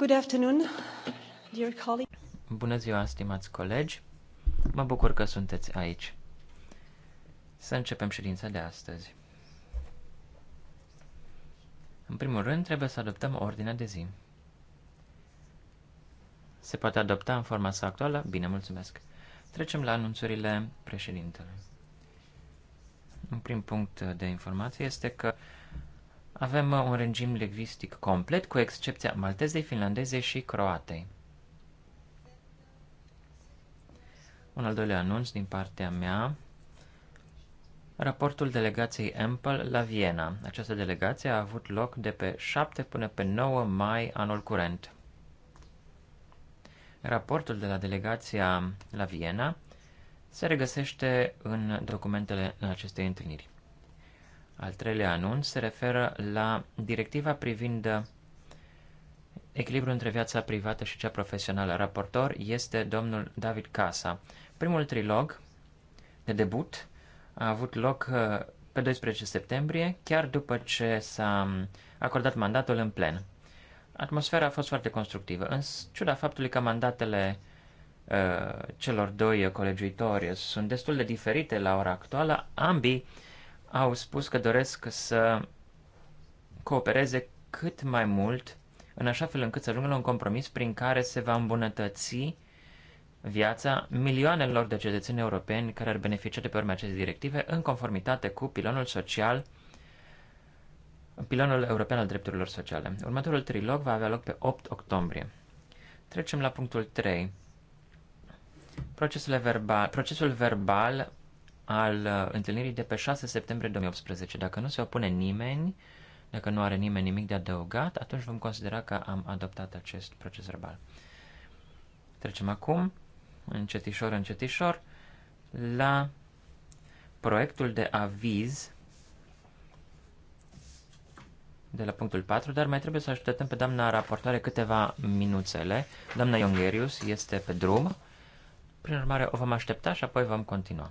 Good afternoon, dear colleagues. Bună ziua, stimați colegi. Mă bucur că sunteți aici. Să începem ședința de astăzi. În primul rând, trebuie să adoptăm ordinea de zi. Se poate adopta în forma sa actuală? Bine, mulțumesc. Trecem la anunțurile președintelui. Un prim punct de informație este că avem uh, un regim lingvistic complet, cu excepția maltezei, finlandezei și croatei. Un al doilea anunț din partea mea, raportul delegației Ample la Viena. Această delegație a avut loc de pe 7 până pe 9 mai anul curent. Raportul de la delegația la Viena se regăsește în documentele în acestei întâlniri. Al treilea anunț se referă la directiva privind echilibru între viața privată și cea profesională. Raportor este domnul David Casa. Primul trilog de debut a avut loc uh, pe 12 septembrie, chiar după ce s-a um, acordat mandatul în plen. Atmosfera a fost foarte constructivă, în ciuda faptului că mandatele uh, celor doi colegiuitori sunt destul de diferite la ora actuală, ambii au spus că doresc să coopereze cât mai mult, în așa fel încât să ajungă la un compromis prin care se va îmbunătăți viața milioanelor de cetățeni europeni care ar beneficia de pe urma acestei directive în conformitate cu pilonul social, pilonul european al drepturilor sociale. Următorul trilog va avea loc pe 8 octombrie. Trecem la punctul 3. Procesul verbal, procesul verbal al uh, întâlnirii de pe 6 septembrie 2018. Dacă nu se opune nimeni, dacă nu are nimeni nimic de adăugat, atunci vom considera că am adoptat acest proces verbal. Trecem acum, încetișor, încetișor, la proiectul de aviz de la punctul 4, dar mai trebuie să așteptăm pe doamna raportoare câteva minuțele. Doamna Iongerius este pe drum, prin urmare o vom aștepta și apoi vom continua.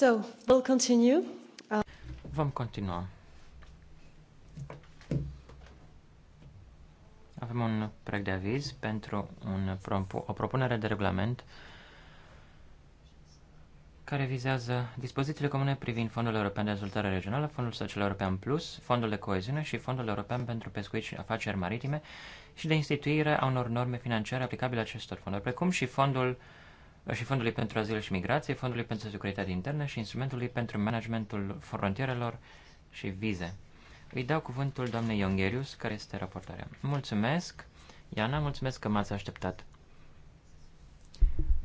So, we'll continue. Uh... Vom continua. Avem un proiect de aviz pentru un, o propunere de regulament care vizează dispozițiile comune privind Fondul European de Dezvoltare Regională, Fondul Social European Plus, Fondul de Coeziune și Fondul European pentru Pescuit și Afaceri Maritime și de instituire a unor norme financiare aplicabile acestor fonduri, precum și Fondul uh, și Fondului pentru Azil și Migrație, Fondului pentru Securitate Internă și Instrumentului pentru Managementul Frontierelor și Vize. Îi dau cuvântul doamnei Iongherius, care este raportarea. Mulțumesc, Iana, mulțumesc că m-ați așteptat.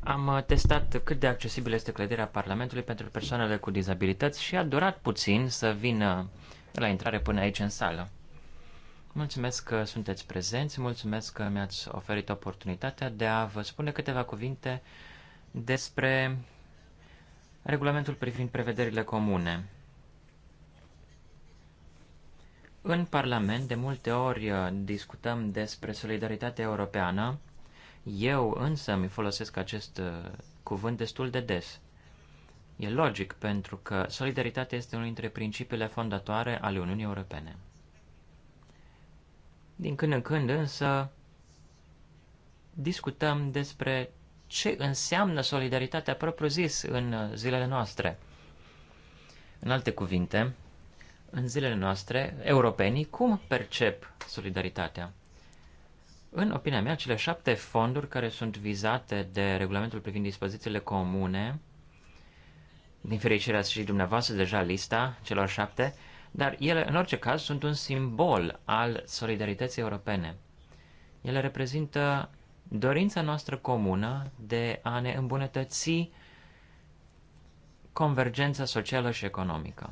Am uh, testat cât de accesibilă este clădirea Parlamentului pentru persoanele cu dizabilități și a durat puțin să vină la intrare până aici în sală. Mulțumesc că sunteți prezenți, mulțumesc că mi-ați oferit oportunitatea de a vă spune câteva cuvinte despre regulamentul privind prevederile comune. În Parlament, de multe ori uh, discutăm despre solidaritatea europeană. Eu însă mi folosesc acest uh, cuvânt destul de des. E logic, pentru că solidaritatea este unul dintre principiile fondatoare ale Uniunii Europene. Din când în când, însă, discutăm despre ce înseamnă solidaritatea propriu-zis în uh, zilele noastre. În alte cuvinte, în zilele noastre, europenii cum percep solidaritatea? În opinia mea, cele șapte fonduri care sunt vizate de regulamentul privind dispozițiile comune, din fericire ați și dumneavoastră deja lista celor șapte, dar ele, în orice caz, sunt un simbol al solidarității europene. Ele reprezintă dorința noastră comună de a ne îmbunătăți convergența socială și economică.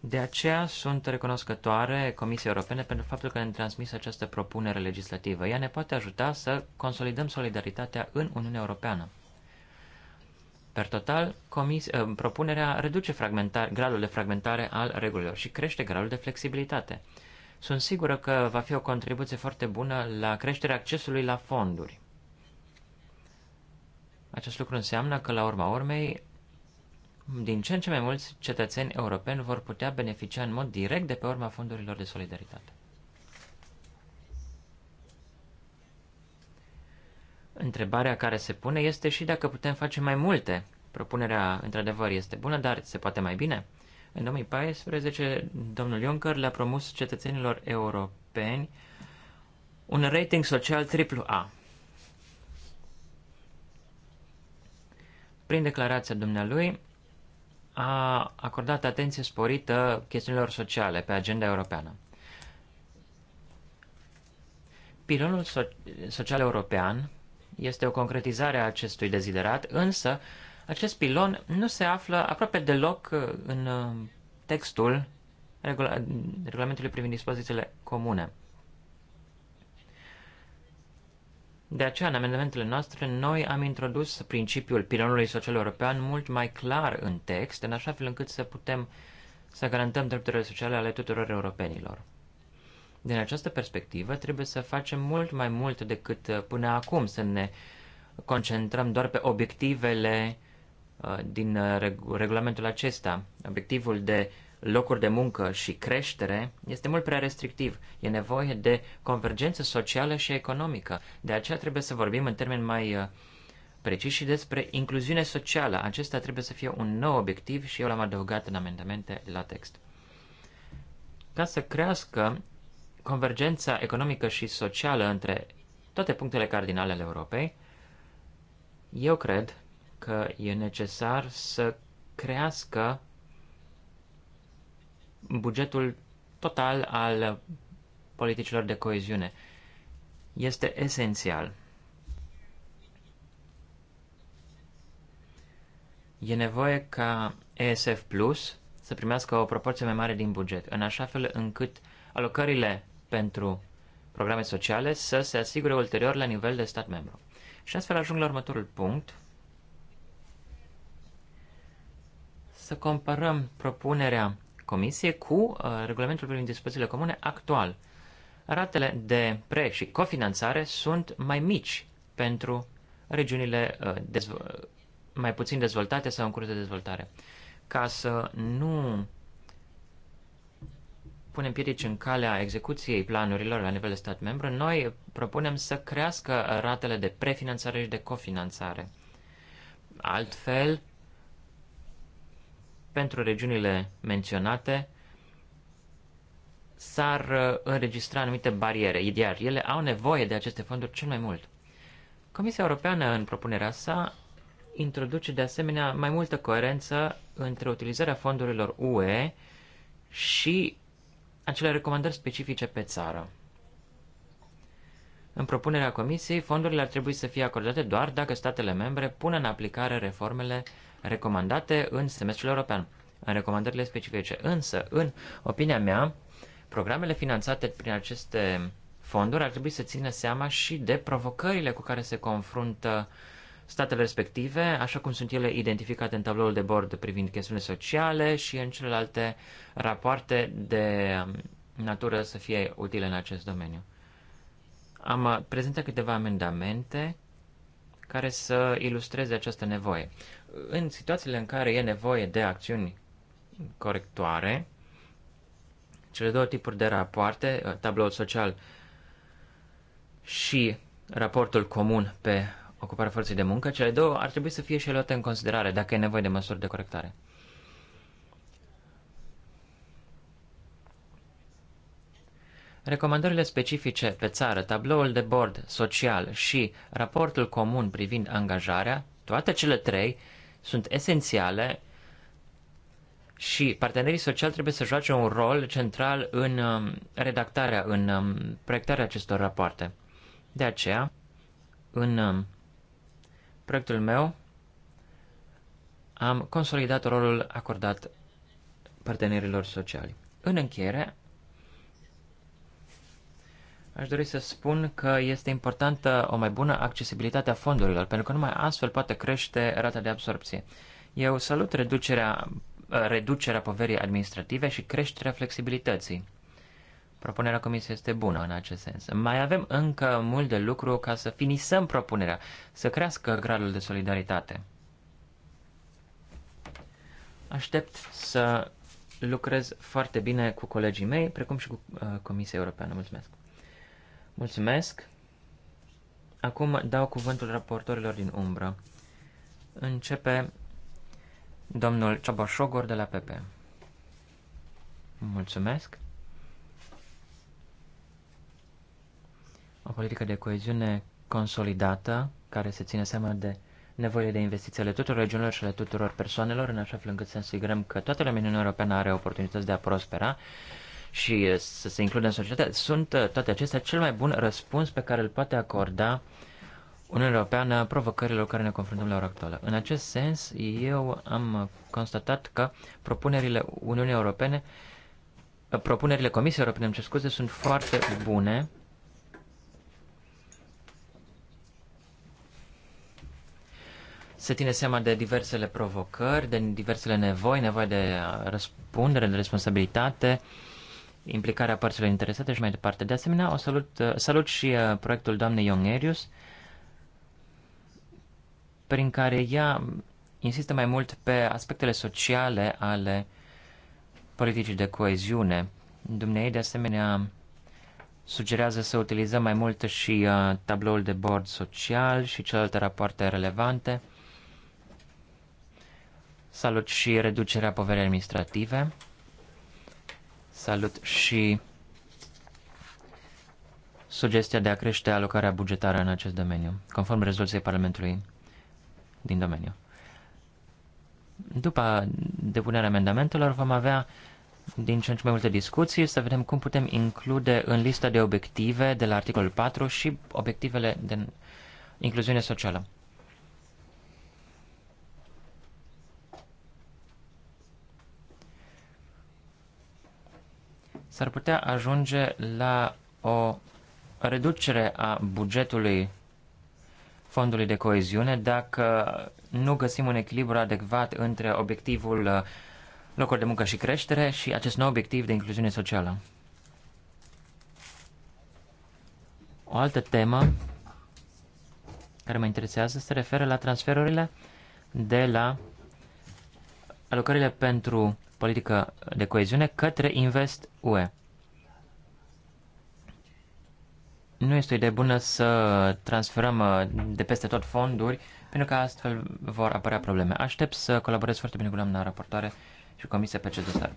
De aceea sunt recunoscătoare Comisiei Europene pentru faptul că ne-a transmis această propunere legislativă. Ea ne poate ajuta să consolidăm solidaritatea în Uniunea Europeană. Per total, comis, uh, propunerea reduce gradul de fragmentare al regulilor și crește gradul de flexibilitate. Sunt sigură că va fi o contribuție foarte bună la creșterea accesului la fonduri. Acest lucru înseamnă că, la urma urmei, din ce în ce mai mulți cetățeni europeni vor putea beneficia în mod direct de pe urma fondurilor de solidaritate. Întrebarea care se pune este și dacă putem face mai multe. Propunerea, într-adevăr, este bună, dar se poate mai bine? În 2014, domnul Juncker le-a promus cetățenilor europeni un rating social triplu A. Prin declarația dumnealui, a acordat atenție sporită chestiunilor sociale pe agenda europeană. Pilonul so- social european este o concretizare a acestui deziderat, însă acest pilon nu se află aproape deloc uh, în uh, textul regulamentului privind dispozițiile comune. De aceea, în amendamentele noastre, noi am introdus principiul pilonului social european mult mai clar în text, în așa fel încât să putem să garantăm drepturile sociale ale tuturor europenilor. Din această perspectivă, trebuie să facem mult mai mult decât uh, până acum, să ne concentrăm doar pe obiectivele Uh, din uh, regulamentul acesta. Obiectivul de locuri de muncă și creștere este mult prea restrictiv. E nevoie de convergență socială și economică. De aceea trebuie să vorbim în termeni mai uh, precis și despre incluziune socială. Acesta trebuie să fie un nou obiectiv și eu l-am adăugat în amendamente la text. Ca să crească convergența economică și socială între toate punctele cardinale ale Europei, eu cred că e necesar să crească bugetul total al politicilor de coeziune. Este esențial. E nevoie ca ESF Plus să primească o proporție mai mare din buget, în așa fel încât alocările pentru programe sociale să se asigure ulterior la nivel de stat membru. Și astfel ajung la următorul punct, să comparăm propunerea Comisiei cu uh, regulamentul privind dispozițiile comune actual. Ratele de pre- și cofinanțare sunt mai mici pentru regiunile uh, mai puțin dezvoltate sau în curs de dezvoltare. Ca să nu punem piedici în calea execuției planurilor la nivel de stat membru, noi propunem să crească ratele de prefinanțare și de cofinanțare. Altfel, pentru regiunile menționate s-ar uh, înregistra anumite bariere, iar ele au nevoie de aceste fonduri cel mai mult. Comisia Europeană, în propunerea sa, introduce de asemenea mai multă coerență între utilizarea fondurilor UE și acele recomandări specifice pe țară. În propunerea Comisiei, fondurile ar trebui să fie acordate doar dacă statele membre pun în aplicare reformele recomandate în semestrul european, în recomandările specifice. Însă, în opinia mea, programele finanțate prin aceste fonduri ar trebui să țină seama și de provocările cu care se confruntă statele respective, așa cum sunt ele identificate în tabloul de bord privind chestiunile sociale și în celelalte rapoarte de um, natură să fie utile în acest domeniu. Am uh, prezentat câteva amendamente care să ilustreze această nevoie în situațiile în care e nevoie de acțiuni corectoare, cele două tipuri de rapoarte, uh, tabloul social și raportul comun pe ocuparea forței de muncă, cele două ar trebui să fie și luate în considerare dacă e nevoie de măsuri de corectare. Recomandările specifice pe țară, tabloul de bord social și raportul comun privind angajarea, toate cele trei sunt esențiale și partenerii sociali trebuie să joace un rol central în um, redactarea, în um, proiectarea acestor rapoarte. De aceea, în um, proiectul meu, am consolidat rolul acordat partenerilor sociali. În încheiere, Aș dori să spun că este importantă o mai bună accesibilitate a fondurilor, pentru că numai astfel poate crește rata de absorpție. Eu salut reducerea, reducerea poverii administrative și creșterea flexibilității. Propunerea comisiei este bună în acest sens. Mai avem încă mult de lucru ca să finisăm propunerea, să crească gradul de solidaritate. Aștept să lucrez foarte bine cu colegii mei, precum și cu uh, Comisia Europeană. Mulțumesc! Mulțumesc. Acum dau cuvântul raportorilor din umbră. Începe domnul Ceabașogor de la PP. Mulțumesc. O politică de coeziune consolidată, care se ține seama de nevoile de investiții ale tuturor regiunilor și ale tuturor persoanelor, în așa fel încât să asigurăm că toată lumea Uniunea Europeană are oportunități de a prospera și uh, să se includă în societate, sunt uh, toate acestea cel mai bun răspuns pe care îl poate acorda Uniunea Europeană provocărilor care ne confruntăm la ora actuală. În acest sens, eu am constatat că propunerile Uniunii Europene, uh, propunerile Comisiei Europene, îmi scuze, sunt foarte bune. Se ține seama de diversele provocări, de diversele nevoi, nevoie de răspundere, de responsabilitate, uh, implicarea părților interesate și mai departe. De asemenea, o salut, salut și uh, proiectul doamnei Iongerius, prin care ea insistă mai mult pe aspectele sociale ale politicii de coeziune. Dumnezeu, de asemenea, sugerează să utilizăm mai mult și uh, tabloul de bord social și celelalte rapoarte relevante. Salut și reducerea poverii administrative. Salut și sugestia de a crește alocarea bugetară în acest domeniu, conform rezoluției Parlamentului din domeniu. După depunerea amendamentelor vom avea din ce în ce mai multe discuții să vedem cum putem include în lista de obiective de la articolul 4 și obiectivele de incluziune socială. s-ar putea ajunge la o reducere a bugetului fondului de coeziune dacă nu găsim un echilibru adecvat între obiectivul uh, locuri de muncă și creștere și acest nou obiectiv de incluziune socială. O altă temă care mă interesează se referă la transferurile de la alocările pentru politică de coeziune către Invest UE. Nu este o idee bună să transferăm uh, de peste tot fonduri, pentru că astfel vor apărea probleme. Aștept să colaborez foarte bine cu doamna raportoare și comisia pe acest dosar.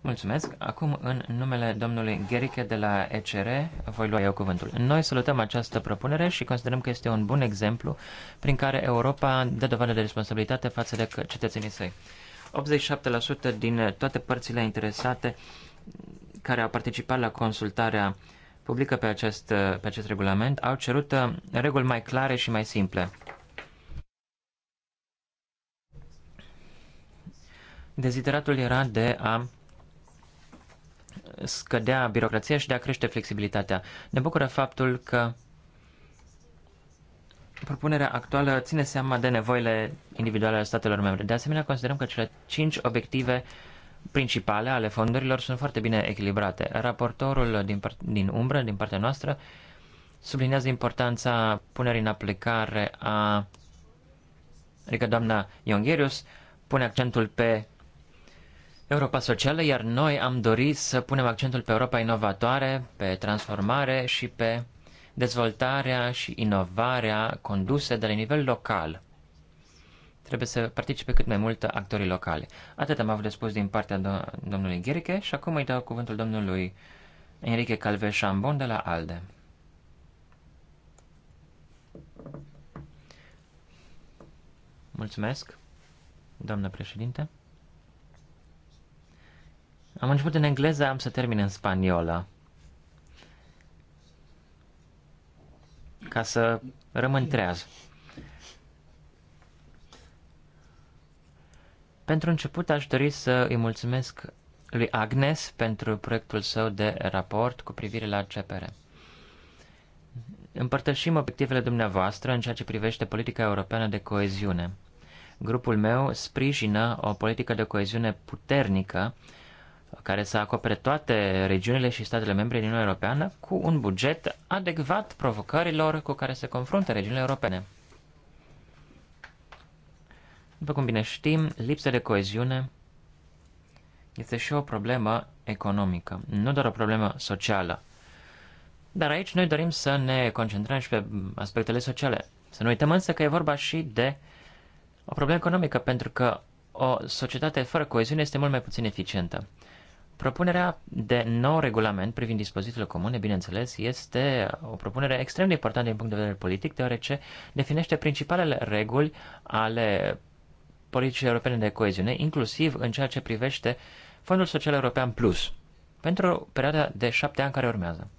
Mulțumesc. Acum, în numele domnului Gheriche de la ECR, voi lua eu cuvântul. Noi salutăm această propunere și considerăm că este un bun exemplu prin care Europa dă dovadă de responsabilitate față de cetățenii săi. 87% din eh, toate părțile interesate care au participat la consultarea publică pe acest, eh, pe acest regulament au cerut eh, reguli mai clare și mai simple. Dezideratul era de a scădea birocrația și de a crește flexibilitatea. Ne bucură faptul că propunerea actuală ține seama de nevoile individuale ale statelor membre. De asemenea, considerăm că cele cinci obiective principale ale fondurilor sunt foarte bine echilibrate. Raportorul din, din umbră, din partea noastră, subliniază importanța punerii în aplicare a... adică doamna Iongherius pune accentul pe Europa socială, iar noi am dorit să punem accentul pe Europa inovatoare, pe transformare și pe dezvoltarea și inovarea conduse de la nivel local. Trebuie să participe cât mai mult actorii locale. Atât am avut de spus din partea do- domnului Gheriche și acum îi dau cuvântul domnului Enrique Calveșambon de la ALDE. Mulțumesc, doamnă președinte. Am început în engleză, am să termin în spaniolă. ca să rămân treaz. Pentru început aș dori să îi mulțumesc lui Agnes pentru proiectul său de raport cu privire la CPR. Împărtășim obiectivele dumneavoastră în ceea ce privește politica europeană de coeziune. Grupul meu sprijină o politică de coeziune puternică care să acopere toate regiunile și statele membre din Uniunea Europeană cu un buget adecvat provocărilor cu care se confruntă regiunile europene. După cum bine știm, lipsa de coeziune este și o problemă economică, nu doar o problemă socială. Dar aici noi dorim să ne concentrăm și pe aspectele sociale. Să nu uităm însă că e vorba și de o problemă economică, pentru că o societate fără coeziune este mult mai puțin eficientă. Propunerea de nou regulament privind dispozițiile comune, bineînțeles, este o propunere extrem de importantă din punct de vedere politic, deoarece definește principalele reguli ale politicii europene de coeziune, inclusiv în ceea ce privește Fondul Social European Plus, pentru perioada de șapte ani care urmează.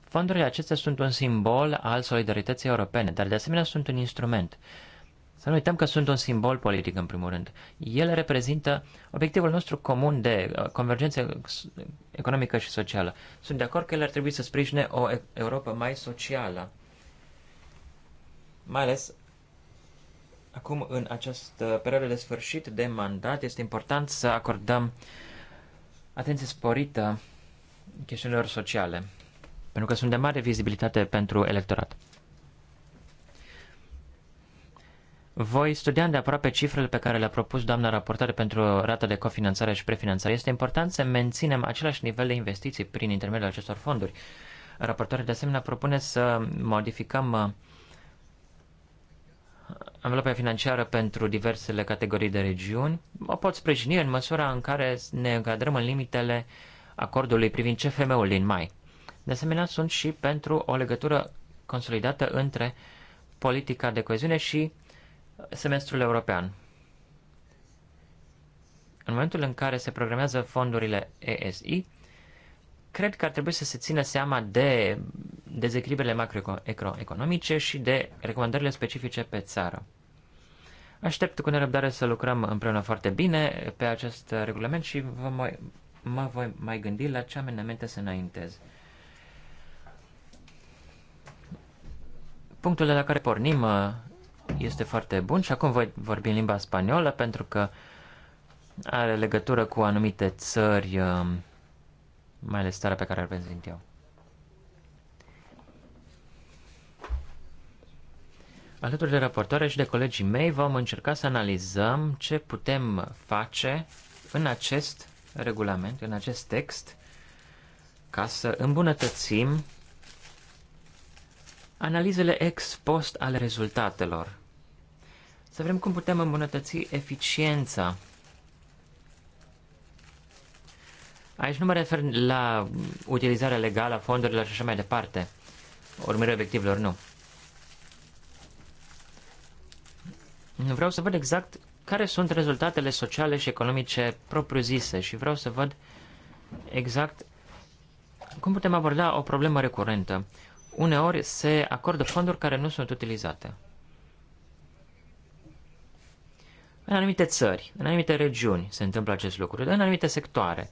Fondurile acestea sunt un simbol al solidarității europene, dar de asemenea sunt un instrument. Să nu uităm că sunt un simbol politic, în primul rând. Ele reprezintă obiectivul nostru comun de uh, convergență economică și socială. Sunt de acord că ele ar trebui să sprijine o Europa mai socială. Mai ales acum, în această perioadă de sfârșit de mandat, este important să acordăm atenție sporită chestiunilor sociale, pentru că sunt de mare vizibilitate pentru electorat. Voi studia de aproape cifrele pe care le-a propus doamna raportare pentru rata de cofinanțare și prefinanțare. Este important să menținem același nivel de investiții prin intermediul acestor fonduri. Raportarea de asemenea propune să modificăm uh, anvelopa financiară pentru diversele categorii de regiuni. O pot sprijini în măsura în care ne încadrăm în limitele acordului privind CFM-ul din mai. De asemenea, sunt și pentru o legătură consolidată între politica de coeziune și uh, semestrul european. În momentul în care se programează fondurile ESI, cred că ar trebui să se țină seama de dezechilibrele macroeconomice și de recomandările specifice pe țară. Aștept cu nerăbdare să lucrăm împreună foarte bine pe acest regulament și vă mai, mă voi mai gândi la ce amendamente să înaintez. Punctul de la care pornim este foarte bun și acum voi vorbi în limba spaniolă pentru că are legătură cu anumite țări, um, mai ales țara pe care ar prezint eu. Alături de raportoare și de colegii mei vom încerca să analizăm ce putem face în acest regulament, în acest text, ca să îmbunătățim analizele ex post ale rezultatelor să vedem cum putem îmbunătăți eficiența. Aici nu mă refer la utilizarea legală a fondurilor și așa mai departe, urmărirea obiectivelor, nu. Vreau să văd exact care sunt rezultatele sociale și economice propriu-zise și vreau să văd exact cum putem aborda o problemă recurentă. Uneori se acordă fonduri care nu sunt utilizate. În anumite țări, în anumite regiuni se întâmplă acest lucru, în anumite sectoare.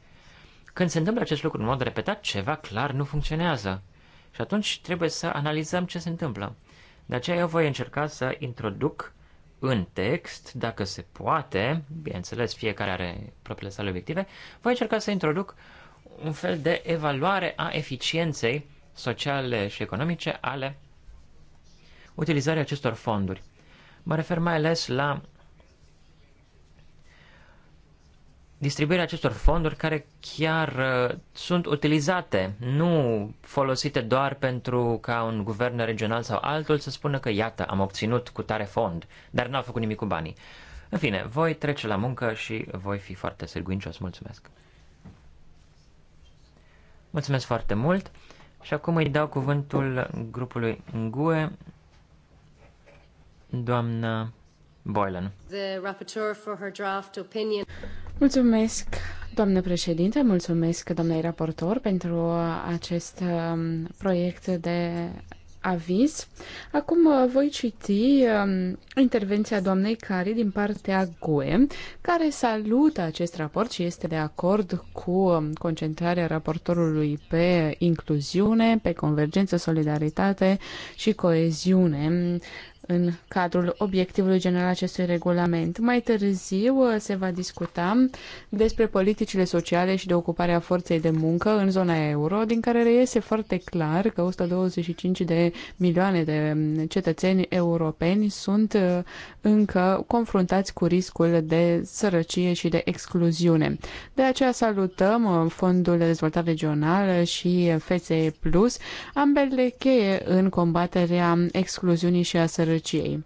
Când se întâmplă acest lucru în mod repetat, ceva clar nu funcționează. Și atunci trebuie să analizăm ce se întâmplă. De aceea eu voi încerca să introduc în text, dacă se poate, bineînțeles, fiecare are propriile sale obiective, voi încerca să introduc un fel de evaluare a eficienței sociale și economice ale utilizării acestor fonduri. Mă refer mai ales la distribuirea acestor fonduri care chiar uh, sunt utilizate, nu folosite doar pentru ca un guvern regional sau altul să spună că iată, am obținut cu tare fond, dar n-au făcut nimic cu banii. În fine, voi trece la muncă și voi fi foarte sârguincios. Mulțumesc! Mulțumesc foarte mult! Și acum îi dau cuvântul grupului GUE, doamna Boylan. The rapporteur for her draft opinion. Mulțumesc, doamnă președinte, mulțumesc doamnei raportor pentru acest um, proiect de aviz. Acum uh, voi citi um, intervenția doamnei Cari din partea GUE, care salută acest raport și este de acord cu um, concentrarea raportorului pe incluziune, pe convergență, solidaritate și coeziune în cadrul obiectivului general acestui regulament. Mai târziu uh, se va discuta despre politicile sociale și de ocupare a forței de muncă în zona euro, din care reiese foarte clar că 125 de milioane de cetățeni europeni sunt uh, încă confruntați cu riscul de sărăcie și de excluziune. De aceea salutăm uh, Fondul de Dezvoltare Regională și FSE Plus, ambele cheie în combaterea excluziunii și a sărăciei sărăciei.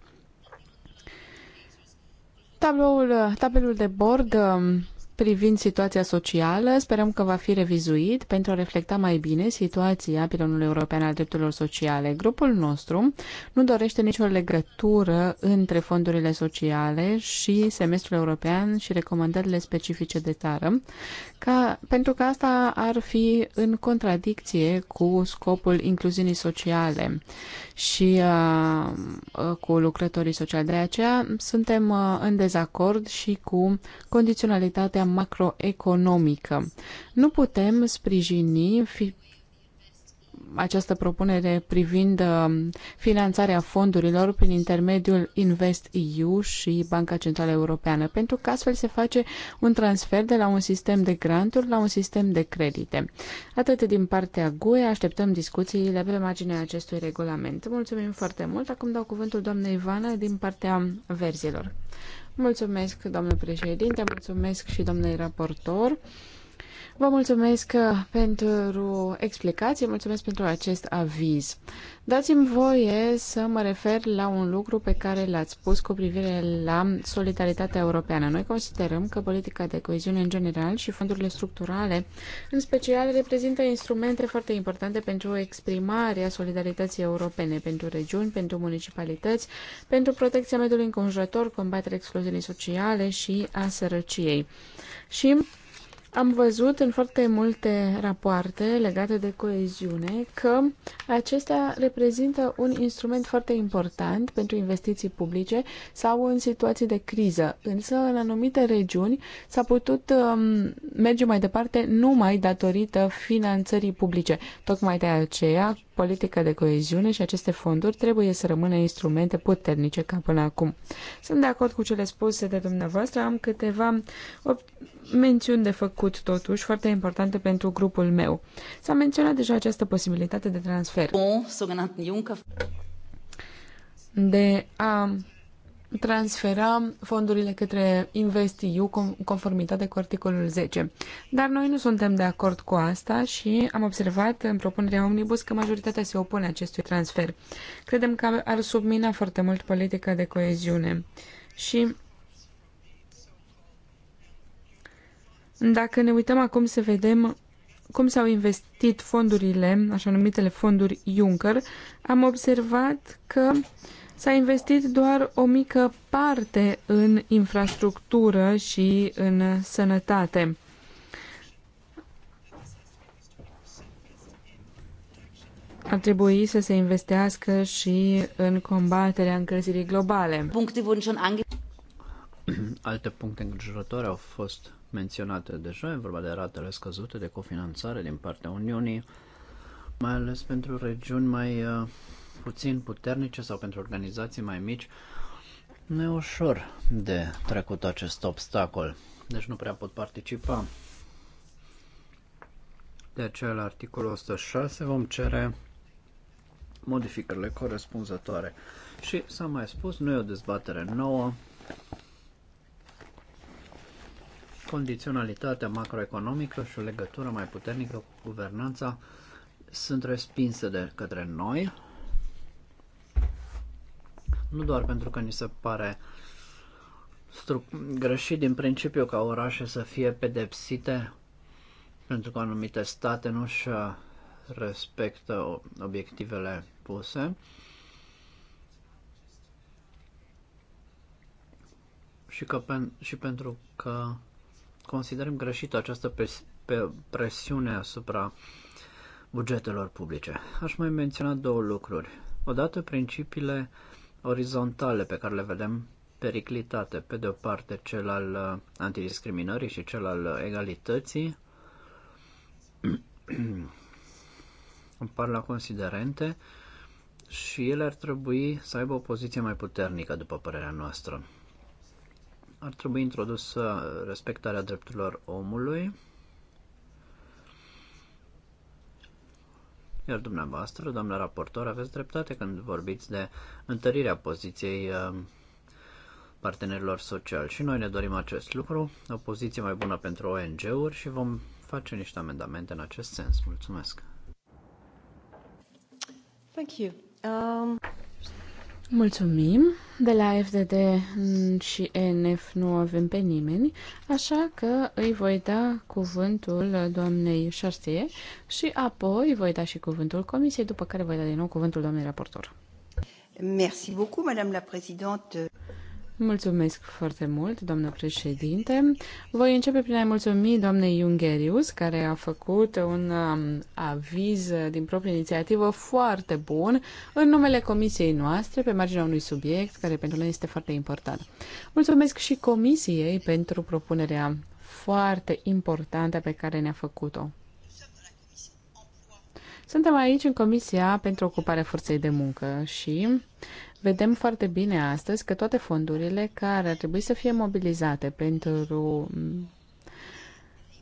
Tabloul, tabelul de bord um, privind situația socială, sperăm că va fi revizuit pentru a reflecta mai bine situația pilonului european al drepturilor sociale. Grupul nostru nu dorește nicio legătură între fondurile sociale și semestrul european și recomandările specifice de țară, ca, pentru că asta ar fi în contradicție cu scopul incluziunii sociale și uh, uh, cu lucrătorii sociali. De aceea suntem uh, în dezacord și cu condiționalitatea macroeconomică. Nu putem sprijini fi, această propunere privind uh, finanțarea fondurilor prin intermediul Invest EU și Banca Centrală Europeană, pentru că astfel se face un transfer de la un sistem de granturi la un sistem de credite. Atât din partea GUE, așteptăm discuțiile pe marginea acestui regulament. Mulțumim foarte mult. Acum dau cuvântul doamnei Ivana din partea verzilor. Mulțumesc, doamnă președinte, mulțumesc și domnului raportor. Vă mulțumesc uh, pentru explicație, mulțumesc pentru acest aviz. Dați-mi voie să mă refer la un lucru pe care l-ați spus cu privire la solidaritatea europeană. Noi considerăm că politica de coeziune în general și fondurile structurale, în special, reprezintă instrumente foarte importante pentru exprimarea solidarității europene, pentru regiuni, pentru municipalități, pentru protecția mediului înconjurător, combaterea excluziunii sociale și a sărăciei. Și am văzut în foarte multe rapoarte legate de coeziune că acestea reprezintă un instrument foarte important pentru investiții publice sau în situații de criză. Însă, în anumite regiuni s-a putut um, merge mai departe numai datorită finanțării publice. Tocmai de aceea, politica de coeziune și aceste fonduri trebuie să rămână instrumente puternice ca până acum. Sunt de acord cu cele spuse de dumneavoastră, am câteva mențiuni de făcut totuși, foarte importante pentru grupul meu. S-a menționat deja această posibilitate de transfer. De a transfera fondurile către InvestEU conformitate cu articolul 10. Dar noi nu suntem de acord cu asta și am observat în propunerea Omnibus că majoritatea se opune acestui transfer. Credem că ar submina foarte mult politica de coeziune și dacă ne uităm acum să vedem cum s-au investit fondurile, așa numitele fonduri Juncker, am observat că uh, S-a investit doar o mică parte în infrastructură și în sănătate. Ar trebui să se investească și în combaterea încălzirii globale. Alte puncte îngrijorătoare au fost menționate deja, e vorba de ratele scăzute de cofinanțare din partea Uniunii, mai ales pentru regiuni mai uh, puțin puternice sau pentru organizații mai mici, nu e ușor de trecut acest obstacol, deci nu prea pot participa. De aceea, la articolul 106 vom cere modificările corespunzătoare. Și s-a mai spus, nu e o dezbatere nouă, condiționalitatea macroeconomică și o legătură mai puternică cu guvernanța sunt respinse de către noi nu doar pentru că ni se pare greșit din principiu ca orașe să fie pedepsite pentru că anumite state nu și respectă obiectivele puse. Și, că pen, și pentru că considerăm greșită această pres, pe, presiune asupra bugetelor publice. Aș mai menționa două lucruri. Odată principiile uh, orizontale pe care le vedem periclitate. Pe de o parte cel al uh, antidiscriminării și cel al uh, egalității. Îmi par la considerente și ele ar trebui să aibă o poziție mai puternică, după părerea noastră. Ar trebui introdusă uh, respectarea drepturilor omului, Iar dumneavoastră, domnule raportor, aveți dreptate când vorbiți de întărirea poziției uh, partenerilor sociali. Și noi ne dorim acest lucru, o poziție mai bună pentru ONG-uri și vom face niște amendamente în acest sens. Mulțumesc! Thank you. Um... Mulțumim. De la FDD și NF nu avem pe nimeni, așa că îi voi da cuvântul doamnei Șarție și apoi voi da și cuvântul comisiei, după care voi da din nou cuvântul doamnei raportor. Merci beaucoup, madame la présidente. Mulțumesc foarte mult, doamnă președinte. Voi începe prin a-i mulțumi doamnei Jungerius, care a făcut un um, aviz din proprie inițiativă foarte bun în numele comisiei noastre pe marginea unui subiect care pentru noi este foarte important. Mulțumesc și comisiei pentru propunerea foarte importantă pe care ne-a făcut-o. Suntem aici în Comisia pentru Ocuparea Forței de Muncă și Vedem foarte bine astăzi că toate fondurile care ar trebui să fie mobilizate pentru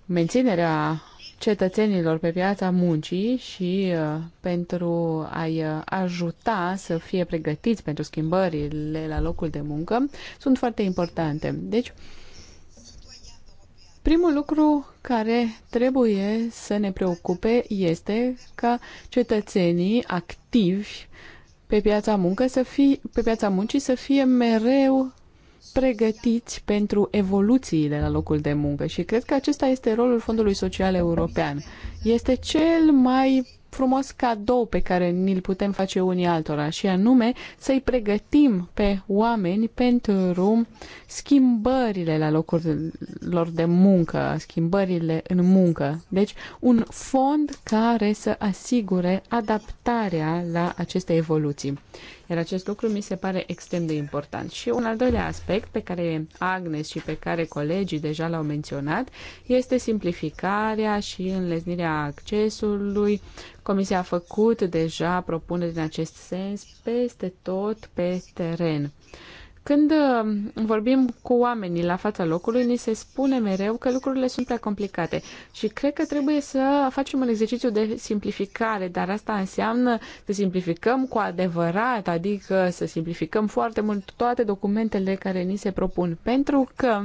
menținerea cetățenilor pe piața muncii și uh, pentru a-i uh, ajuta să fie pregătiți pentru schimbările la locul de muncă sunt foarte importante. Deci, primul lucru care trebuie să ne preocupe este ca cetățenii activi pe piața, muncă să fie, pe piața muncii să fie mereu pregătiți pentru evoluțiile la locul de muncă și cred că acesta este rolul Fondului Social European. Este cel mai frumos cadou pe care ni-l putem face unii altora și anume să-i pregătim pe oameni pentru schimbările la lor de muncă, schimbările în muncă. Deci un fond care să asigure adaptarea la aceste evoluții. Iar acest lucru mi se pare extrem de important. Și un al doilea aspect pe care Agnes și pe care colegii deja l-au menționat este simplificarea și înlesnirea accesului. Comisia a făcut deja propuneri în acest sens peste tot pe teren. Când uh, vorbim cu oamenii la fața locului, ni se spune mereu că lucrurile sunt prea complicate și cred că trebuie să facem un exercițiu de simplificare, dar asta înseamnă să simplificăm cu adevărat, adică să simplificăm foarte mult toate documentele care ni se propun, pentru că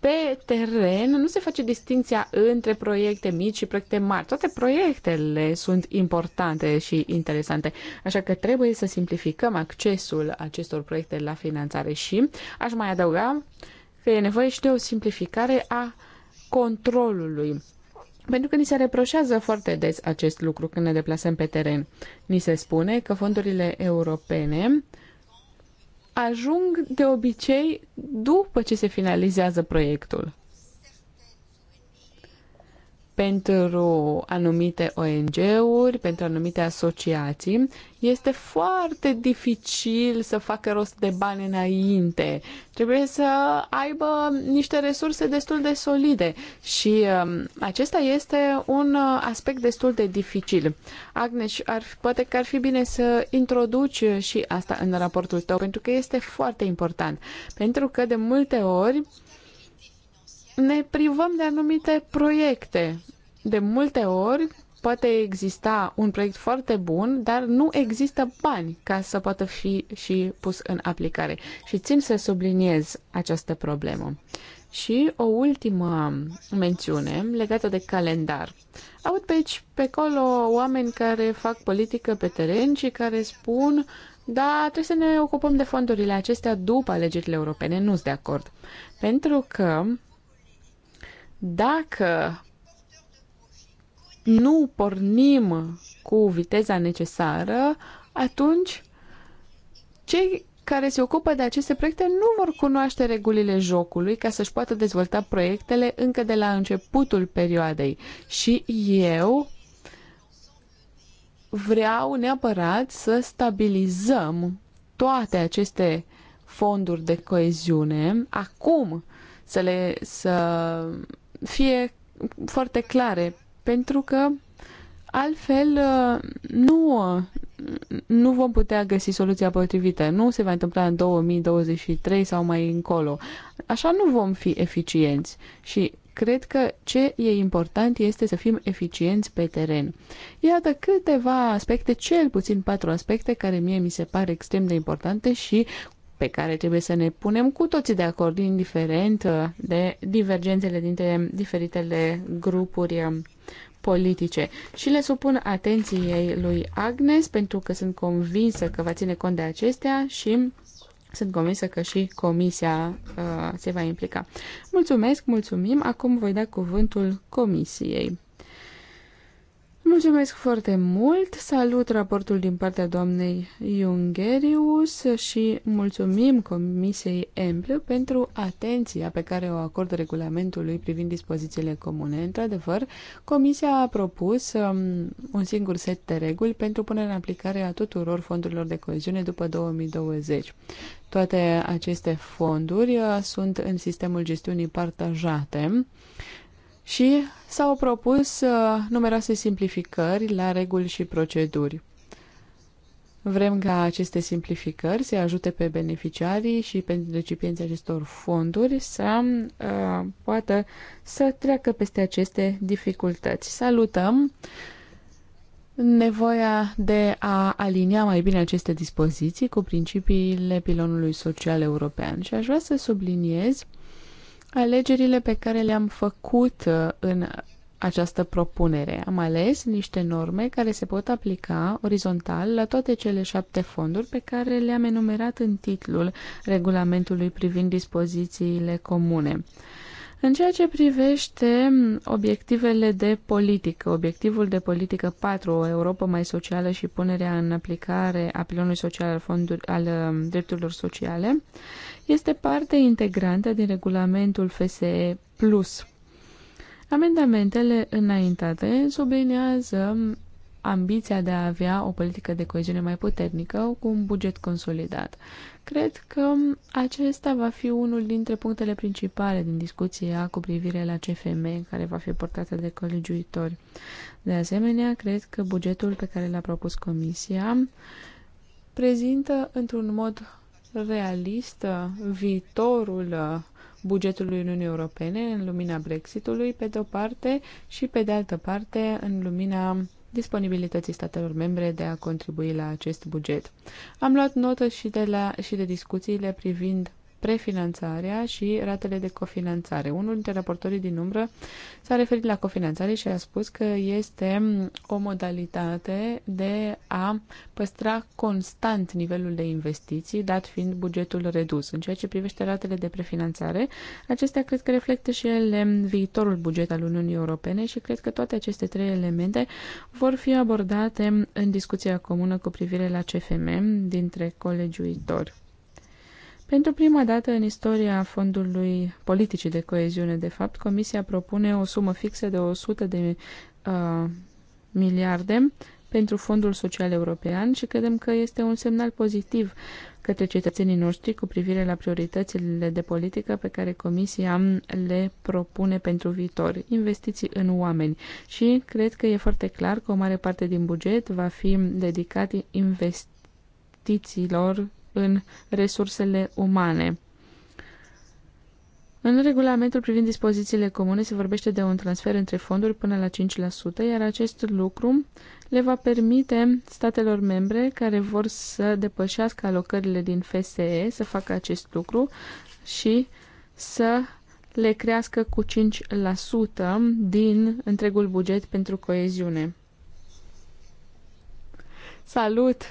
pe teren nu se face distinția între proiecte mici și proiecte mari. Toate proiectele sunt importante și interesante, așa că trebuie să simplificăm accesul acestor proiecte la finanțare și aș mai adăuga că e nevoie și de o simplificare a controlului. Pentru că ni se reproșează foarte des acest lucru când ne deplasăm pe teren. Ni se spune că fondurile europene uh, ajung de obicei după ce se finalizează proiectul pentru anumite ONG-uri, pentru anumite asociații, este foarte dificil să facă rost de bani înainte. Trebuie să aibă niște resurse destul de solide și um, acesta este un uh, aspect destul de dificil. Agnes, ar, poate că ar fi bine să introduci și asta în raportul tău, pentru că este foarte important. Pentru că de multe ori uh, ne privăm de anumite proiecte. De multe ori poate exista un proiect foarte bun, dar nu există bani ca să poată fi și pus în aplicare. Și țin să subliniez această problemă. Și o ultimă mențiune legată de calendar. Aud pe aici, pe acolo, oameni care fac politică pe teren și care spun da, trebuie să ne ocupăm de fondurile acestea după alegerile europene. Nu sunt de acord. Pentru că dacă nu pornim cu viteza necesară, atunci cei care se ocupă de aceste proiecte nu vor cunoaște regulile jocului ca să-și poată dezvolta proiectele încă de la începutul perioadei. Și eu vreau neapărat să stabilizăm toate aceste fonduri de coeziune acum să le să fie foarte clare, pentru că altfel uh, nu, nu vom putea găsi soluția potrivită. Nu se va întâmpla în 2023 sau mai încolo. Așa nu vom fi eficienți și cred că ce e important este să fim eficienți pe teren. Iată câteva aspecte, cel puțin patru aspecte, care mie mi se pare extrem de importante și pe care trebuie să ne punem cu toții de acord, indiferent uh, de divergențele dintre diferitele grupuri um, politice și le supun atenției lui Agnes pentru că sunt convinsă că va ține cont de acestea și sunt convinsă că și comisia uh, se va implica. Mulțumesc, mulțumim. Acum voi da cuvântul comisiei. Mulțumesc foarte mult, salut raportul din partea doamnei Jungerius și mulțumim Comisiei Emplă pentru atenția pe care o acordă regulamentului privind dispozițiile comune. Într-adevăr, Comisia a propus um, un singur set de reguli pentru punerea în aplicare a tuturor fondurilor de coeziune după 2020. Toate aceste fonduri uh, sunt în sistemul gestiunii partajate și s-au propus uh, numeroase simplificări la reguli și proceduri. Vrem ca aceste simplificări să ajute pe beneficiarii și pe recipienții acestor fonduri să uh, poată să treacă peste aceste dificultăți. Salutăm nevoia de a alinia mai bine aceste dispoziții cu principiile pilonului social european și aș vrea să subliniez Alegerile pe care le-am făcut uh, în această propunere. Am ales niște norme care se pot aplica orizontal la toate cele șapte fonduri pe care le-am enumerat în titlul regulamentului privind dispozițiile comune. În ceea ce privește obiectivele de politică, obiectivul de politică 4, o Europa mai socială și punerea în aplicare a pilonului social al, fonduri, al um, drepturilor sociale, este parte integrantă din regulamentul FSE+. Amendamentele înaintate sublinează ambiția de a avea o politică de coeziune mai puternică cu un buget consolidat. Cred că acesta va fi unul dintre punctele principale din discuția cu privire la CFM, care va fi portată de colegiuitori. De asemenea, cred că bugetul pe care l-a propus Comisia prezintă într-un mod realistă viitorul bugetului Uniunii Europene în lumina Brexitului, pe de o parte, și pe de altă parte în lumina disponibilității statelor membre de a contribui la acest buget. Am luat notă și de, la, și de discuțiile privind prefinanțarea și ratele de cofinanțare. Unul dintre raportorii din umbră s-a referit la cofinanțare și a spus că este o modalitate de a păstra constant nivelul de investiții, dat fiind bugetul redus. În ceea ce privește ratele de prefinanțare, acestea cred că reflectă și ele viitorul buget al Uniunii Europene și cred că toate aceste trei elemente vor fi abordate în discuția comună cu privire la CFM dintre colegiuitori. Pentru prima dată în istoria fondului politicii de coeziune, de fapt, Comisia propune o sumă fixă de 100 de uh, miliarde pentru Fondul Social European și credem că este un semnal pozitiv către cetățenii noștri cu privire la prioritățile de politică pe care Comisia le propune pentru viitor, investiții în oameni. Și cred că e foarte clar că o mare parte din buget va fi dedicat investițiilor în resursele umane. În regulamentul privind dispozițiile comune se vorbește de un transfer între fonduri până la 5%, iar acest lucru le va permite statelor membre care vor să depășească alocările din FSE să facă acest lucru și să le crească cu 5% din întregul buget pentru coeziune. Salut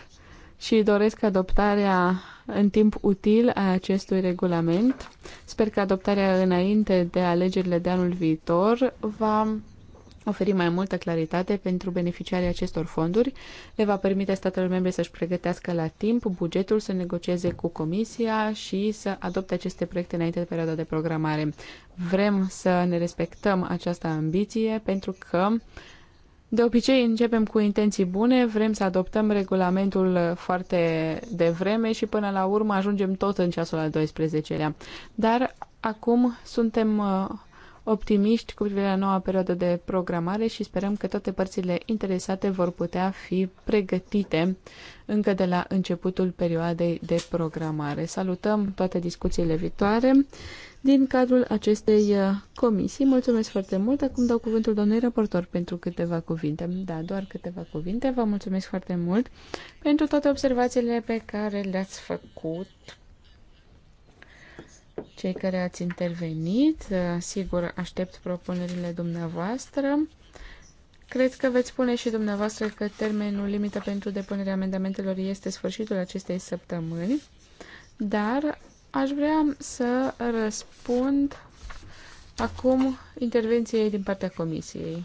și doresc adoptarea în timp util a acestui regulament. Sper că adoptarea înainte de alegerile de anul viitor va oferi mai multă claritate pentru beneficiarii acestor fonduri, le va permite statelor membre să-și pregătească la timp bugetul, să negocieze cu Comisia și să adopte aceste proiecte înainte de perioada de programare. Vrem să ne respectăm această ambiție pentru că uh, de obicei începem cu intenții bune, vrem să adoptăm regulamentul foarte devreme și până la urmă ajungem tot în ceasul al 12-lea. Dar acum suntem uh, optimiști cu privire la noua perioadă de programare și sperăm că toate părțile interesate vor putea fi pregătite încă de la începutul perioadei de programare. Salutăm toate discuțiile viitoare din cadrul acestei uh, comisii. Mulțumesc foarte mult. Acum dau cuvântul domnului raportor pentru câteva cuvinte. Da, doar câteva cuvinte. Vă mulțumesc foarte mult pentru toate observațiile pe care le-ați făcut cei care ați intervenit. Uh, sigur, aștept propunerile dumneavoastră. Cred că veți spune și dumneavoastră că termenul limită pentru depunerea amendamentelor este sfârșitul acestei săptămâni, dar Aș vrea să răspund acum intervenției din partea Comisiei.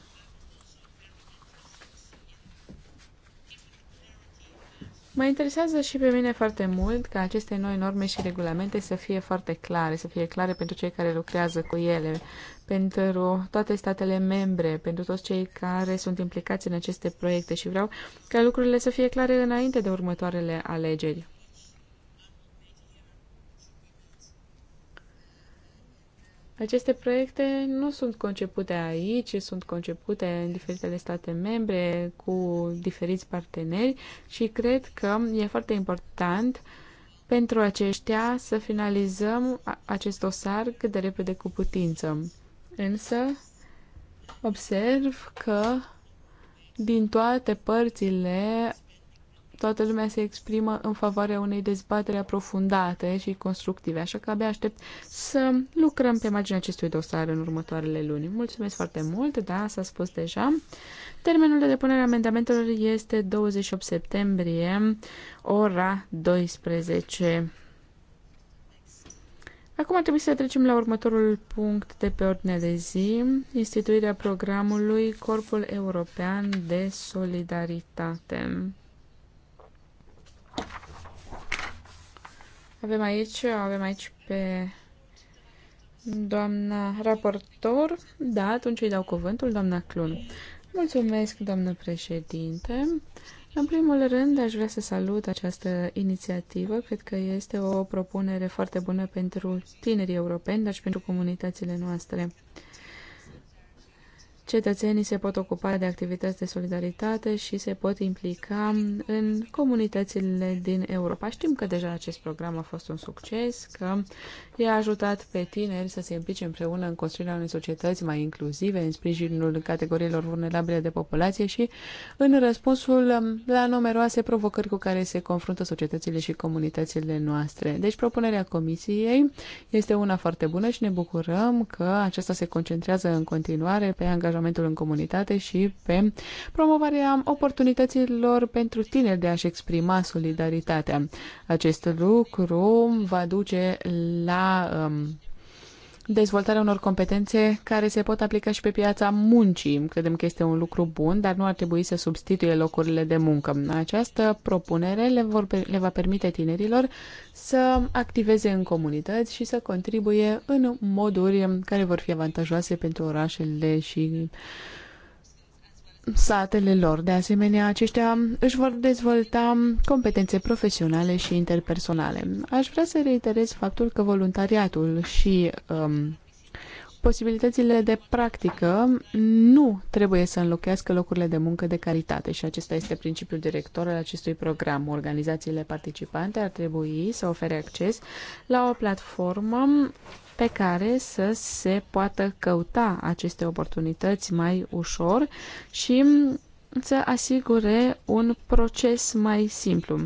Mă interesează și pe mine foarte mult ca aceste noi norme și regulamente să fie foarte clare, să fie clare pentru cei care lucrează cu ele, pentru toate statele membre, pentru toți cei care sunt implicați în aceste proiecte și vreau ca lucrurile să fie clare înainte de următoarele alegeri. Aceste proiecte nu sunt concepute aici, sunt concepute în diferitele state membre cu diferiți parteneri și cred că e foarte important pentru aceștia să finalizăm acest dosar cât de repede cu putință. Însă observ că din toate părțile toată lumea se exprimă în favoarea unei dezbatere aprofundate și constructive, așa că abia aștept să lucrăm pe marginea acestui dosar în următoarele luni. Mulțumesc foarte mult, da, s-a spus deja. Termenul de depunere a amendamentelor este 28 septembrie, ora 12. Acum ar trebui să trecem la următorul punct de pe ordinea de zi, instituirea programului Corpul European de Solidaritate. Avem aici, avem aici pe doamna raportor. Da, atunci îi dau cuvântul, doamna Clun. Mulțumesc, doamnă președinte. În primul rând, aș vrea să salut această inițiativă. Cred că este o propunere foarte bună pentru tinerii europeni, dar și pentru comunitățile noastre cetățenii se pot ocupa de activități de solidaritate și se pot implica în comunitățile din Europa. Știm că deja acest program a fost un succes, că i-a ajutat pe tineri să se implice împreună în construirea unei societăți mai inclusive, în sprijinul categoriilor vulnerabile de populație și în răspunsul la numeroase provocări cu care se confruntă societățile și comunitățile noastre. Deci propunerea Comisiei este una foarte bună și ne bucurăm că aceasta se concentrează în continuare pe angajamentul angajamentul în comunitate și pe promovarea oportunităților pentru tineri de a-și exprima solidaritatea. Acest lucru va duce la um, dezvoltarea unor competențe care se pot aplica și pe piața muncii. Credem că este un lucru bun, dar nu ar trebui să substituie locurile de muncă. Această propunere le, vor, le va permite tinerilor să activeze în comunități și să contribuie în moduri care vor fi avantajoase pentru orașele și satele lor. De asemenea, aceștia își vor dezvolta competențe profesionale și interpersonale. Aș vrea să reiterez faptul că voluntariatul și um, posibilitățile de practică nu trebuie să înlocuiască locurile de muncă de caritate și acesta este principiul director al acestui program. Organizațiile participante ar trebui să ofere acces la o platformă pe care să se poată căuta aceste oportunități mai ușor și să asigure un proces mai simplu.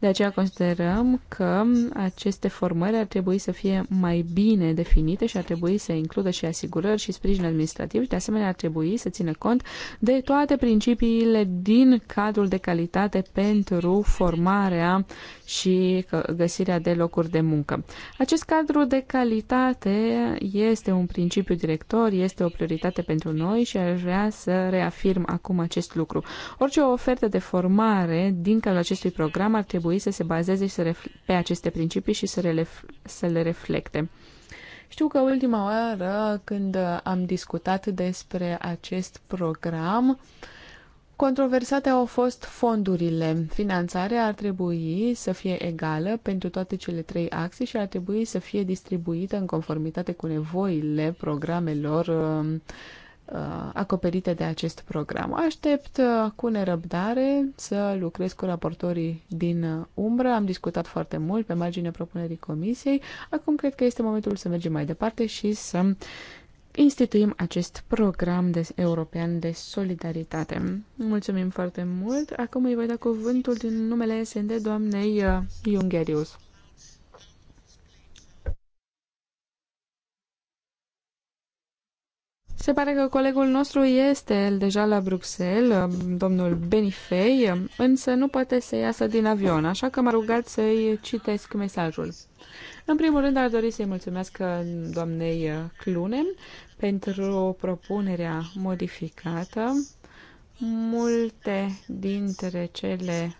De aceea considerăm că aceste formări ar trebui să fie mai bine definite și ar trebui să includă și asigurări și sprijin administrativ și de asemenea ar trebui să țină cont de toate principiile din cadrul de calitate pentru formarea și găsirea de locuri de muncă. Acest cadru de calitate este un principiu director, este o prioritate pentru noi și aș vrea să reafirm acum acest lucru. Orice ofertă de formare din cadrul acestui program ar trebui trebui să se bazeze și să pe aceste principii și să, relef- să le reflecte. Știu că ultima oară când am discutat despre acest program, controversate au fost fondurile. Finanțarea ar trebui să fie egală pentru toate cele trei axe și ar trebui să fie distribuită în conformitate cu nevoile programelor um, Uh, acoperite de acest program. Aștept uh, cu nerăbdare să lucrez cu raportorii din uh, umbră. Am discutat foarte mult pe marginea propunerii comisiei. Acum cred că este momentul să mergem mai departe și să instituim acest program de european de solidaritate. Mulțumim foarte mult. Acum îi voi da cuvântul din numele SND doamnei Iungherius. Se pare că colegul nostru este el deja la Bruxelles, domnul Benifei, însă nu poate să iasă din avion, așa că m-a rugat să-i citesc mesajul. În primul rând, ar dori să-i mulțumesc doamnei Clune pentru propunerea modificată. Multe dintre cele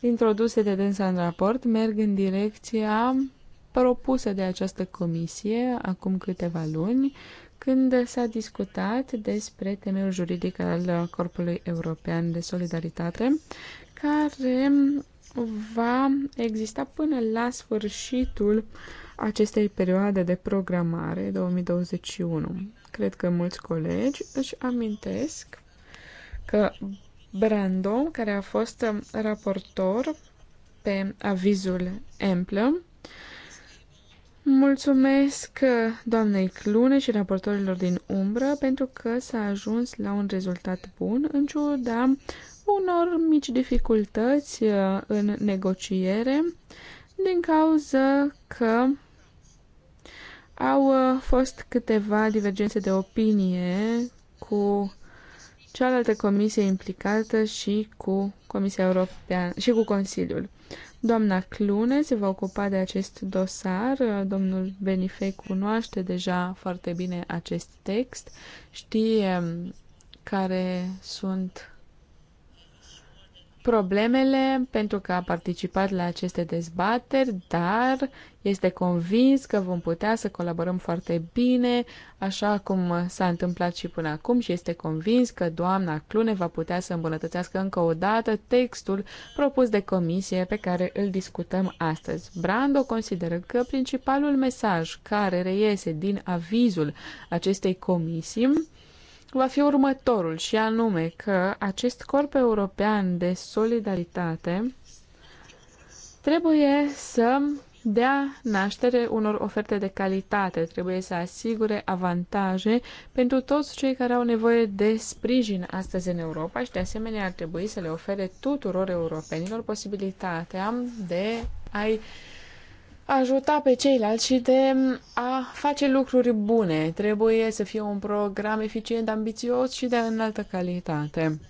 introduse de dânsa în raport merg în direcția propusă de această comisie acum câteva luni când s-a discutat despre temeiul juridic al Corpului European de Solidaritate, care va exista până la sfârșitul acestei perioade de programare 2021. Cred că mulți colegi își amintesc că Brando, care a fost raportor pe avizul Emplă, Mulțumesc uh, doamnei Clune și raportorilor din umbră pentru că s-a ajuns la un rezultat bun în ciuda unor mici dificultăți uh, în negociere din cauza că au uh, fost câteva divergențe de opinie cu cealaltă comisie implicată și cu Comisia Europeană și cu Consiliul. Doamna Clune se va ocupa de acest dosar. Domnul Benifei cunoaște deja foarte bine acest text, știe um, care sunt problemele pentru că a participat la aceste dezbateri, dar este convins că vom putea să colaborăm foarte bine, așa cum s-a întâmplat și până acum și este convins că doamna Clune va putea să îmbunătățească încă o dată textul propus de comisie pe care îl discutăm astăzi. Brando consideră că principalul mesaj care reiese din avizul acestei comisii va fi următorul și anume că acest corp european de solidaritate trebuie să dea naștere unor oferte de calitate, trebuie să asigure avantaje pentru toți cei care au nevoie de sprijin astăzi în Europa și de asemenea ar trebui să le ofere tuturor europenilor posibilitatea de a-i uh, ajuta pe ceilalți și de a face lucruri bune. Trebuie să fie un program eficient, ambițios și de înaltă calitate.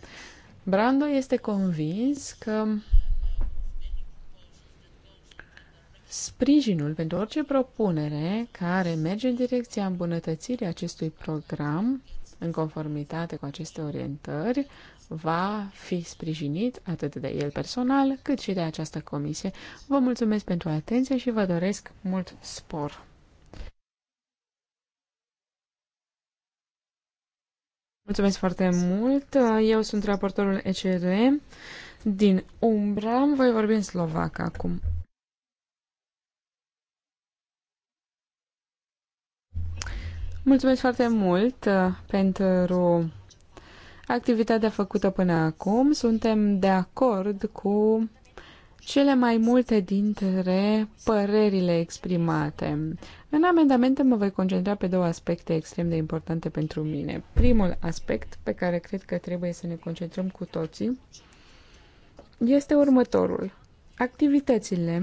Brando este convins că sprijinul pentru orice propunere care merge în direcția îmbunătățirii acestui program, în conformitate cu aceste orientări, va fi sprijinit atât de el personal, cât și de această comisie. Vă mulțumesc pentru atenție și vă doresc mult spor! Mulțumesc foarte mult! Eu sunt raportorul ECR din Umbra. Voi vorbi în slovac acum. Mulțumesc foarte mult uh, pentru activitatea făcută până acum. Suntem de acord cu cele mai multe dintre părerile exprimate. În amendamente mă voi concentra pe două aspecte extrem de importante pentru mine. Primul aspect pe care cred că trebuie să ne concentrăm cu toții este următorul. Activitățile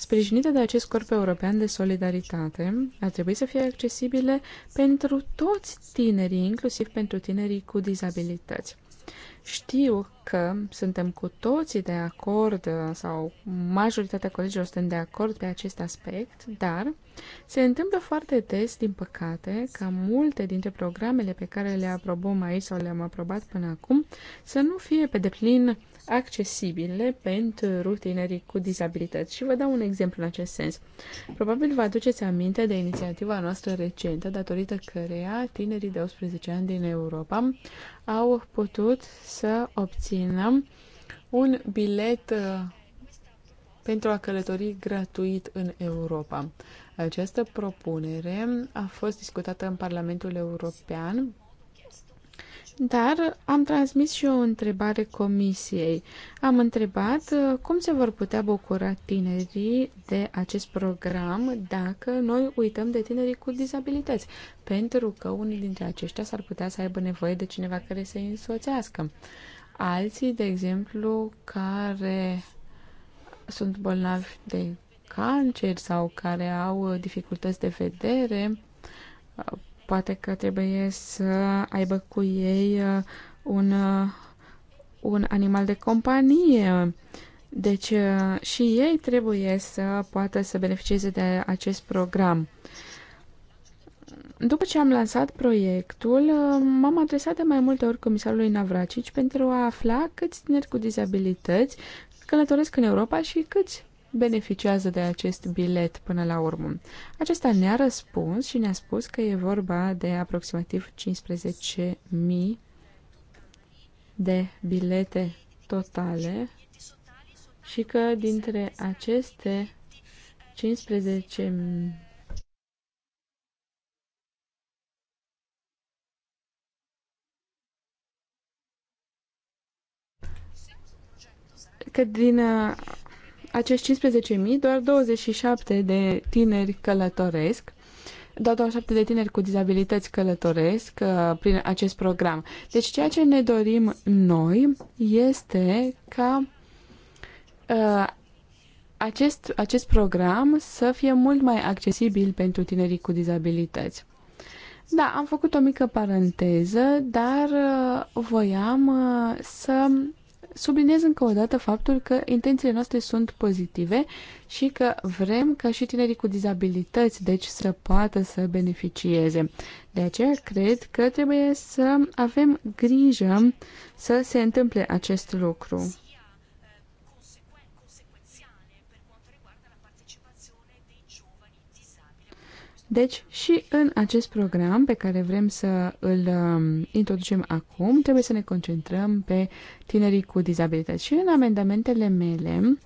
sprijinite de acest corp european de solidaritate, ar trebui să fie accesibile pentru toți tinerii, inclusiv pentru tinerii cu dizabilități. Știu că suntem cu toții de acord sau majoritatea colegilor suntem de acord pe acest aspect, dar se întâmplă foarte des, din păcate, ca multe dintre programele pe care le aprobăm aici sau le-am aprobat până acum să nu fie pe deplin accesibile pentru tinerii cu dizabilități. Și vă dau un exemplu în acest sens. Probabil vă aduceți aminte de inițiativa noastră recentă, datorită căreia tinerii de 18 ani din Europa au putut să obțină un bilet uh, pentru a călători gratuit în Europa. Această propunere a fost discutată în Parlamentul European dar am transmis și o întrebare comisiei. Am întrebat uh, cum se vor putea bucura tinerii de acest program dacă noi uităm de tinerii cu dizabilități, pentru că unii dintre aceștia s-ar putea să aibă nevoie de cineva care să-i însoțească. Alții, de exemplu, care sunt bolnavi de cancer sau care au uh, dificultăți de vedere, uh, Poate că trebuie să aibă cu ei uh, un, uh, un animal de companie. Deci uh, și ei trebuie să poată să beneficieze de acest program. După ce am lansat proiectul, m-am adresat de mai multe ori comisarului Navracici pentru a afla câți tineri cu dizabilități călătoresc în Europa și câți beneficiază de acest bilet până la urmă. Acesta ne-a răspuns și ne-a spus că e vorba de aproximativ 15.000 de bilete totale și că dintre aceste 15 că din acești 15.000, doar 27 de tineri călătoresc doar 27 de tineri cu dizabilități călătoresc uh, prin acest program. Deci ceea ce ne dorim noi este ca uh, acest, acest program să fie mult mai accesibil pentru tinerii cu dizabilități. Da, am făcut o mică paranteză, dar uh, voiam uh, să subliniez încă o dată faptul că intențiile noastre sunt pozitive și că vrem ca și tinerii cu dizabilități, deci să poată să beneficieze. De aceea cred că trebuie să avem grijă să se întâmple acest lucru. Deci, și în acest program pe care vrem să îl um, introducem acum, trebuie să ne concentrăm pe tinerii cu dizabilități. Și în amendamentele mele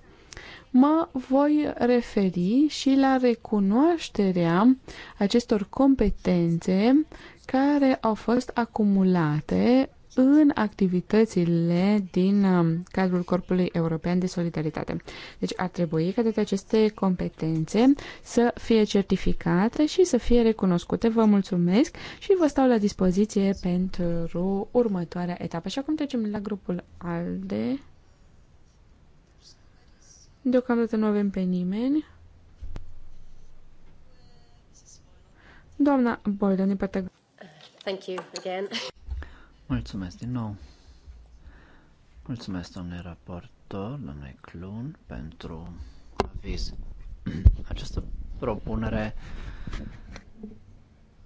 mă voi referi și la recunoașterea acestor competențe care au fost acumulate în activitățile din um, cadrul Corpului European de Solidaritate. Deci ar trebui ca toate aceste competențe să fie certificate și să fie recunoscute. Vă mulțumesc și vă stau la dispoziție pentru următoarea etapă. Și acum trecem la grupul ALDE. Deocamdată nu avem pe nimeni. Doamna Boylan, din partea... Thank you again. Mulțumesc din nou. Mulțumesc, domnule raportor, domnule Clun, pentru aviz. Această propunere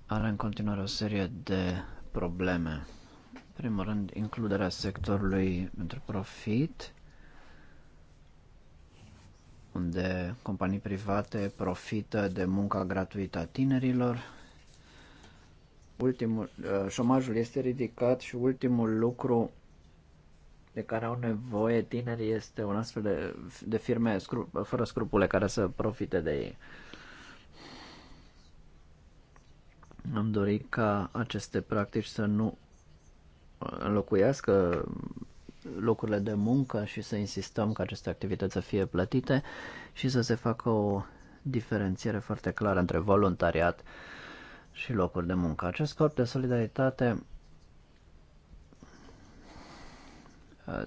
are în continuare o serie de probleme. În primul rând, includerea sectorului pentru profit, unde companii private profită de munca gratuită a tinerilor, ultimul, uh, șomajul este ridicat și ultimul lucru de care au nevoie tinerii este un astfel de, de firme scru, fără scrupule care să profite de ei. Am dorit ca aceste practici să nu înlocuiască locurile de muncă și să insistăm ca aceste activități să fie plătite și să se facă o diferențiere foarte clară între voluntariat și locuri de muncă. Acest corp de solidaritate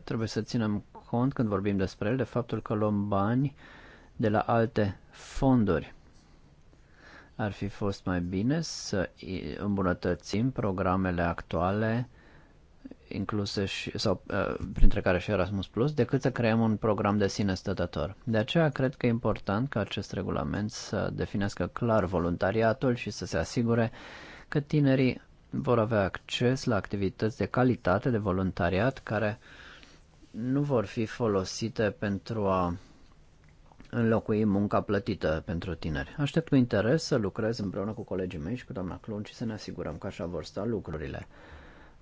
trebuie să ținem cont când vorbim despre el de faptul că luăm bani de la alte fonduri. Ar fi fost mai bine să îmbunătățim programele actuale incluse și, sau uh, printre care și Erasmus Plus, decât să creăm un program de sine stătător. De aceea cred că e important ca acest regulament să definească clar voluntariatul și să se asigure că tinerii vor avea acces la activități de calitate de voluntariat care nu vor fi folosite pentru a înlocui munca plătită pentru tineri. Aștept cu interes să lucrez împreună cu colegii mei și cu doamna Clun și să ne asigurăm că așa vor sta lucrurile.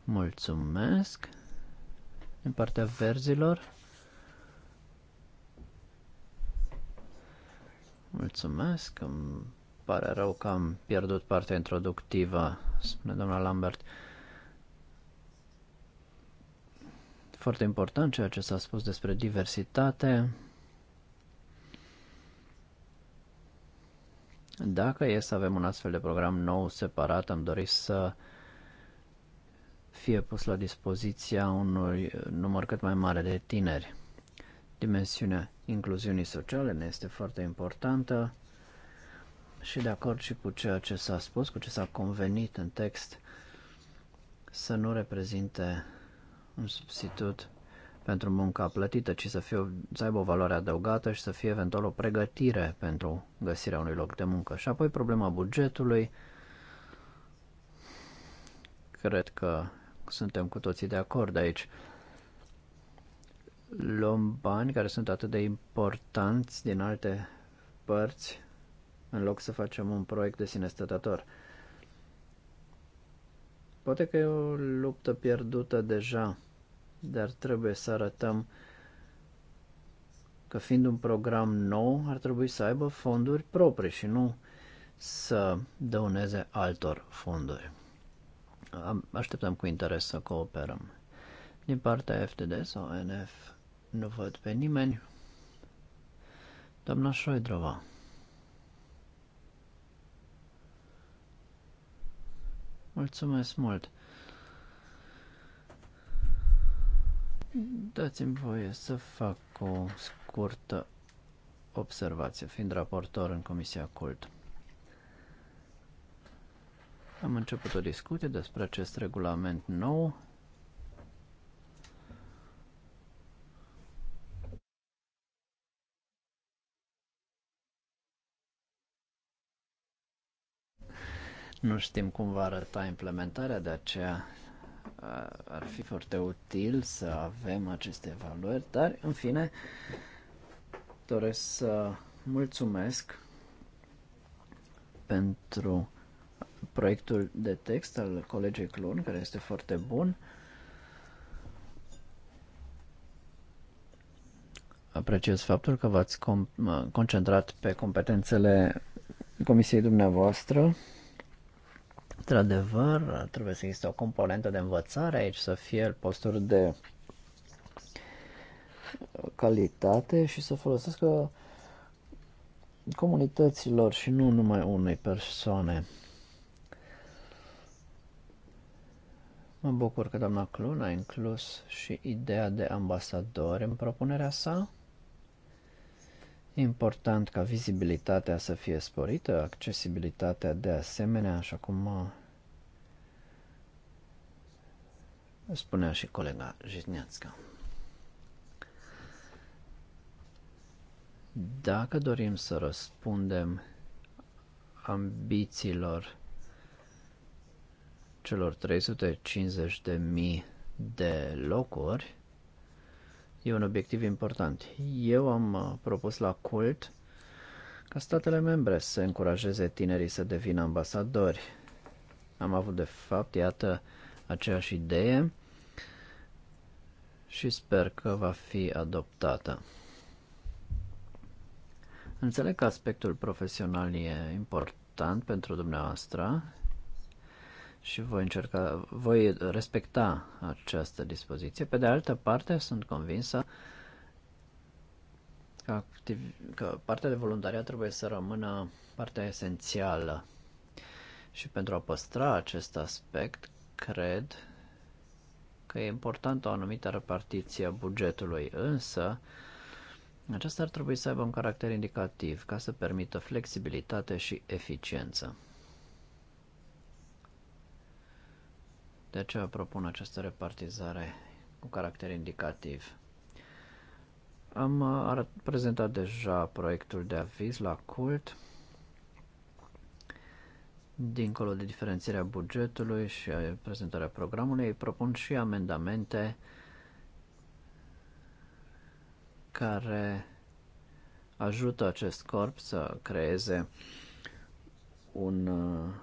Mulțumesc. În partea verzilor. Mulțumesc. Îmi pare rău că am pierdut partea introductivă, spune doamna Lambert. Foarte important ceea ce s-a spus despre diversitate. Dacă e să avem un astfel de program nou separat, am dorit să fie pus la dispoziția unui număr cât mai mare de tineri. Dimensiunea incluziunii sociale ne este foarte importantă și de acord și cu ceea ce s-a spus, cu ce s-a convenit în text, să nu reprezinte un substitut pentru munca plătită, ci să, fie, să aibă o valoare adăugată și să fie eventual o pregătire pentru găsirea unui loc de muncă. Și apoi problema bugetului. Cred că suntem cu toții de acord aici. Luăm bani care sunt atât de importanți din alte părți în loc să facem un proiect de sine stătător. Poate că e o luptă pierdută deja, dar trebuie să arătăm că fiind un program nou, ar trebui să aibă fonduri proprii și nu să dăuneze altor fonduri așteptăm cu interes să cooperăm. Din partea FTD sau NF nu văd pe nimeni. Doamna Șoidrova. Mulțumesc mult. Dați-mi voie să fac o scurtă observație, fiind raportor în Comisia Cult. Am început o discuție despre acest regulament nou. Nu știm cum va arăta implementarea, de aceea ar fi foarte util să avem aceste valori, dar în fine doresc să mulțumesc pentru proiectul de text al colegei Clun, care este foarte bun. Apreciez faptul că v-ați concentrat pe competențele comisiei dumneavoastră. Într-adevăr, trebuie să existe o componentă de învățare aici, să fie posturi de calitate și să folosească comunităților și nu numai unei persoane. Mă bucur că doamna Clun a inclus și ideea de ambasador în propunerea sa. important ca vizibilitatea să fie sporită, accesibilitatea de asemenea, așa cum uh, spunea și colega Jizniațca. Dacă dorim să răspundem ambițiilor celor 350.000 de de locuri e un obiectiv important. Eu am uh, propus la cult ca statele membre să încurajeze tinerii să devină ambasadori. Am avut de fapt, iată, aceeași idee și sper că va fi adoptată. Înțeleg că aspectul profesional e important pentru dumneavoastră și voi încerca, voi respecta această dispoziție. Pe de altă parte, sunt convinsă că, activ, că partea de voluntariat trebuie să rămână partea esențială. Și pentru a păstra acest aspect, cred că e importantă o anumită repartiție a bugetului, însă aceasta ar trebui să aibă un caracter indicativ ca să permită flexibilitate și eficiență. De aceea propun această repartizare cu caracter indicativ. Am uh, prezentat deja proiectul de aviz la cult, dincolo de diferențierea bugetului și prezentarea programului, propun și amendamente care ajută acest corp să creeze un uh,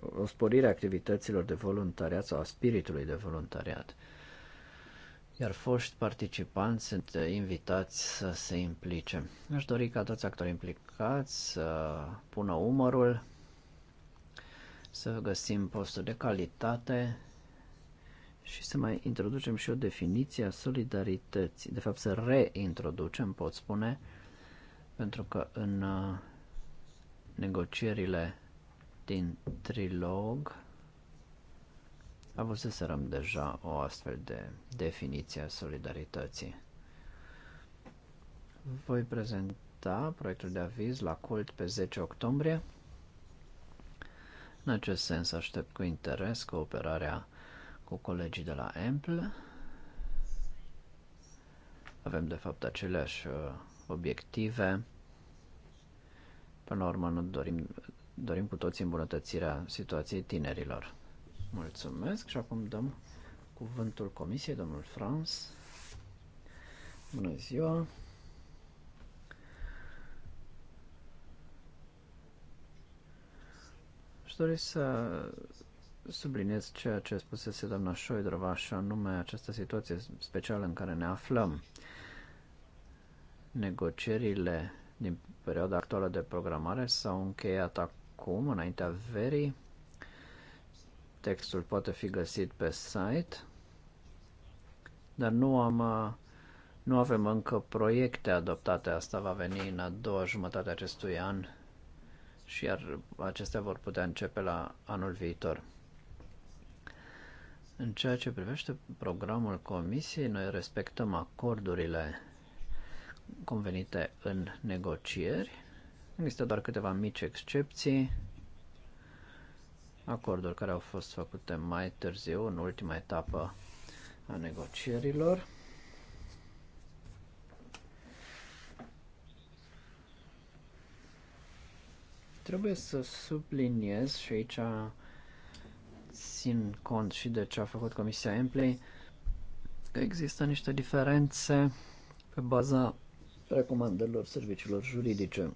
o sporire a activităților de voluntariat sau a spiritului de voluntariat. Iar foști participanți sunt invitați să se implice. Aș dori ca toți actorii implicați să pună umărul, să găsim posturi de calitate și să mai introducem și o definiție a solidarității. De fapt, să reintroducem, pot spune, pentru că în uh, negocierile din trilog avuseserăm deja o astfel de definiție a solidarității. Voi prezenta proiectul de aviz la cult pe 10 octombrie. În acest sens aștept cu interes cooperarea cu colegii de la EMPL. Avem de fapt aceleași uh, obiective. Până la urmă nu dorim dorim cu toții îmbunătățirea situației tinerilor. Mulțumesc și acum dăm cuvântul comisiei, domnul Franz. Bună ziua! Aș dori să subliniez ceea ce spusese doamna Șoidrova și anume această situație specială în care ne aflăm. Negocierile din perioada actuală de programare s-au încheiat acum, înaintea verii. Textul poate fi găsit pe site, dar nu, am, nu avem încă proiecte adoptate. Asta va veni în a doua jumătate a acestui an și iar acestea vor putea începe la anul viitor. În ceea ce privește programul Comisiei, noi respectăm acordurile convenite în negocieri Există doar câteva mici excepții, acorduri care au fost făcute mai târziu, în ultima etapă a negocierilor. Trebuie să subliniez și aici țin cont și de ce a făcut Comisia Emplei, că există niște diferențe pe baza recomandărilor serviciilor juridice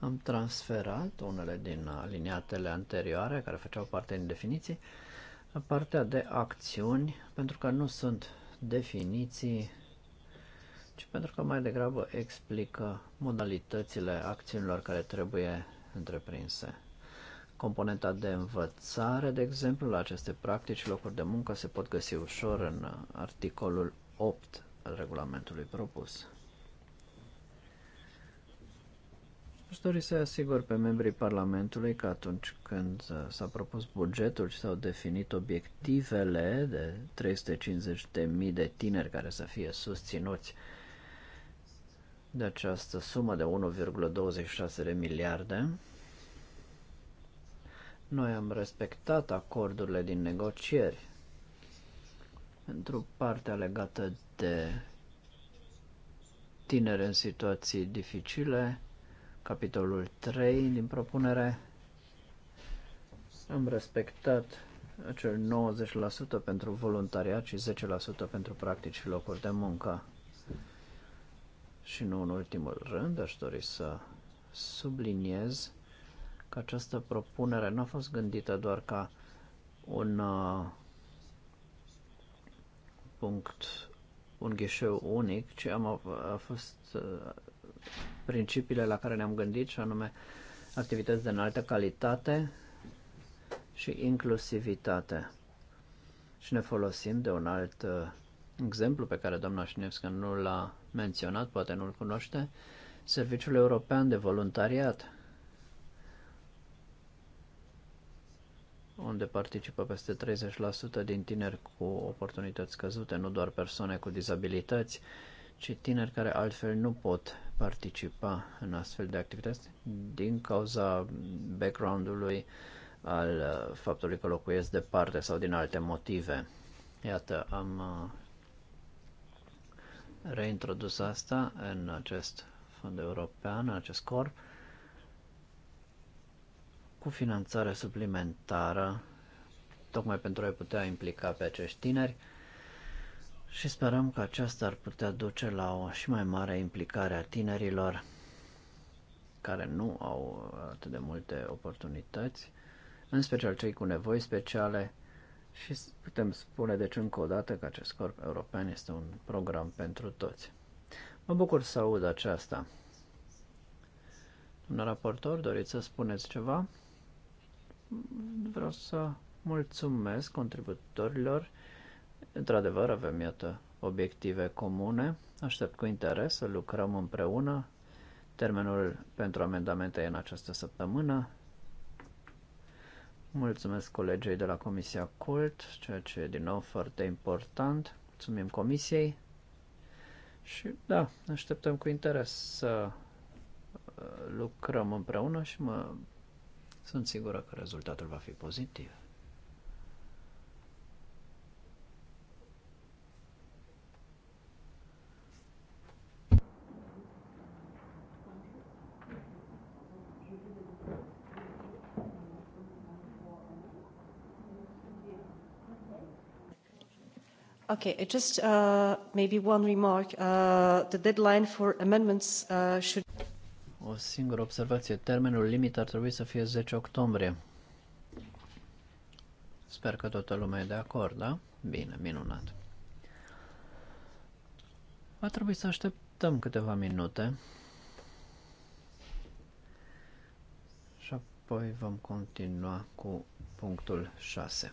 am transferat unele din aliniatele anterioare, care făceau parte din definiții, la partea de acțiuni, pentru că nu sunt definiții, ci pentru că mai degrabă explică modalitățile acțiunilor care trebuie întreprinse. Componenta de învățare, de exemplu, la aceste practici locuri de muncă se pot găsi ușor în articolul 8 al regulamentului propus. Aș dori să asigur pe membrii Parlamentului că atunci când uh, s-a propus bugetul și s-au definit obiectivele de 350.000 de tineri care să fie susținuți de această sumă de 1,26 de miliarde, noi am respectat acordurile din negocieri pentru partea legată de tineri în situații dificile, capitolul 3 din propunere. Am respectat acel 90% pentru voluntariat și 10% pentru practici și locuri de muncă. Și nu în ultimul rând, aș dori să subliniez că această propunere nu a fost gândită doar ca un uh, punct, un ghișeu unic, ci am, a fost uh, principiile la care ne-am gândit, și anume activități de înaltă calitate și inclusivitate. Și ne folosim de un alt uh, exemplu pe care doamna Șinevscă nu l-a menționat, poate nu-l cunoaște, Serviciul European de Voluntariat, unde participă peste 30% din tineri cu oportunități scăzute, nu doar persoane cu dizabilități, ci tineri care altfel nu pot participa în astfel de activități din cauza background-ului al uh, faptului că locuiesc departe sau din alte motive. Iată, am uh, reintrodus asta în acest fond european, în acest corp, cu finanțare suplimentară, tocmai pentru a-i putea implica pe acești tineri și sperăm că aceasta ar putea duce la o și mai mare implicare a tinerilor care nu au atât de multe oportunități, în special cei cu nevoi speciale și putem spune deci încă o dată că acest corp european este un program pentru toți. Mă bucur să aud aceasta. Domnul raportor, doriți să spuneți ceva? Vreau să mulțumesc contributorilor Într-adevăr, avem, iată, obiective comune. Aștept cu interes să lucrăm împreună. Termenul pentru amendamente e în această săptămână. Mulțumesc colegei de la Comisia CULT, ceea ce e din nou foarte important. Mulțumim Comisiei. Și da, așteptăm cu interes să uh, lucrăm împreună și mă, sunt sigură că rezultatul va fi pozitiv. Okay, uh, just uh, maybe one remark. Uh, the deadline for amendments uh, should... O singură observație. Termenul limit ar trebui să fie 10 octombrie. Sper că toată lumea e de acord, da? Bine, minunat. Va trebui să așteptăm câteva minute. Și apoi vom continua cu punctul 6.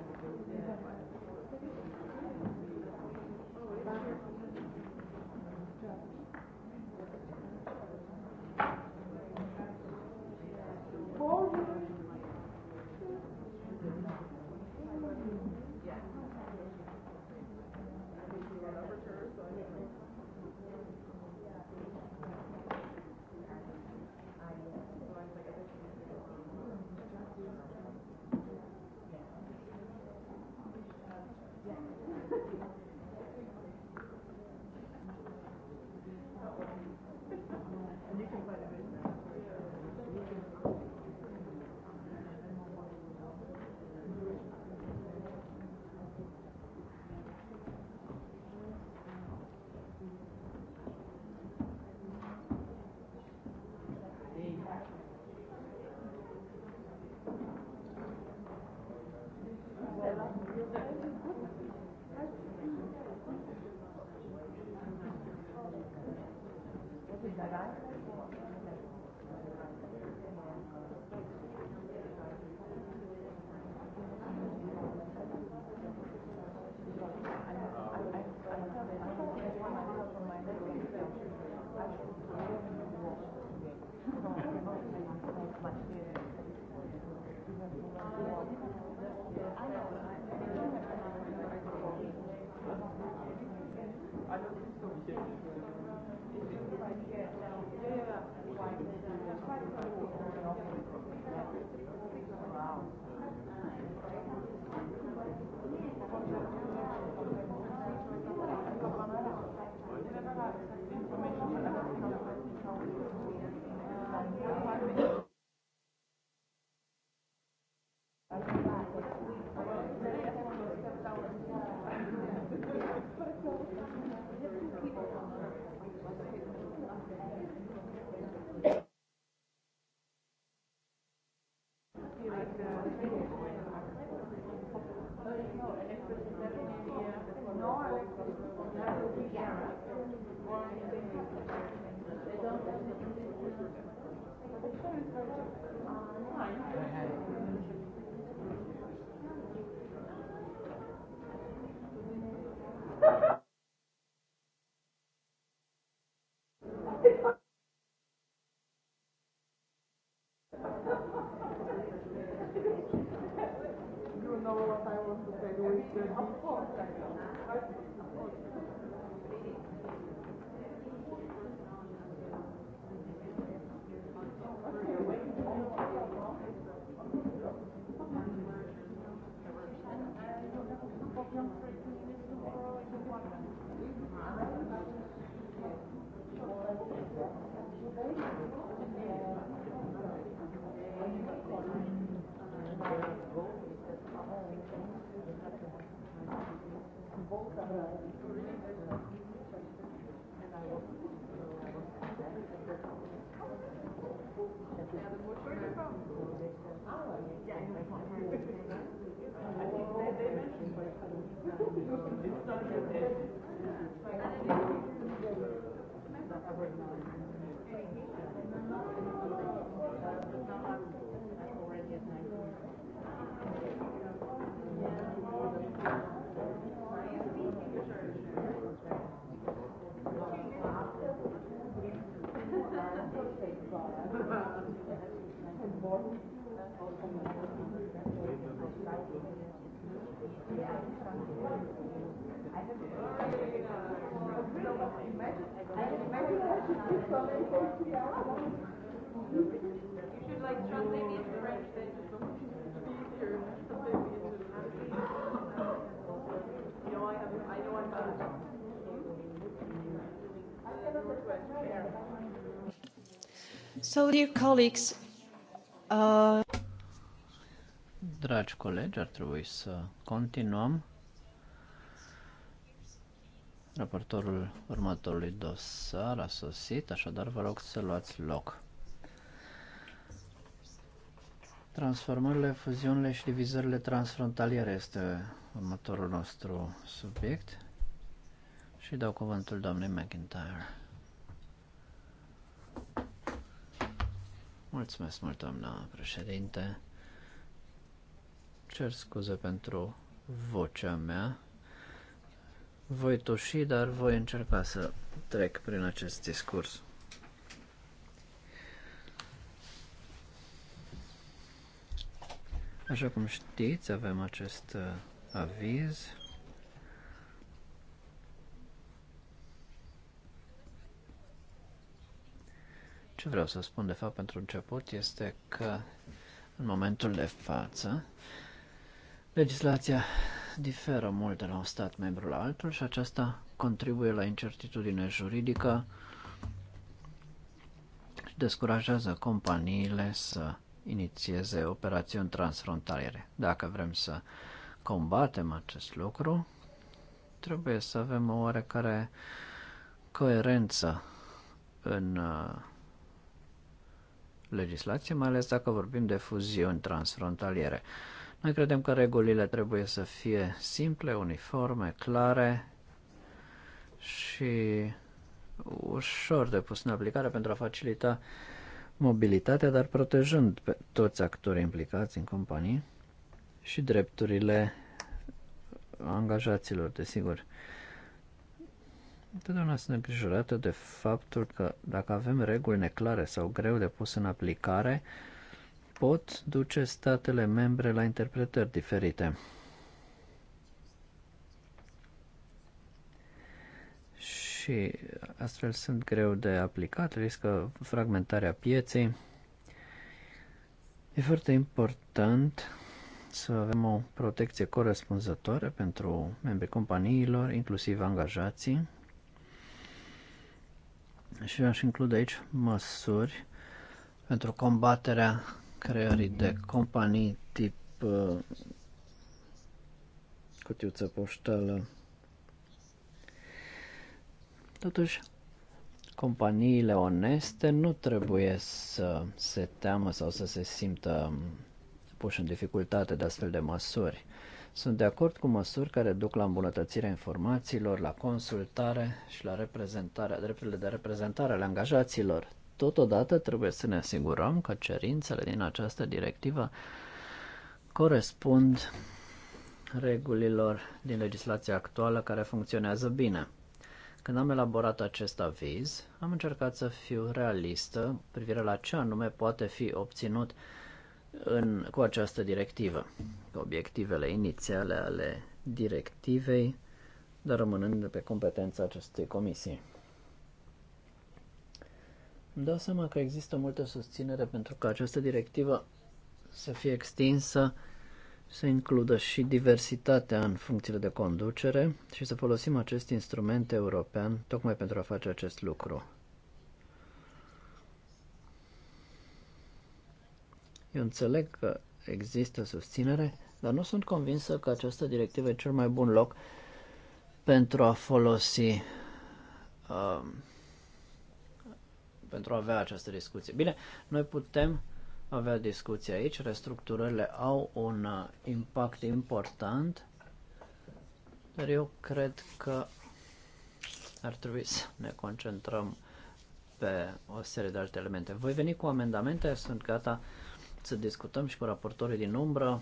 Thank you. Of course I will. Uh, Dragi colegi, ar trebui să continuăm. Raportorul următorului dosar a sosit, așadar vă rog să luați loc. Transformările, fuziunile și divizările transfrontaliere este următorul nostru subiect și dau cuvântul doamnei McIntyre. Mulțumesc mult, doamna președinte. Cer scuze pentru vocea mea. Voi toși, dar voi încerca să trec prin acest discurs. Așa cum știți, avem acest uh, aviz Ce vreau să spun de fapt pentru început este că în momentul de față legislația diferă mult de la un stat membru la altul și aceasta contribuie la incertitudine juridică și descurajează companiile să inițieze operațiuni transfrontaliere. Dacă vrem să combatem acest lucru, trebuie să avem o oarecare coerență în uh, legislație, mai ales dacă vorbim de fuziuni transfrontaliere. Noi credem că regulile trebuie să fie simple, uniforme, clare și ușor de pus în aplicare pentru a facilita mobilitatea, dar protejând pe toți actorii implicați în companii și drepturile angajaților, desigur. sigur întotdeauna sunt îngrijorată de faptul că dacă avem reguli neclare sau greu de pus în aplicare, pot duce statele membre la interpretări diferite. Și astfel sunt greu de aplicat, riscă fragmentarea pieței. E foarte important să avem o protecție corespunzătoare pentru membrii companiilor, inclusiv angajații, și aș include aici măsuri pentru combaterea creării de companii tip uh, cutiuță poștală. Totuși, companiile oneste nu trebuie să se teamă sau să se simtă puși în dificultate de astfel de măsuri. Sunt de acord cu măsuri care duc la îmbunătățirea informațiilor, la consultare și la reprezentarea, drepturile de reprezentare ale angajaților. Totodată trebuie să ne asigurăm că cerințele din această directivă corespund regulilor din legislația actuală care funcționează bine. Când am elaborat acest aviz, am încercat să fiu realistă privire la ce anume poate fi obținut în, cu această directivă, obiectivele inițiale ale directivei, dar rămânând pe competența acestei comisii. Îmi dau seama că există multă susținere pentru că această directivă să fie extinsă, să includă și diversitatea în funcțiile de conducere și să folosim acest instrument european tocmai pentru a face acest lucru. Eu înțeleg că există susținere, dar nu sunt convinsă că această directivă e cel mai bun loc pentru a folosi, uh, pentru a avea această discuție. Bine, noi putem avea discuția aici, restructurările au un uh, impact important, dar eu cred că ar trebui să ne concentrăm pe o serie de alte elemente. Voi veni cu amendamente, sunt gata să discutăm și cu raportorii din umbră.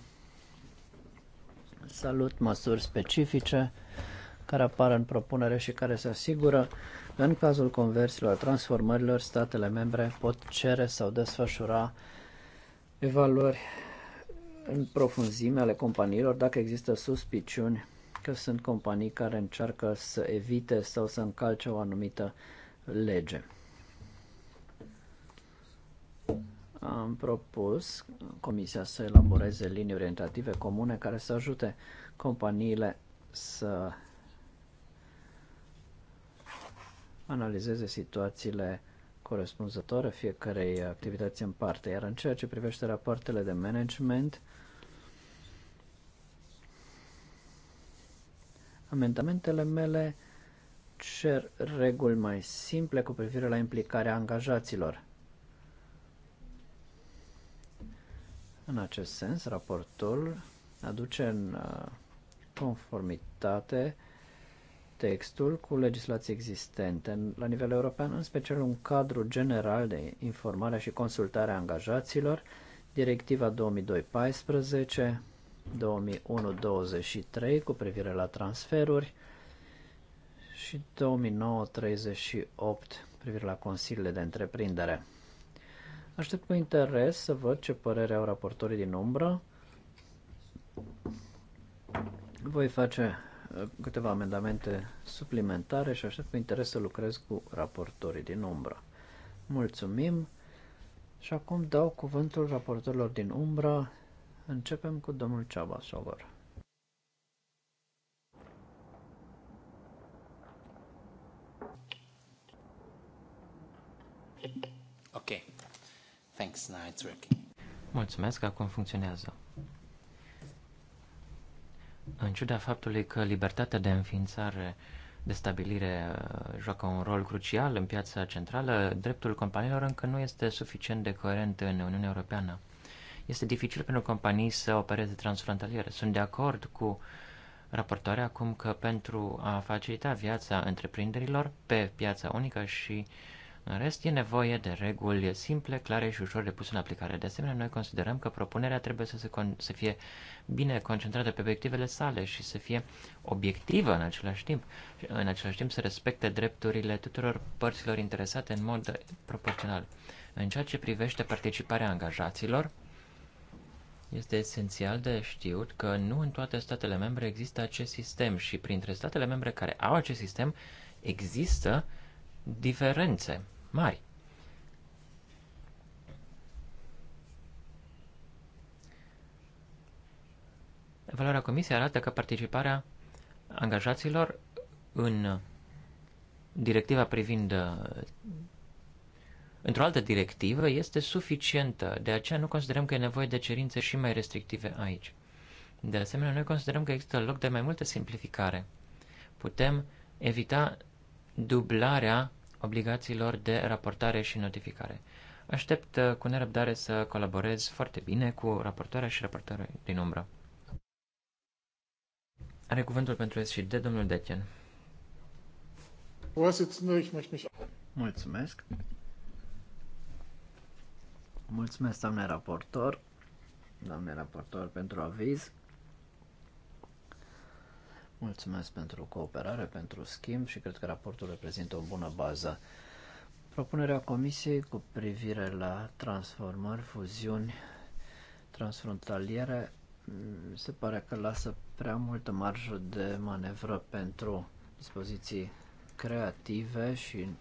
Salut măsuri specifice care apar în propunere și care se asigură că în cazul conversiilor, transformărilor, statele membre pot cere sau desfășura evaluări în profunzime ale companiilor dacă există suspiciuni că sunt companii care încearcă să evite sau să încalce o anumită lege. am propus Comisia să elaboreze linii orientative comune care să ajute companiile să analizeze situațiile corespunzătoare fiecarei activități în parte. Iar în ceea ce privește rapoartele de management, amendamentele mele cer reguli mai simple cu privire la implicarea angajaților. În acest sens, raportul aduce în uh, conformitate textul cu legislații existente la nivel european, în special un cadru general de informare și consultare a angajaților, Directiva 2002-14, 2001-23 cu privire la transferuri și 2009-38 privire la consiliile de întreprindere. Aștept cu interes să văd ce părere au raportorii din umbră. Voi face uh, câteva amendamente suplimentare și aștept cu interes să lucrez cu raportorii din umbră. Mulțumim și acum dau cuvântul raportorilor din umbră. Începem cu domnul Ceaba Sogor. Thanks, now it's working. Mulțumesc, acum funcționează. În ciuda faptului că libertatea de înființare, de stabilire uh, joacă un rol crucial în piața centrală, dreptul companiilor încă nu este suficient de coerent în Uniunea Europeană. Este dificil pentru companii să opereze transfrontaliere. Sunt de acord cu raportoarea acum că pentru a facilita viața întreprinderilor pe piața unică și uh, în rest, e nevoie de reguli simple, clare și ușor de pus în aplicare. De asemenea, noi considerăm că propunerea trebuie să, se con- să fie bine concentrată pe obiectivele sale și să fie obiectivă în același timp. În același timp să respecte drepturile tuturor părților interesate în mod proporțional. În ceea ce privește participarea angajaților, este esențial de știut că nu în toate statele membre există acest sistem și printre statele membre care au acest sistem există diferențe mari. Valoarea comisiei arată că participarea angajaților în directiva privind într-o altă directivă este suficientă, de aceea nu considerăm că e nevoie de cerințe și mai restrictive aici. De asemenea, noi considerăm că există loc de mai multă simplificare. Putem evita dublarea obligațiilor de raportare și notificare. Aștept uh, cu nerăbdare să colaborez foarte bine cu raportoarea și raportoarea din umbră. Are cuvântul pentru S și domnul Detjen. Mulțumesc. Mulțumesc, doamne raportor, doamne raportor, pentru aviz. Mulțumesc pentru cooperare, pentru schimb și cred că raportul reprezintă o bună bază. Propunerea Comisiei cu privire la transformări, fuziuni transfrontaliere mm, se pare că lasă prea multă marjă de manevră pentru dispoziții creative și mm,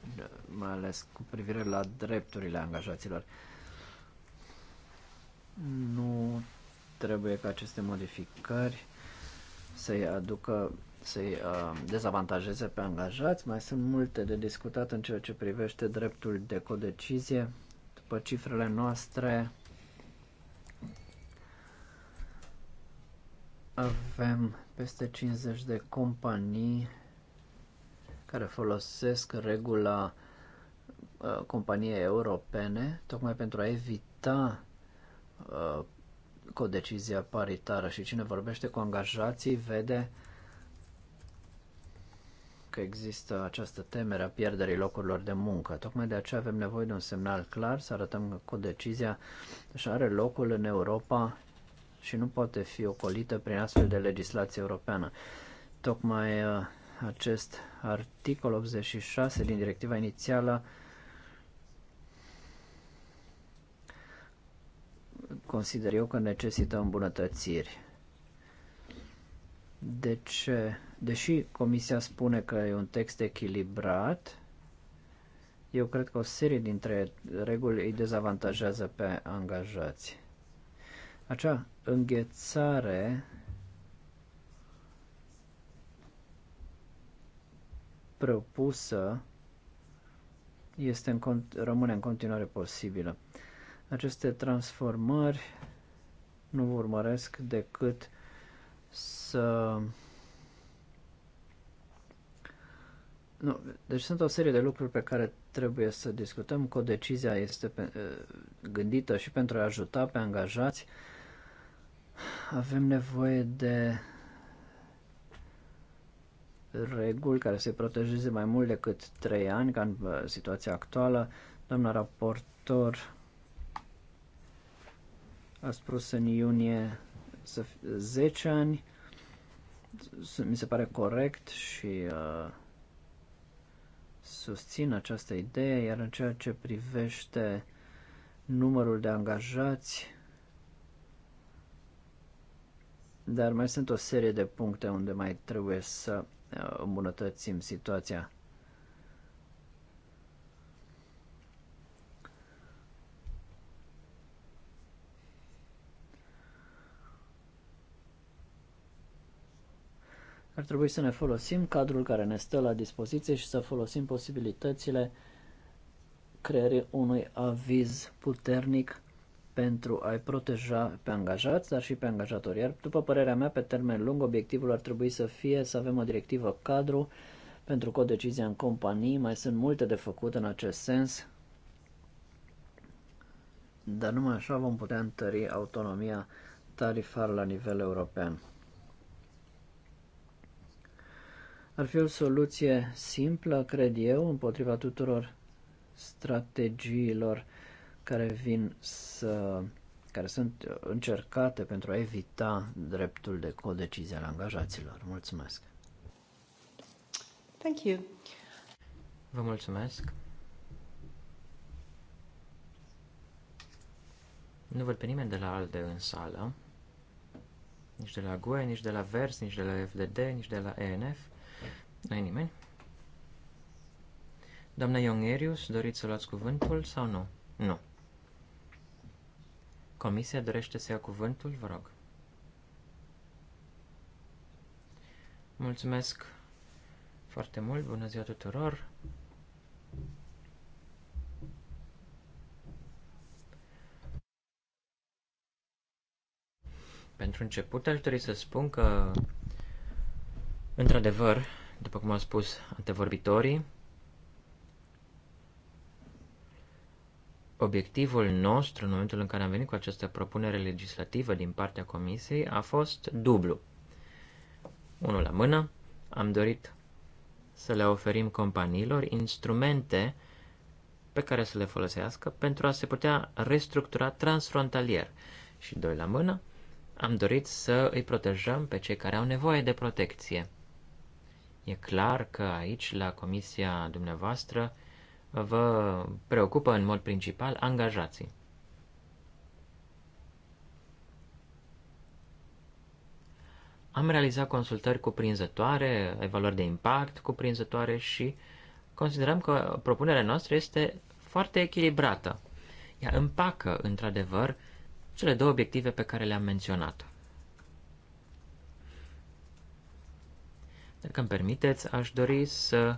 mai ales cu privire la drepturile angajaților. Nu trebuie ca aceste modificări să-i aducă, să-i uh, dezavantajeze pe angajați. Mai sunt multe de discutat în ceea ce privește dreptul de codecizie. După cifrele noastre, avem peste 50 de companii care folosesc regula uh, companiei europene tocmai pentru a evita uh, cu decizia paritară și cine vorbește cu angajații vede că există această temere a pierderii locurilor de muncă. Tocmai de aceea avem nevoie de un semnal clar să arătăm că cu decizia și are locul în Europa și nu poate fi ocolită prin astfel de legislație europeană. Tocmai uh, acest articol 86 din directiva inițială consider eu că necesită îmbunătățiri. Deci, deși Comisia spune că e un text echilibrat, eu cred că o serie dintre reguli îi dezavantajează pe angajați. Acea înghețare propusă este în, rămâne în continuare posibilă. Aceste transformări nu urmăresc decât să... Nu, deci sunt o serie de lucruri pe care trebuie să discutăm. Că decizia este pe, ă, gândită și pentru a ajuta pe angajați. Avem nevoie de reguli care să-i protejeze mai mult decât 3 ani, ca în ă, situația actuală. Doamna raportor a spus în iunie să 10 ani, mi se pare corect și uh, susțin această idee, iar în ceea ce privește numărul de angajați, dar mai sunt o serie de puncte unde mai trebuie să uh, îmbunătățim situația. Ar trebui să ne folosim cadrul care ne stă la dispoziție și să folosim posibilitățile creării unui aviz puternic pentru a-i proteja pe angajați, dar și pe angajatori. Iar, după părerea mea, pe termen lung, obiectivul ar trebui să fie să avem o directivă cadru pentru codecizia în companii. Mai sunt multe de făcut în acest sens, dar numai așa vom putea întări autonomia tarifară la nivel european. Ar fi o soluție simplă, cred eu, împotriva tuturor strategiilor care vin să care sunt încercate pentru a evita dreptul de codecizie al angajaților. Mulțumesc. Thank you. Vă mulțumesc. Nu văd pe nimeni de la ALDE în sală, nici de la GUE, nici de la VERS, nici de la FDD, nici de la ENF. N-ai nimeni? Doamna Iongerius, doriți să luați cuvântul sau nu? Nu. Comisia dorește să ia cuvântul, vă rog. Mulțumesc foarte mult, bună ziua tuturor. Pentru început aș dori să spun că, într-adevăr, după cum au spus antevorbitorii, obiectivul nostru în momentul în care am venit cu această propunere legislativă din partea Comisiei a fost dublu. Unul la mână, am dorit să le oferim companiilor instrumente pe care să le folosească pentru a se putea restructura transfrontalier. Și doi la mână, am dorit să îi protejăm pe cei care au nevoie de protecție. E clar că aici, la comisia dumneavoastră, vă preocupă în mod principal angajații. Am realizat consultări cuprinzătoare, evaluări de impact cuprinzătoare și considerăm că propunerea noastră este foarte echilibrată. Ea împacă, într-adevăr, cele două obiective pe care le-am menționat. Dacă îmi permiteți, aș dori să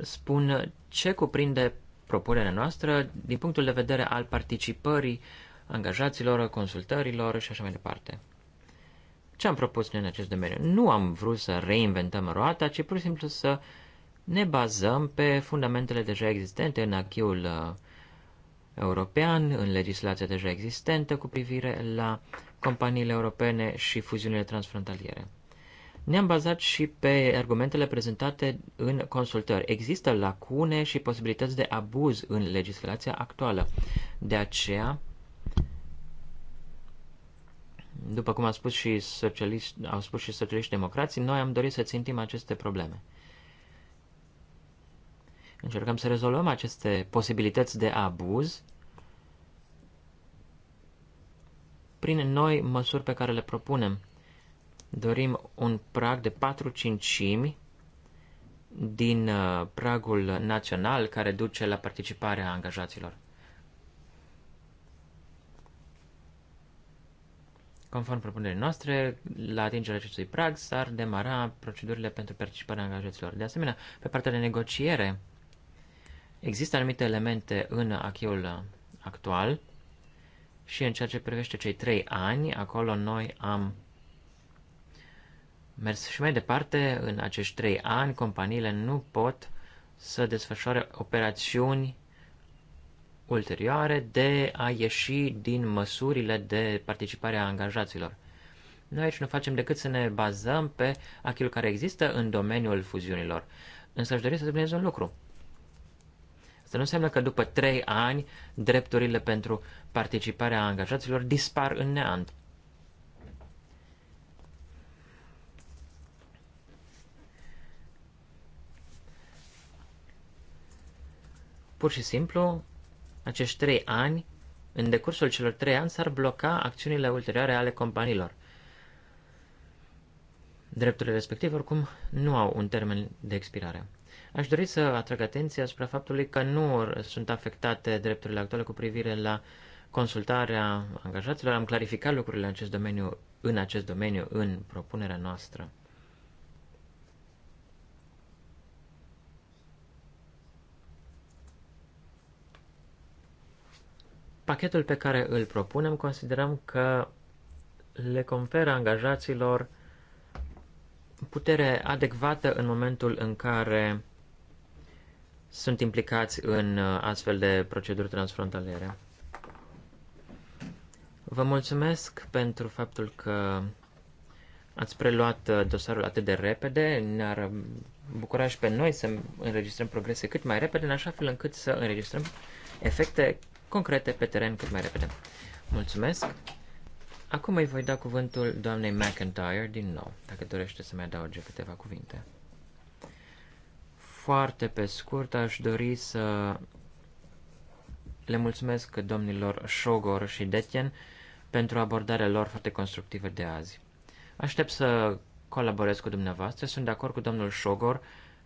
spun ce cuprinde propunerea noastră din punctul de vedere al participării angajaților, consultărilor și așa mai departe. Ce am propus noi în acest domeniu? Nu am vrut să reinventăm roata, ci pur și simplu să ne bazăm pe fundamentele deja existente în achiul uh, european, în legislația deja existentă cu privire la companiile europene și fuziunile transfrontaliere. Ne-am bazat și pe argumentele prezentate în consultări. Există lacune și posibilități de abuz în legislația actuală. De aceea, după cum au spus și, socialiști, au spus și socialiști democrații, noi am dorit să țintim aceste probleme. Încercăm să rezolvăm aceste posibilități de abuz prin noi măsuri pe care le propunem. Dorim un prag de 4 cincimi din uh, pragul național care duce la participarea angajaților. Conform propunerii noastre, la atingerea acestui prag s-ar demara procedurile pentru participarea angajaților. De asemenea, pe partea de negociere, există anumite elemente în acheul actual și în ceea ce privește cei trei ani, acolo noi am mers și mai departe, în acești trei ani, companiile nu pot să desfășoare operațiuni ulterioare de a ieși din măsurile de participare a angajaților. Noi aici nu facem decât să ne bazăm pe acel care există în domeniul fuziunilor. Însă aș dori să subliniez un lucru. Asta nu înseamnă că după trei ani drepturile pentru participarea angajaților dispar în neant. Pur și simplu, acești trei ani, în decursul celor trei ani, s-ar bloca acțiunile ulterioare ale companiilor. Drepturile respective, oricum, nu au un termen de expirare. Aș dori să atrag atenția asupra faptului că nu sunt afectate drepturile actuale cu privire la consultarea angajaților. Am clarificat lucrurile în acest domeniu, în acest domeniu, în propunerea noastră. Pachetul pe care îl propunem considerăm că le conferă angajaților putere adecvată în momentul în care sunt implicați în uh, astfel de proceduri transfrontaliere. Vă mulțumesc pentru faptul că ați preluat uh, dosarul atât de repede. Ne-ar bucura și pe noi să înregistrăm progrese cât mai repede, în așa fel încât să înregistrăm efecte concrete pe teren cât mai repede. Mulțumesc! Acum îi voi da cuvântul doamnei McIntyre din nou, dacă dorește să-mi adauge câteva cuvinte. Foarte pe scurt, aș dori să le mulțumesc domnilor Shogor și Detjen pentru abordarea lor foarte constructivă de azi. Aștept să colaborez cu dumneavoastră. Sunt de acord cu domnul Shogor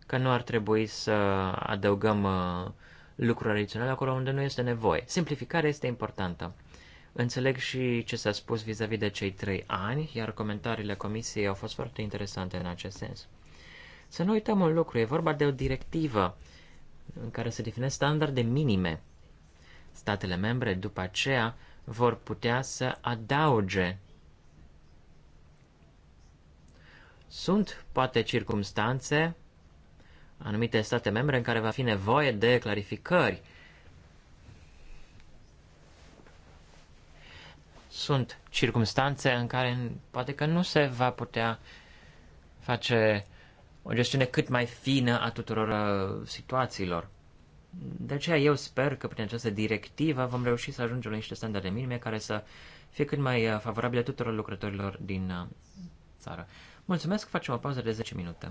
că nu ar trebui să adăugăm uh, lucruri adiționale acolo unde nu este nevoie. Simplificarea este importantă. Înțeleg și ce s-a spus vis-a-vis -vis de cei trei ani, iar comentariile comisiei au fost foarte interesante în acest sens. Să nu uităm un lucru, e vorba de o directivă în care se definesc standarde minime. Statele membre după aceea vor putea să adauge. Sunt poate circumstanțe anumite state membre în care va fi nevoie de clarificări. Sunt circumstanțe în care poate că nu se va putea face o gestiune cât mai fină a tuturor uh, situațiilor. De aceea eu sper că prin această directivă vom reuși să ajungem la niște standarde minime care să fie cât mai uh, favorabile tuturor lucrătorilor din uh, țară. Mulțumesc, facem o pauză de 10 minute.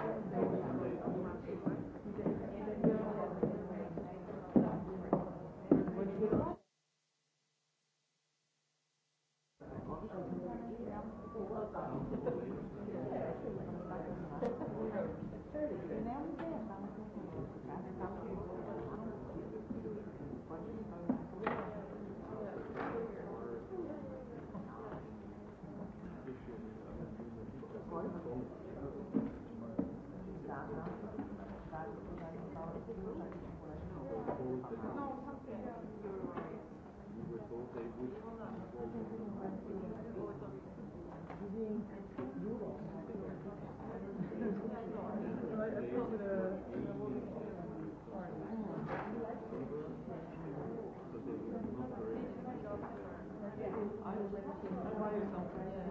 I was like, I'm by yourself.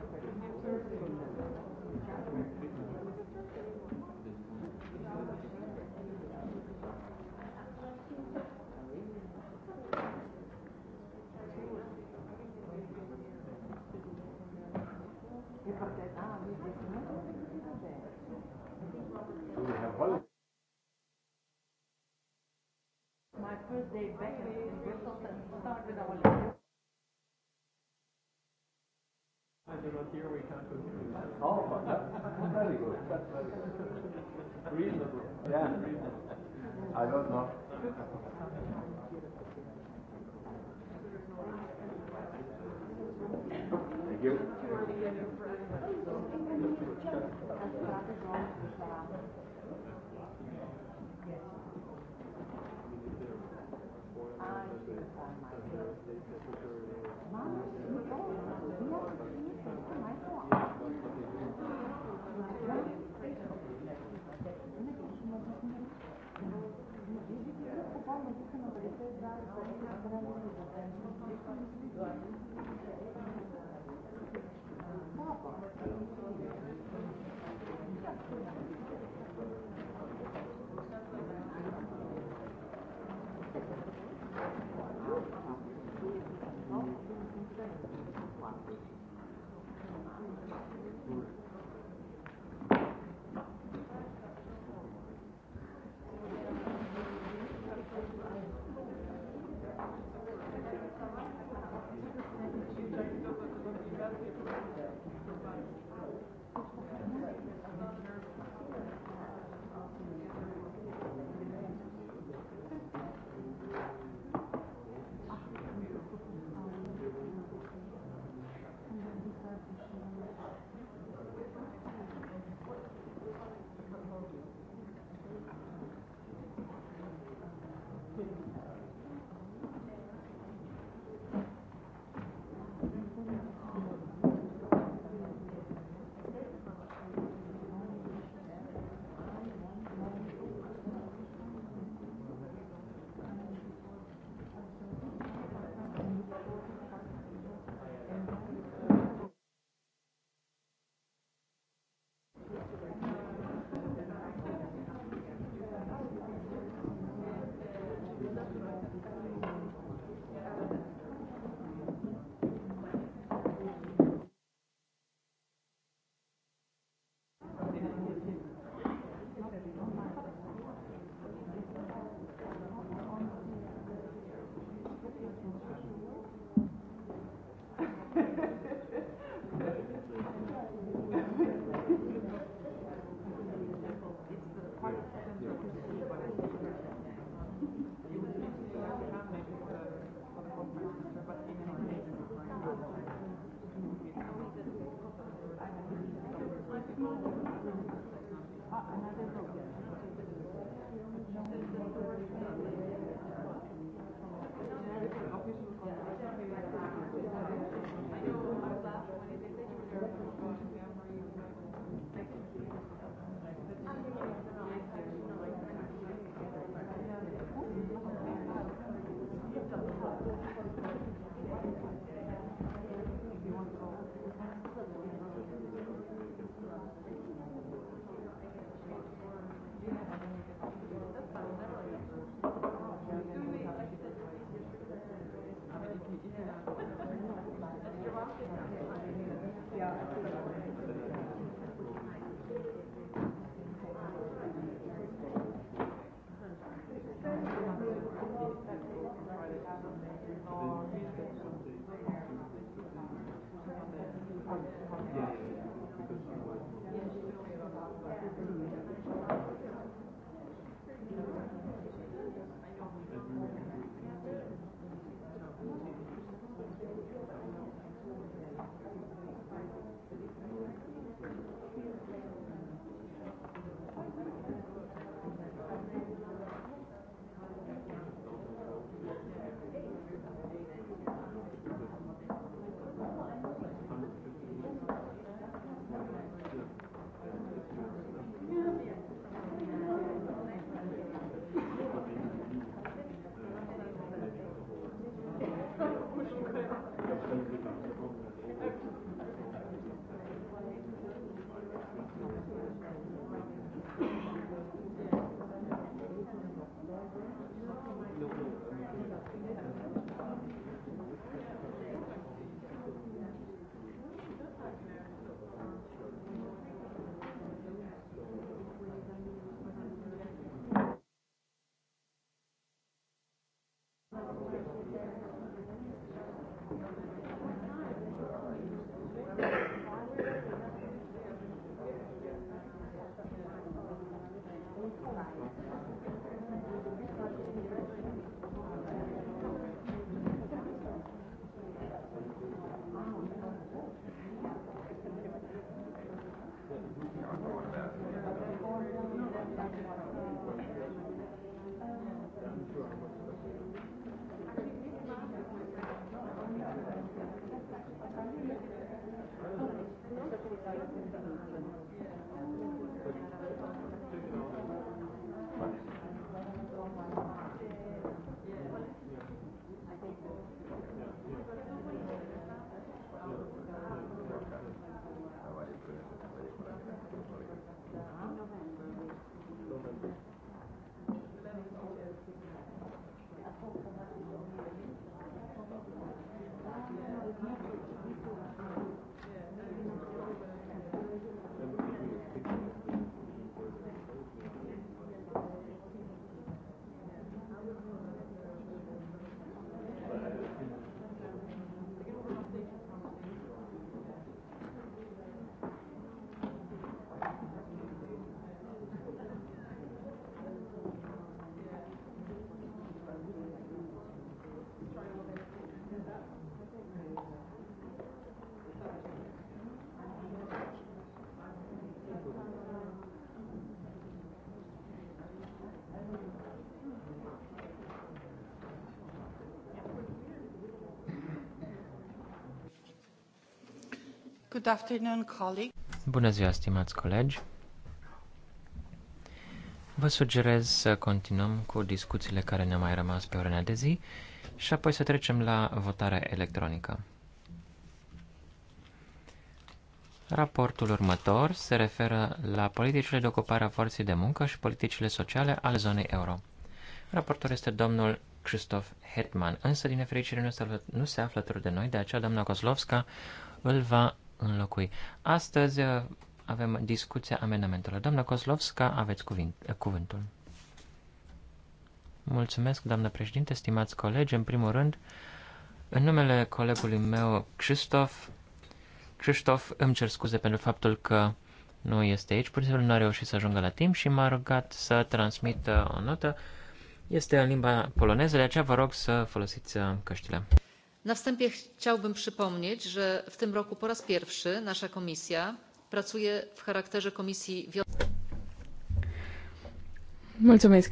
we can't go through that. Oh, that's very good. That's very good. Reasonable. Yeah. Reasonable. I don't know. Thank you. Good afternoon, colleague. Bună ziua, stimați colegi. Vă sugerez să continuăm cu discuțiile care ne-au mai rămas pe ordinea de zi și apoi să trecem la votarea electronică. Raportul următor se referă la politicile de ocupare a forței de muncă și politicile sociale ale zonei euro. Raportul este domnul Christoph Hetman, însă din nefericire nu se, află, nu se află alături de noi, de aceea doamna Kozlovska îl va înlocui. Astăzi uh, avem discuția amendamentului. Doamna Kozlovska, aveți cuvint, uh, cuvântul. Mulțumesc, doamnă președinte, stimați colegi. În primul rând, în numele colegului meu, Christoph, Christoph îmi cer scuze pentru faptul că nu este aici, pur și simplu nu a reușit să ajungă la timp și m-a rugat să transmit uh, o notă. Este în limba poloneză, de aceea vă rog să folosiți căștile na wstępie chciałbym przypomnieć że w tym roku po raz pierwszy nasza komisja pracuje w charakterze komisji Mulțumesc.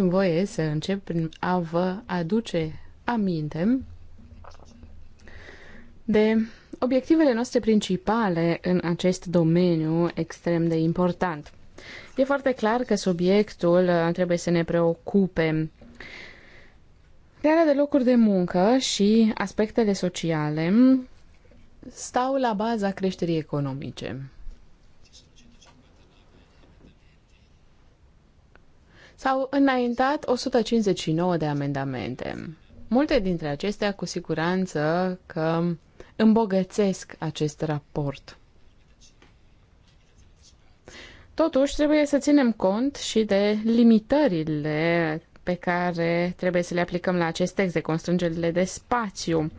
voie aduce aminte de obiectivele noastre principale în acest domeniu extrem de important. E foarte clar că subiectul uh, trebuie să ne preocupe Crearea de locuri de muncă și aspectele sociale stau la baza creșterii economice. S-au înaintat 159 de amendamente. Multe dintre acestea, cu siguranță, că îmbogățesc acest raport. Totuși, trebuie să ținem cont și de limitările pe care trebuie să le aplicăm la acest text de constrângerile de spațiu.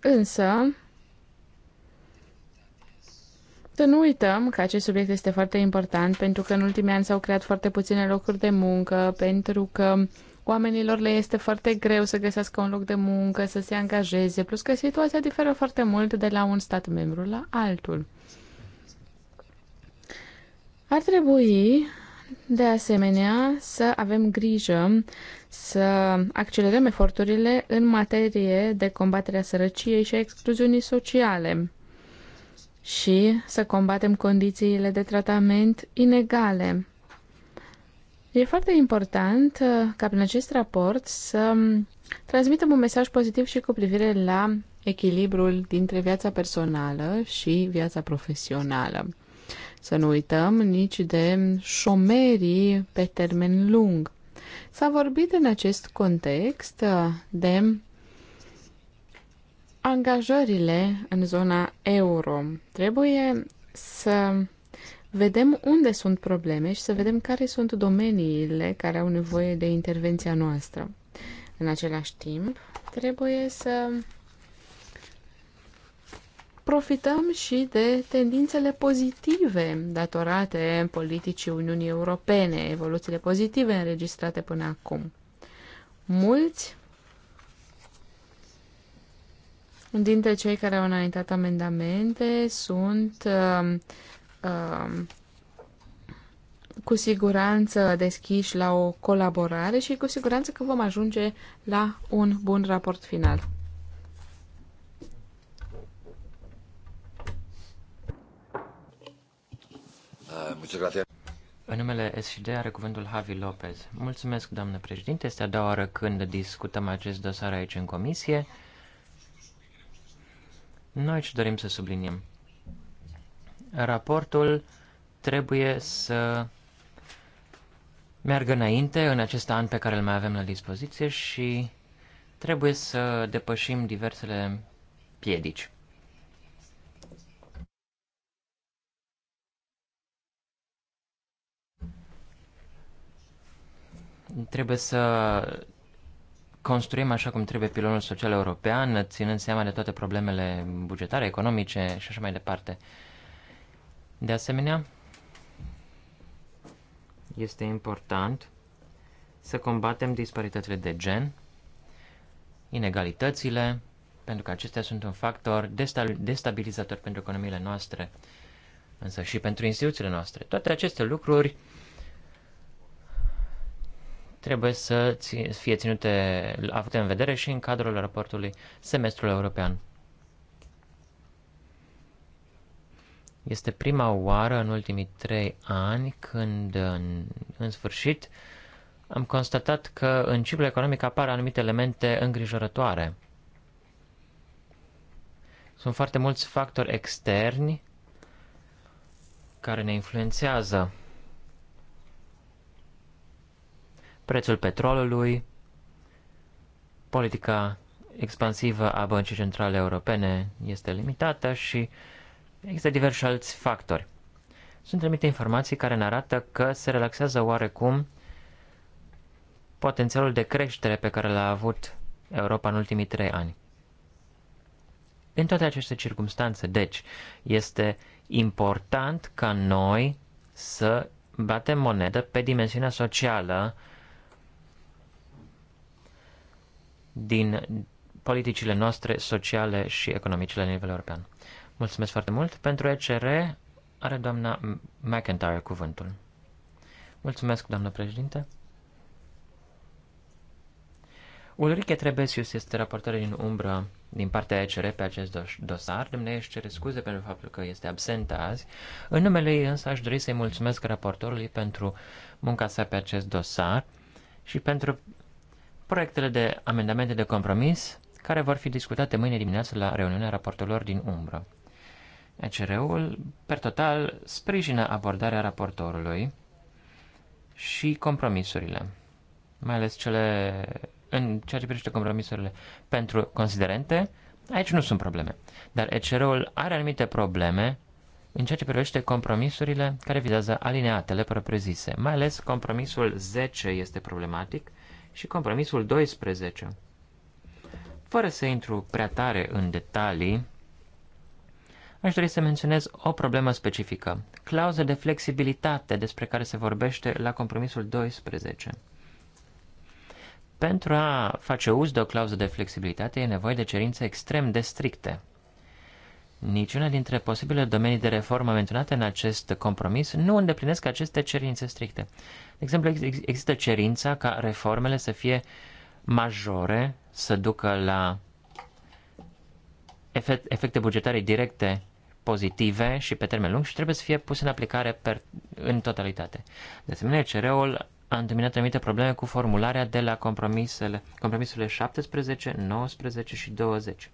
Însă, să nu uităm că acest subiect este foarte important pentru că în ultimii ani s-au creat foarte puține locuri de muncă, pentru că oamenilor le este foarte greu să găsească un loc de muncă, să se angajeze, plus că situația diferă foarte mult de la un stat membru la altul. Ar trebui de asemenea, să avem grijă să accelerăm eforturile în materie de combaterea sărăciei și a excluziunii sociale și să combatem condițiile de tratament inegale. E foarte important uh, ca prin acest raport să transmitem un mesaj pozitiv și cu privire la echilibrul dintre viața personală și viața profesională. Să nu uităm nici de șomerii pe termen lung. S-a vorbit în acest context de angajările în zona euro. Trebuie să vedem unde sunt probleme și să vedem care sunt domeniile care au nevoie de intervenția noastră. În același timp, trebuie să profităm și de tendințele pozitive datorate politicii Uniunii Europene, evoluțiile pozitive înregistrate până acum. Mulți dintre cei care au înaintat amendamente sunt uh, uh, cu siguranță deschiși la o colaborare și cu siguranță că vom ajunge la un bun raport final. Uh, în numele SCD are cuvântul Javi Lopez. Mulțumesc, doamnă președinte. Este a doua oară când discutăm acest dosar aici în comisie. Noi ce dorim să subliniem? Raportul trebuie să meargă înainte în acest an pe care îl mai avem la dispoziție și trebuie să depășim diversele piedici. Trebuie să construim așa cum trebuie pilonul social european, ținând seama de toate problemele bugetare, economice și așa mai departe. De asemenea, este important să combatem disparitățile de gen, inegalitățile, pentru că acestea sunt un factor destabilizator pentru economiile noastre, însă și pentru instituțiile noastre. Toate aceste lucruri trebuie să fie ținute, avute în vedere și în cadrul raportului semestrul european. Este prima oară în ultimii trei ani când, în, în sfârșit, am constatat că în ciclul economic apar anumite elemente îngrijorătoare. Sunt foarte mulți factori externi care ne influențează. prețul petrolului, politica expansivă a Băncii Centrale Europene este limitată și există diversi alți factori. Sunt trimite informații care ne arată că se relaxează oarecum potențialul de creștere pe care l-a avut Europa în ultimii trei ani. În toate aceste circunstanțe, deci, este important ca noi să batem monedă pe dimensiunea socială din politicile noastre sociale și economice la nivel european. Mulțumesc foarte mult. Pentru ECR are doamna McIntyre cuvântul. Mulțumesc, doamnă președinte. Ulrike Trebesius este raportare din umbră din partea ECR pe acest dosar. Dumnezeu își cere scuze pentru faptul că este absentă azi. În numele ei însă aș dori să-i mulțumesc raportorului pentru munca sa pe acest dosar și pentru proiectele de amendamente de compromis care vor fi discutate mâine dimineață la reuniunea raportorilor din umbră. ECR-ul, per total, sprijină abordarea raportorului și compromisurile, mai ales cele în ceea ce privește compromisurile pentru considerente, aici nu sunt probleme. Dar ECR-ul are anumite probleme în ceea ce privește compromisurile care vizează alineatele propriu-zise. Mai ales compromisul 10 este problematic, și compromisul 12. Fără să intru prea tare în detalii, aș dori să menționez o problemă specifică, clauză de flexibilitate despre care se vorbește la compromisul 12. Pentru a face uz de o clauză de flexibilitate e nevoie de cerințe extrem de stricte – Niciuna dintre posibile domenii de reformă menționate în acest compromis nu îndeplinesc aceste cerințe stricte. De exemplu, există cerința ca reformele să fie majore, să ducă la efecte bugetare directe pozitive și pe termen lung și trebuie să fie puse în aplicare per, în totalitate. De asemenea, CR-ul a întâmpinat anumite probleme cu formularea de la compromisele, compromisurile 17, 19 și 20.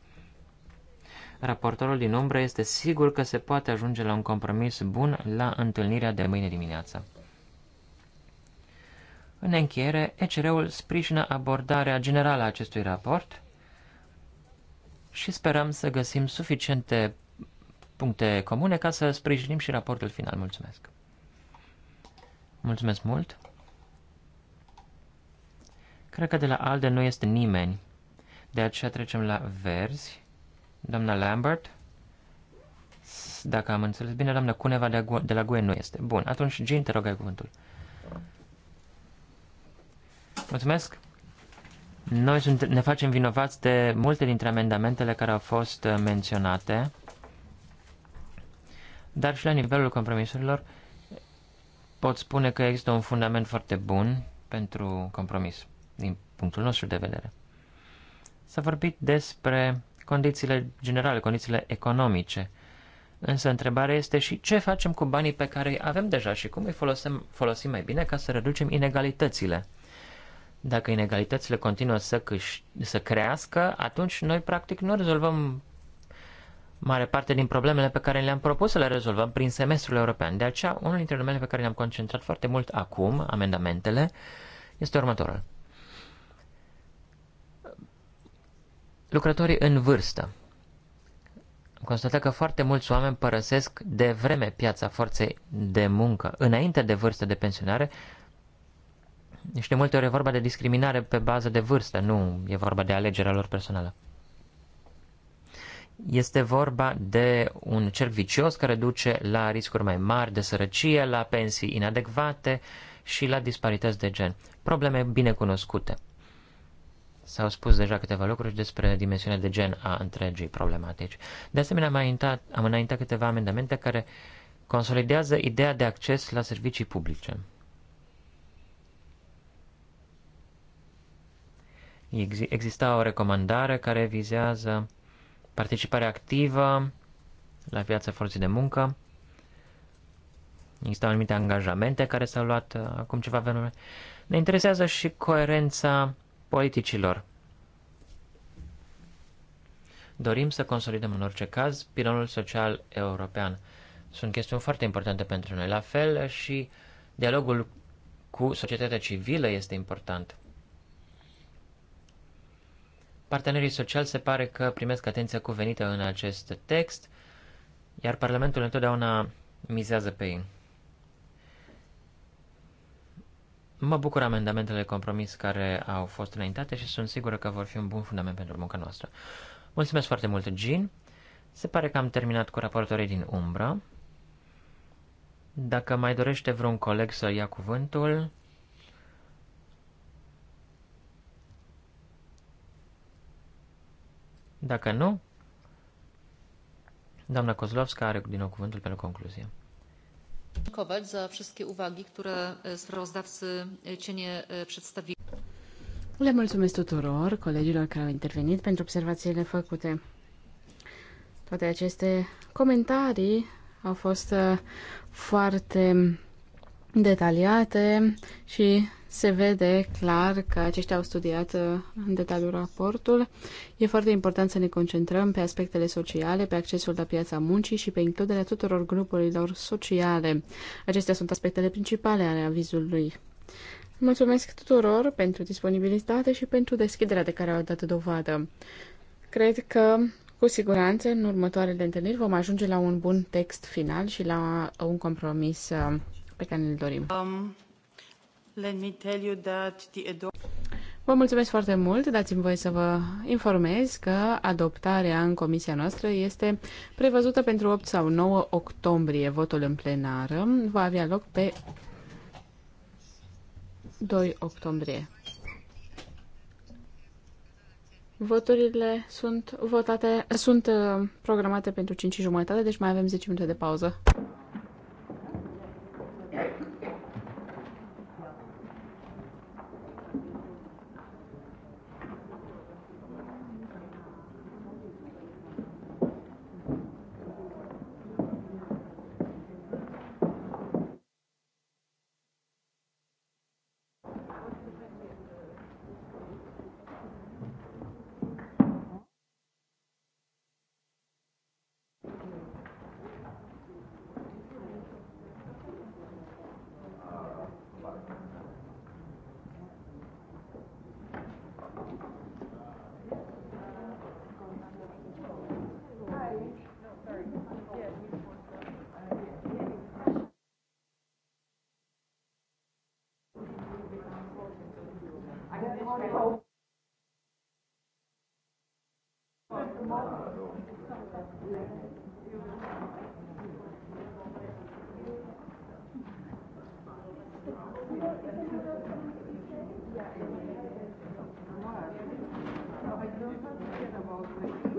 Raportorul din umbră este sigur că se poate ajunge la un compromis bun la întâlnirea de mâine dimineață. În încheiere, ECR-ul sprijină abordarea generală a acestui raport și sperăm să găsim suficiente puncte comune ca să sprijinim și raportul final. Mulțumesc! Mulțumesc mult! Cred că de la ALDE nu este nimeni, de aceea trecem la verzi. Doamna Lambert? Dacă am înțeles bine, doamna Cuneva de la GUE nu este. Bun, atunci, Jean, te rog, ai cuvântul. Mulțumesc. Noi sunt, ne facem vinovați de multe dintre amendamentele care au fost uh, menționate, dar și la nivelul compromisurilor pot spune că există un fundament foarte bun pentru compromis, din punctul nostru de vedere. S-a vorbit despre condițiile generale, condițiile economice. Însă întrebarea este și ce facem cu banii pe care îi avem deja și cum îi folosim, folosim mai bine ca să reducem inegalitățile. Dacă inegalitățile continuă să, câș- să crească, atunci noi practic nu rezolvăm mare parte din problemele pe care le-am propus să le rezolvăm prin semestrul european. De aceea, unul dintre domeniile pe care ne am concentrat foarte mult acum, amendamentele, este următorul. lucrătorii în vârstă. Am constatat că foarte mulți oameni părăsesc de vreme piața forței de muncă, înainte de vârstă de pensionare, și deci de multe ori e vorba de discriminare pe bază de vârstă, nu e vorba de alegerea lor personală. Este vorba de un cerc vicios care duce la riscuri mai mari de sărăcie, la pensii inadecvate și la disparități de gen. Probleme bine cunoscute – S-au spus deja câteva lucruri despre dimensiunea de gen a întregii problematici. De asemenea, am înaintat, am înaintat câteva amendamente care consolidează ideea de acces la servicii publice. Exista o recomandare care vizează participarea activă la viața forței de muncă. Existau anumite angajamente care s-au luat uh, acum ceva vreme. Ne interesează și coerența politicilor. Dorim să consolidăm în orice caz pilonul social european. Sunt chestiuni foarte importante pentru noi. La fel și dialogul cu societatea civilă este important. Partenerii sociali se pare că primesc atenția cuvenită în acest text, iar Parlamentul întotdeauna mizează pe ei. Mă bucur amendamentele de compromis care au fost înaintate și sunt sigură că vor fi un bun fundament pentru munca noastră. Mulțumesc foarte mult, Jean. Se pare că am terminat cu raportorii din umbră. Dacă mai dorește vreun coleg să ia cuvântul... Dacă nu, doamna Kozlovska are din nou cuvântul pentru concluzie. Dziękować za wszystkie uwagi, które sprawozdawcy cienie przedstawili. Le mulțumesc tuturor colegilor care au intervenit pentru observațiile făcute. Toate aceste comentarii au fost foarte detaliate și se vede clar că aceștia au studiat uh, în detaliu raportul. E foarte important să ne concentrăm pe aspectele sociale, pe accesul la piața muncii și pe includerea tuturor grupurilor sociale. Acestea sunt aspectele principale ale avizului. Mulțumesc tuturor pentru disponibilitate și pentru deschiderea de care au dat dovadă. Cred că, cu siguranță, în următoarele întâlniri vom ajunge la un bun text final și la un compromis uh, pe care ne-l dorim. Um. Let me tell you that the Vă mulțumesc foarte mult. Dați-mi voie să vă informez că adoptarea în comisia noastră este prevăzută pentru 8 sau 9 octombrie. Votul în plenară va avea loc pe 2 octombrie. Voturile sunt votate, sunt uh, programate pentru 5 jumătate, deci mai avem 10 minute de pauză. Thank you.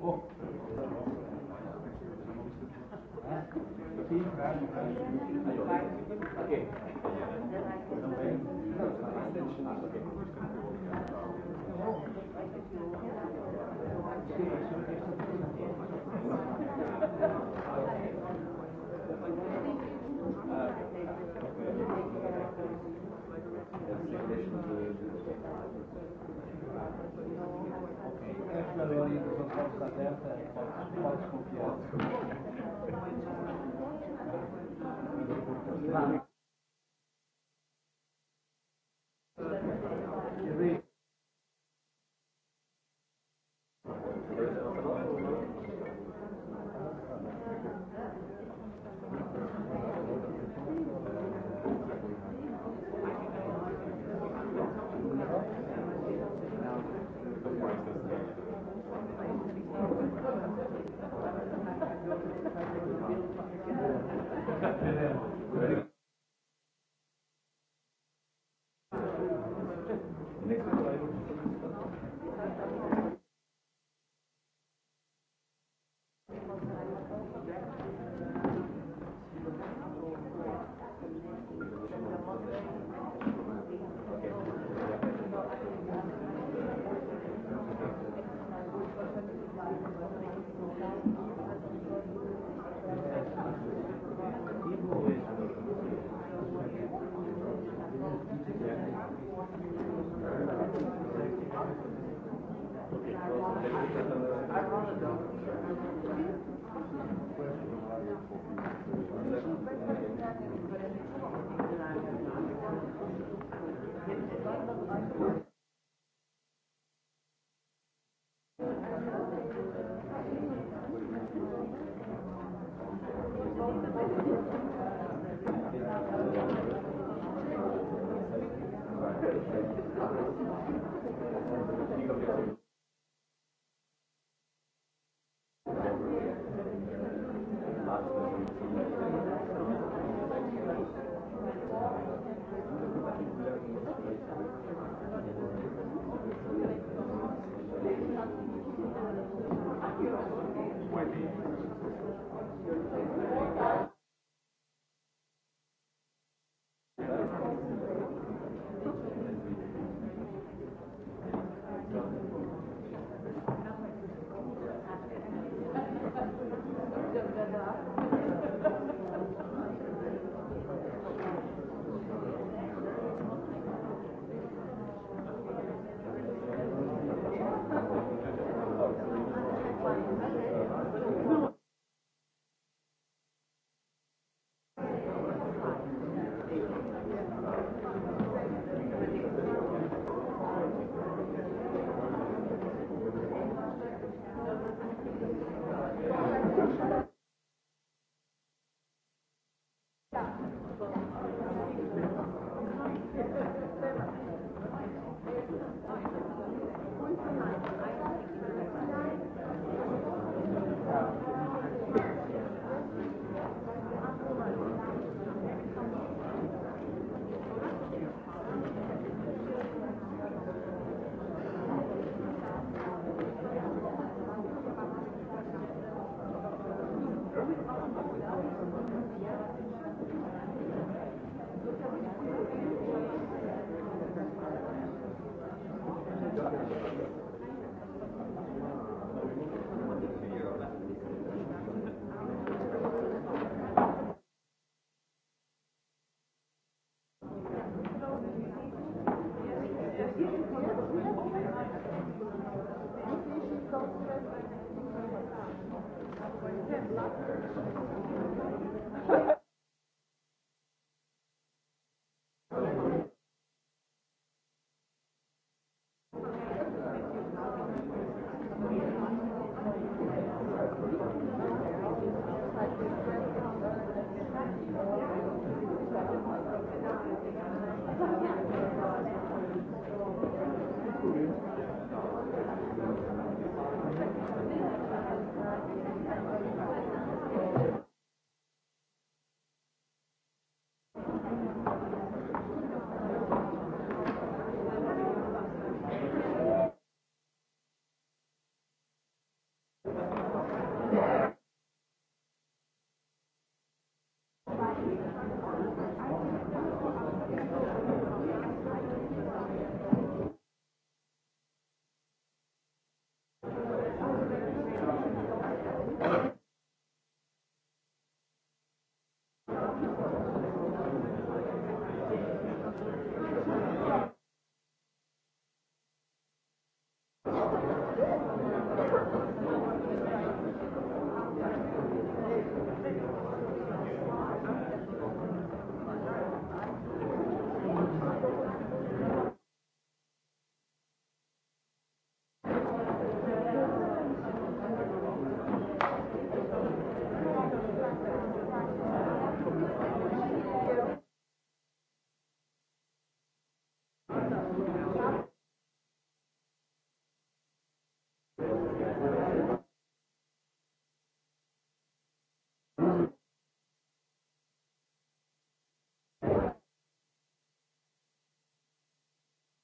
Och... Okej. Thank you.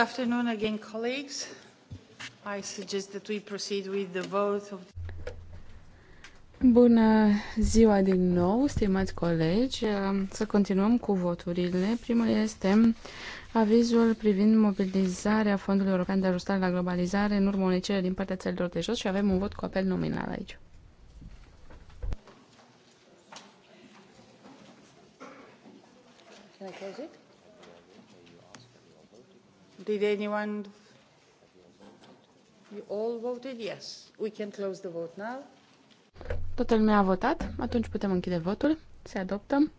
afternoon again, colleagues. I suggest that we proceed with the vote of... Bună ziua din nou, stimați colegi. Să continuăm cu voturile. Primul este avizul privind mobilizarea Fondului European de Ajustare la Globalizare în urma unei cereri din partea țărilor de jos și avem un vot cu apel nominal aici. Can I close it? Did anyone? You all voted yes. We can close the vote now. Toată lumea a votat, atunci putem închide votul. Se adoptă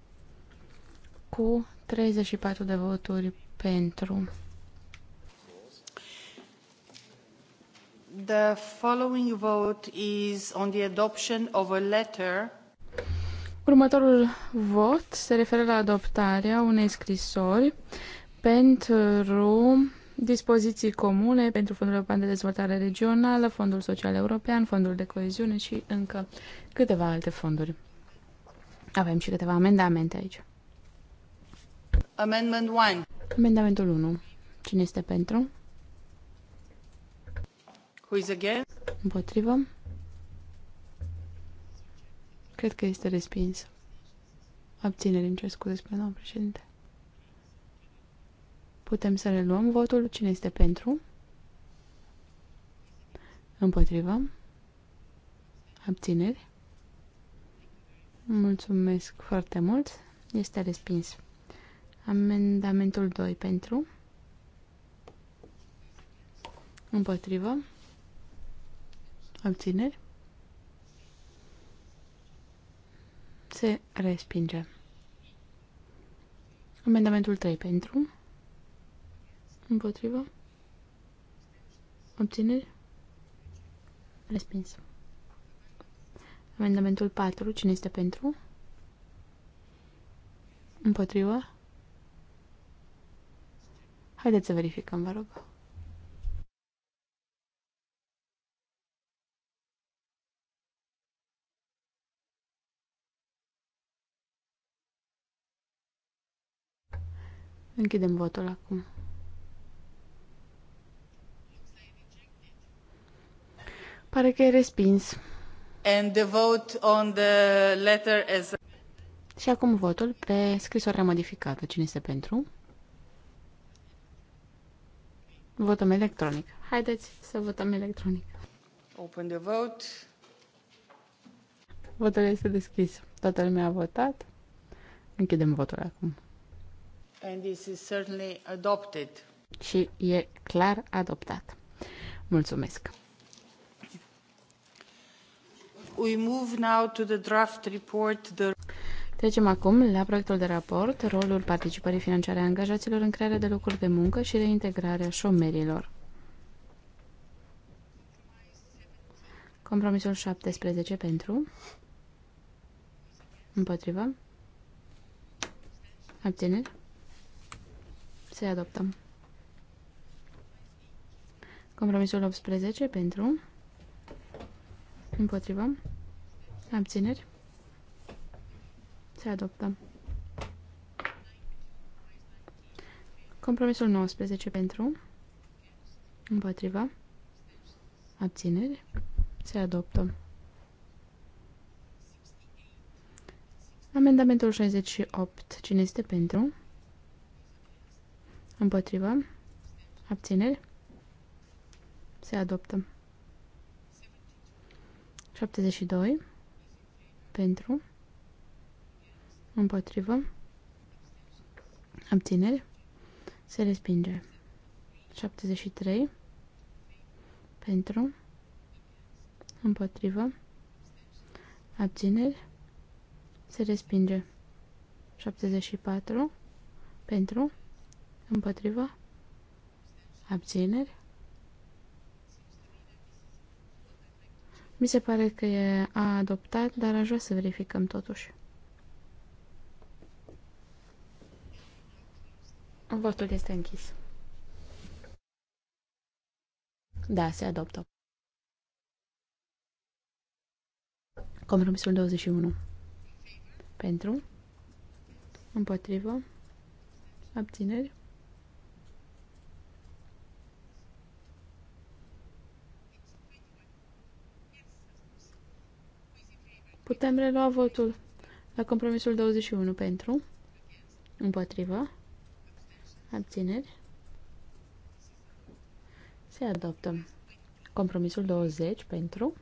cu 34 de voturi pentru. The following vote is on the adoption of a letter. Următorul vot se referă la adoptarea unei scrisori pentru dispoziții comune pentru Fondul European de Dezvoltare Regională, Fondul Social European, Fondul de Coeziune și încă câteva alte fonduri. Avem și câteva amendamente aici. Amendment 1. Amendamentul 1. Cine este pentru? Who is against? Împotrivă. Cred că este respins. Abținere, îmi cer scuze, spune președinte. Putem să le luăm votul. Cine este pentru? Împotrivă? Abțineri? Mulțumesc foarte mult. Este respins. Amendamentul 2 pentru. Împotrivă. Abțineri. Se respinge. Amendamentul 3 pentru. Împotrivă. Obțineri. Respins. Amendamentul 4. Cine este pentru? Împotrivă. Haideți să verificăm, vă rog. Închidem votul acum. Pare că e respins. And the vote on the letter as... Și acum votul pe scrisoarea modificată. Cine este pentru? Votăm electronic. Haideți să votăm electronic. Open the vote. Votul este deschis. Toată lumea a votat. Închidem votul acum. And this is certainly adopted. Și e clar adoptat. Mulțumesc we move now to the draft report. The... Trecem acum la proiectul de raport, rolul participării financiare a angajaților în crearea de locuri de muncă și reintegrarea șomerilor. Compromisul 17 pentru. Împotrivă. Abțineri. Se adoptăm. Compromisul 18 pentru. Împotrivă. Abțineri? Se adoptă. Compromisul 19 pentru. Împotriva. Abțineri. Se adoptă. Amendamentul 68. Cine este pentru? Împotriva. Abțineri. Se adoptă. 72 pentru, împotrivă, abțineri, se respinge. 73 pentru, împotrivă, abțineri, se respinge. 74 pentru, împotrivă, abțineri, Mi se pare că e a adoptat, dar aș vrea să verificăm totuși. Votul este închis. Da, se adoptă. Compromisul 21. Pentru. Împotrivă. Abțineri. Putem relua votul la compromisul 21 pentru, împotrivă, abțineri, se adoptă. Compromisul 20 pentru,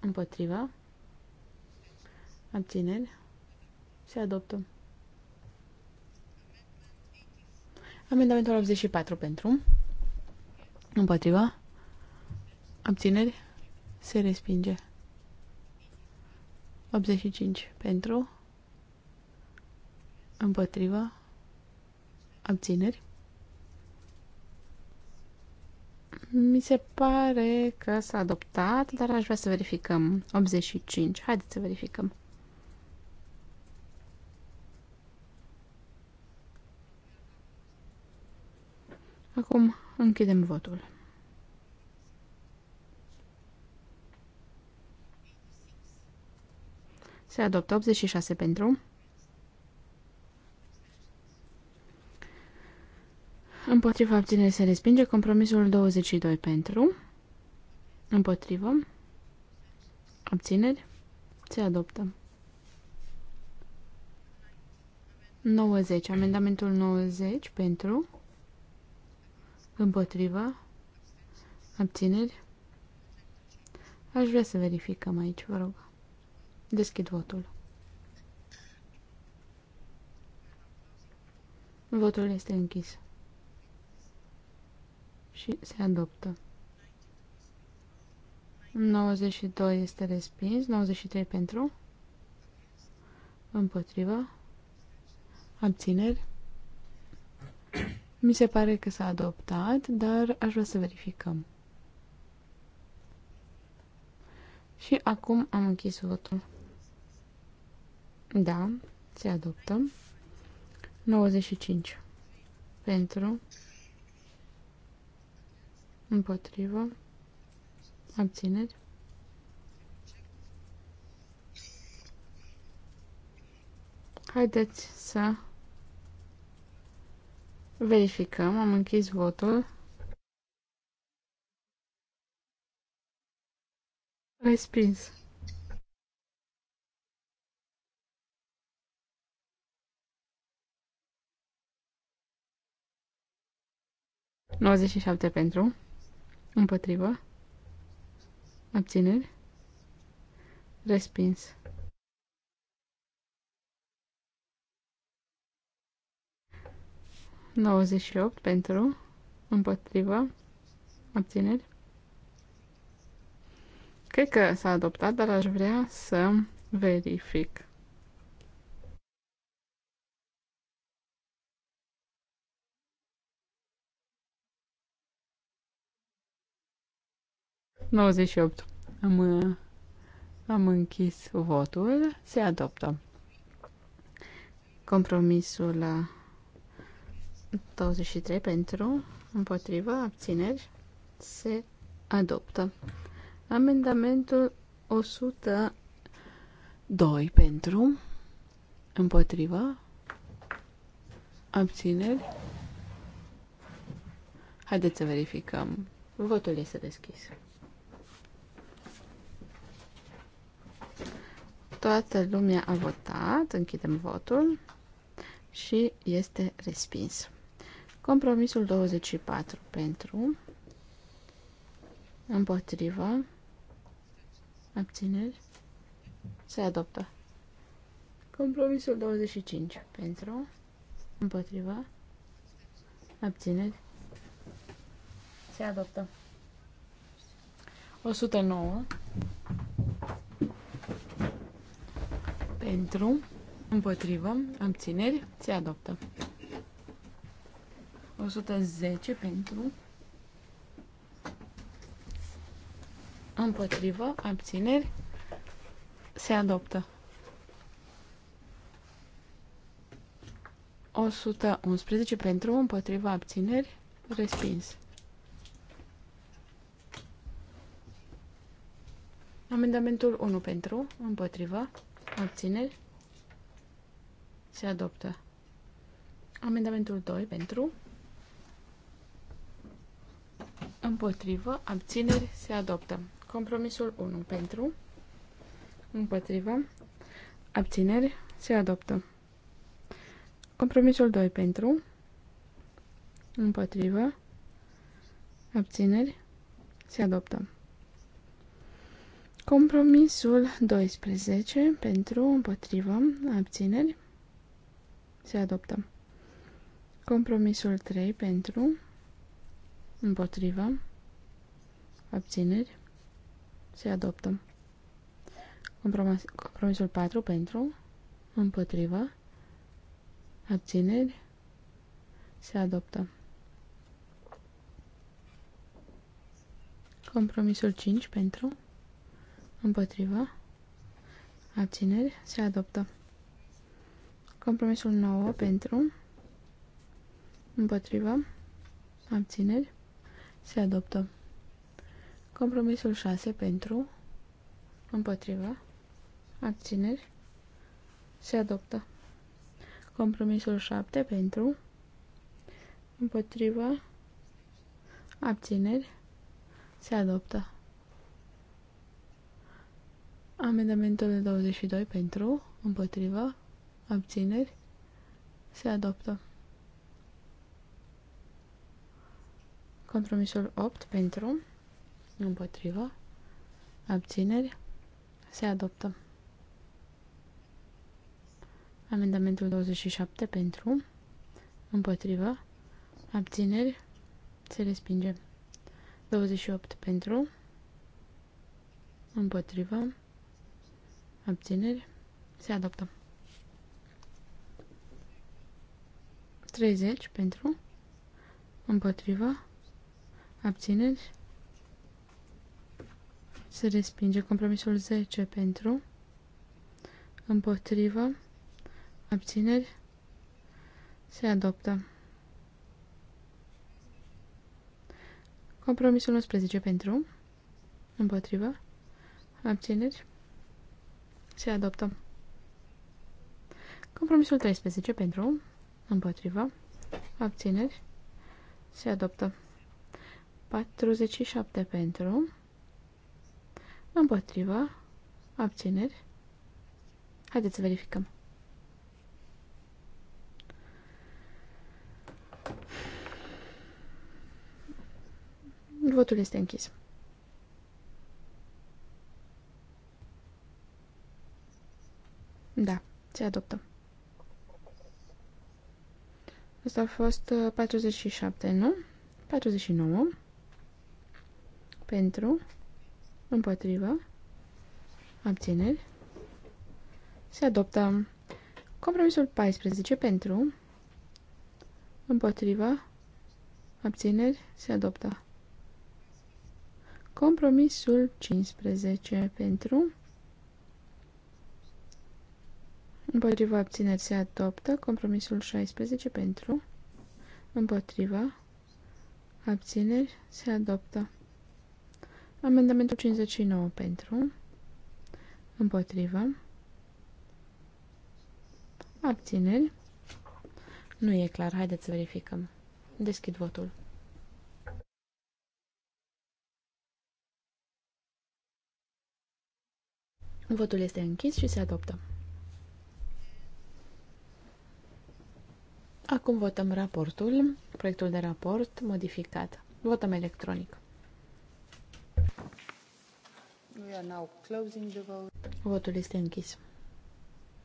împotrivă, abțineri, se adoptă. Amendamentul 84 pentru, împotriva, abțineri, se respinge. 85 pentru, împotriva, abțineri. Mi se pare că s-a adoptat, dar aș vrea să verificăm. 85. Haideți să verificăm. Acum închidem votul. Se adoptă 86 pentru. Împotriva abținere se respinge. Compromisul 22 pentru. Împotrivă. Abțineri. Se adoptă. 90. Amendamentul 90 pentru. Împotrivă. Abțineri. Aș vrea să verificăm aici, vă rog. Deschid votul. Votul este închis. Și se adoptă. 92 este respins, 93 pentru, împotriva, abțineri. Mi se pare că s-a adoptat, dar aș vrea să verificăm. Și acum am închis votul. Da, se adoptă. 95. Pentru. Împotrivă. Abțineri. Haideți să verificăm. Am închis votul. Respins. 97 pentru. Împotrivă. Abțineri. Respins. Nouăzeci opt pentru, împotrivă, abțineri. Cred că s-a adoptat, dar aș vrea să verific. 98. Am, am închis votul. Se adoptă. Compromisul la 23 pentru, împotriva, abțineri, se adoptă. Amendamentul 102 pentru, împotriva, abțineri. Haideți să verificăm. Votul este deschis. Toată lumea a votat, închidem votul și este respins. Compromisul 24 pentru, împotrivă, abțineri, se adoptă. Compromisul 25 pentru, împotrivă, abțineri, se adoptă. 109 pentru, împotrivă, abțineri, se adoptă. 110 pentru, împotrivă, abțineri, se adoptă. 111 pentru, împotriva abțineri, respins. Amendamentul 1 pentru, împotriva, Abțineri? Se adoptă. Amendamentul 2 pentru. Împotrivă. Abțineri? Se adoptă. Compromisul 1 pentru. Împotrivă. Abțineri? Se adoptă. Compromisul 2 pentru. Împotrivă. Abțineri? Se adoptă. Compromisul 12 pentru, împotrivă, abțineri se adoptă. Compromisul 3 pentru, împotrivă, abțineri se adoptă. compromisul 4 pentru, împotrivă, abțineri se adoptă. Compromisul 5 pentru Împotrivă. Abțineri. Se adoptă. Compromisul 9 pentru. Împotrivă. Abțineri. Se adoptă. Compromisul 6 pentru. Împotrivă. Abțineri. Se adoptă. Compromisul 7 pentru. Împotrivă. Abțineri. Se adoptă. Amendamentul 22 pentru, împotrivă, abțineri, se adoptă. Compromisul 8 pentru, împotrivă, abțineri, se adoptă. Amendamentul 27 pentru, împotrivă, abțineri, se respinge. 28 pentru, împotrivă, Abțineri. Se adoptă. 30 pentru. Împotriva. Abțineri. Se respinge. Compromisul 10 pentru. Împotriva. Abțineri. Se adoptă. Compromisul 11 pentru. Împotriva. Abțineri. Se adoptă. Compromisul 13 pentru, împotrivă, abțineri, se adoptă. 47 pentru, împotrivă, abțineri. Haideți să verificăm. Votul este închis. Da, se adoptă. Asta a fost 47, uh, nu? 49. Pentru. Împotrivă. Abțineri. Se adoptă. Compromisul 14 pentru. Împotrivă. Abțineri. Se adoptă. Compromisul 15 pentru. Împotriva abțineri se adoptă. Compromisul 16 pentru. Împotriva. Abțineri se adoptă. Amendamentul 59 pentru. Împotriva. Abțineri. Nu e clar. Haideți să verificăm. Deschid votul. Votul este închis și se adoptă. Acum votăm raportul, proiectul de raport modificat. Votăm electronic. We are now closing the vote. Votul este închis.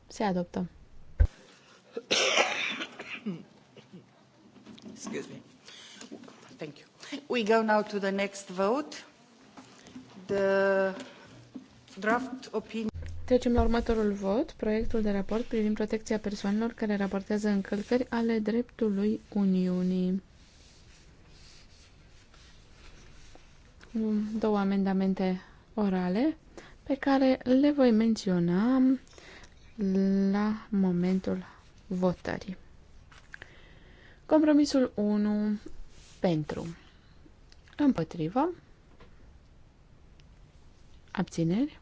Se adoptă. Excuse me. Thank you. We go now to the next vote. The draft opinion. Trecem la următorul vot, proiectul de raport privind protecția persoanelor care raportează încălcări ale dreptului Uniunii. Două amendamente orale pe care le voi menționa la momentul votării. Compromisul 1 pentru împotrivă abțineri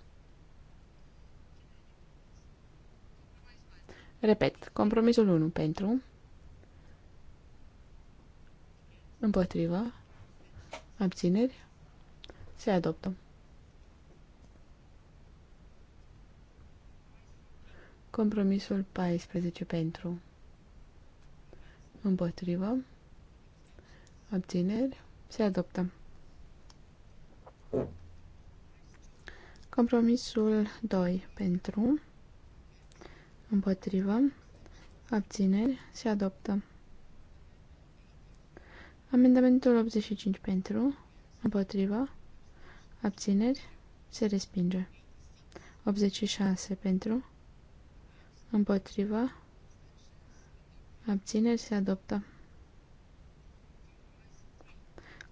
Repet, compromisul 1 pentru, împotriva, abțineri, se adoptă. Compromisul 14 pentru, împotriva, abțineri, se adoptă. Compromisul 2 pentru, împotrivă, abțineri, se adoptă. Amendamentul 85 pentru, împotrivă, abțineri, se respinge. 86 pentru, împotrivă, abțineri, se adoptă.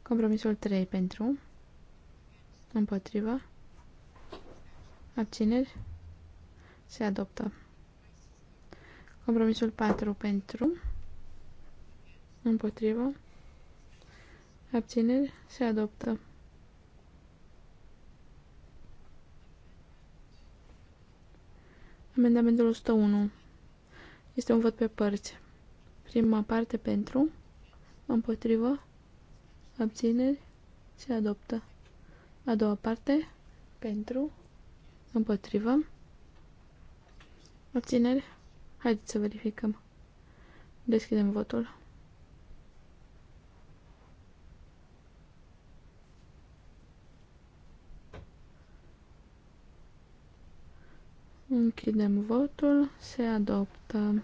Compromisul 3 pentru, împotrivă, abțineri, se adoptă. Compromisul 4 pentru, împotrivă, abțineri, se adoptă. Amendamentul 101 este un vot pe părți. Prima parte pentru, împotrivă, abțineri, se adoptă. A doua parte pentru, împotrivă, abțineri, Haideți să verificăm. Deschidem votul. Închidem votul. Se adoptă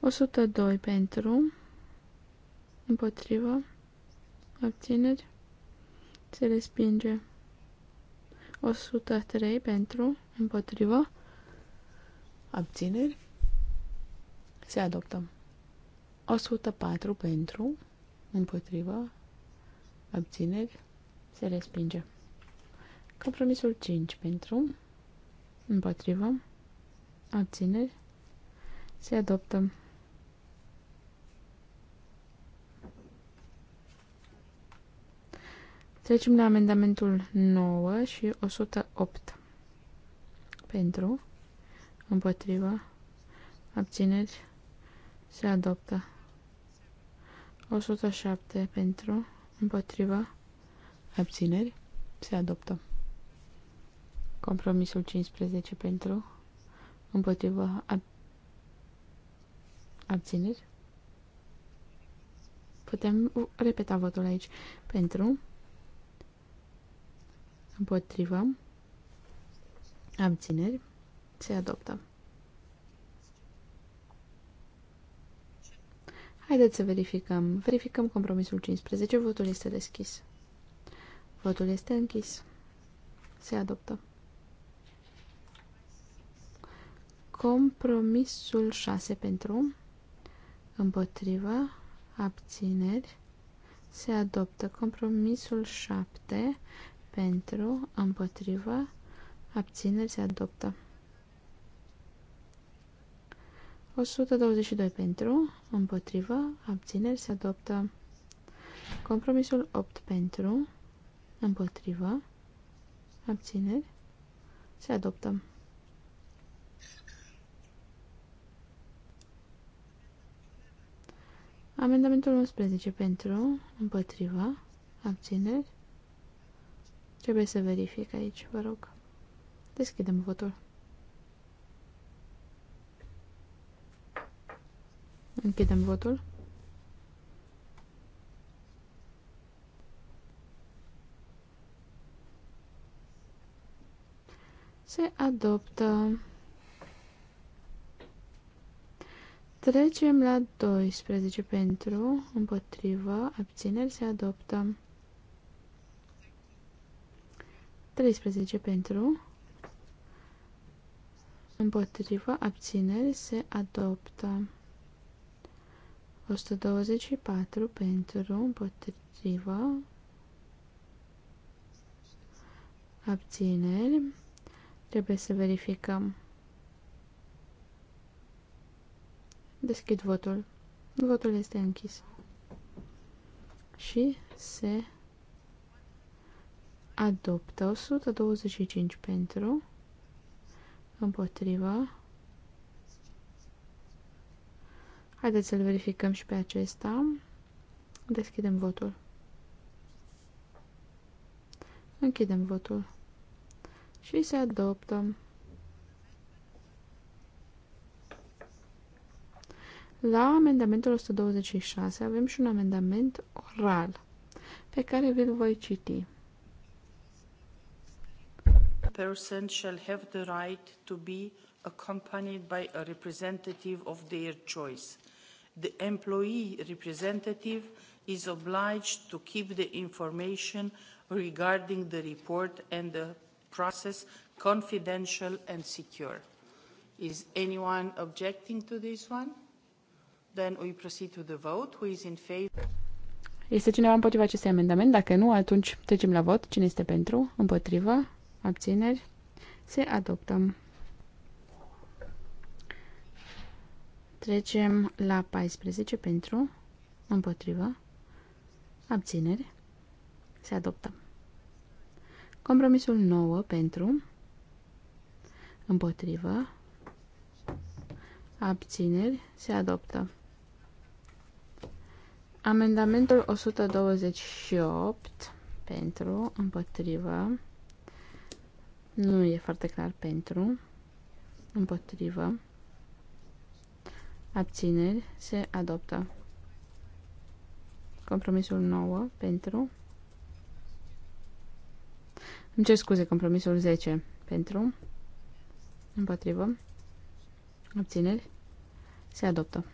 102 pentru, împotriva, abțineri, se respinge 103 pentru, împotriva, abțineri, se adoptă. 104 pentru, împotrivă, abțineri, se respinge. Compromisul 5 pentru, împotrivă, abțineri, se adoptă. Trecem la amendamentul 9 și 108. Pentru, împotriva, abțineri, se adoptă. 107 pentru, împotriva, abțineri, se adoptă. Compromisul 15 pentru, împotriva, ab abțineri. Putem repeta votul aici. Pentru, împotriva, abțineri, se adoptă. Haideți să verificăm. Verificăm compromisul 15. Votul este deschis. Votul este închis. Se adoptă. Compromisul 6 pentru, împotriva, abțineri, se adoptă. Compromisul 7 pentru, împotriva, abțineri, se adoptă. 122 pentru, împotrivă, abțineri se adoptă. Compromisul 8 pentru, împotrivă, abțineri se adoptă. Amendamentul 11 pentru, împotrivă, abțineri. Trebuie să verific aici, vă rog. Deschidem votul. Închidem votul. Se adoptă. Trecem la 12 pentru, împotrivă, abțineri, se adoptă. 13 pentru, împotrivă, abțineri, se adoptă. 124 pentru, împotriva abțineri. Trebuie să verificăm. Deschid votul. Votul este închis. Și se adoptă 125 pentru, împotriva, Haideți să-l verificăm și pe acesta. Deschidem votul. Închidem votul. Și se adoptă. La amendamentul 126 avem și un amendament oral pe care vi-l voi citi. person shall have the right to be accompanied by a representative of their choice the employee representative is obliged to keep the information regarding the report and the process confidential and secure. Is anyone objecting to this one? Then we proceed to the vote. Who is in favor? Este cineva împotriva acestui amendament? Dacă nu, atunci trecem la vot. Cine este pentru? Împotriva? Abțineri? Se adoptă. Trecem la 14 pentru, împotrivă, abținere se adoptă. Compromisul 9 pentru, împotrivă, abțineri, se adoptă. Amendamentul 128 pentru, împotrivă, nu e foarte clar pentru, împotrivă, abțineri, se adoptă. Compromisul 9 pentru. Îmi cer scuze, compromisul 10 pentru. Împotrivă. Abțineri. Se adoptă.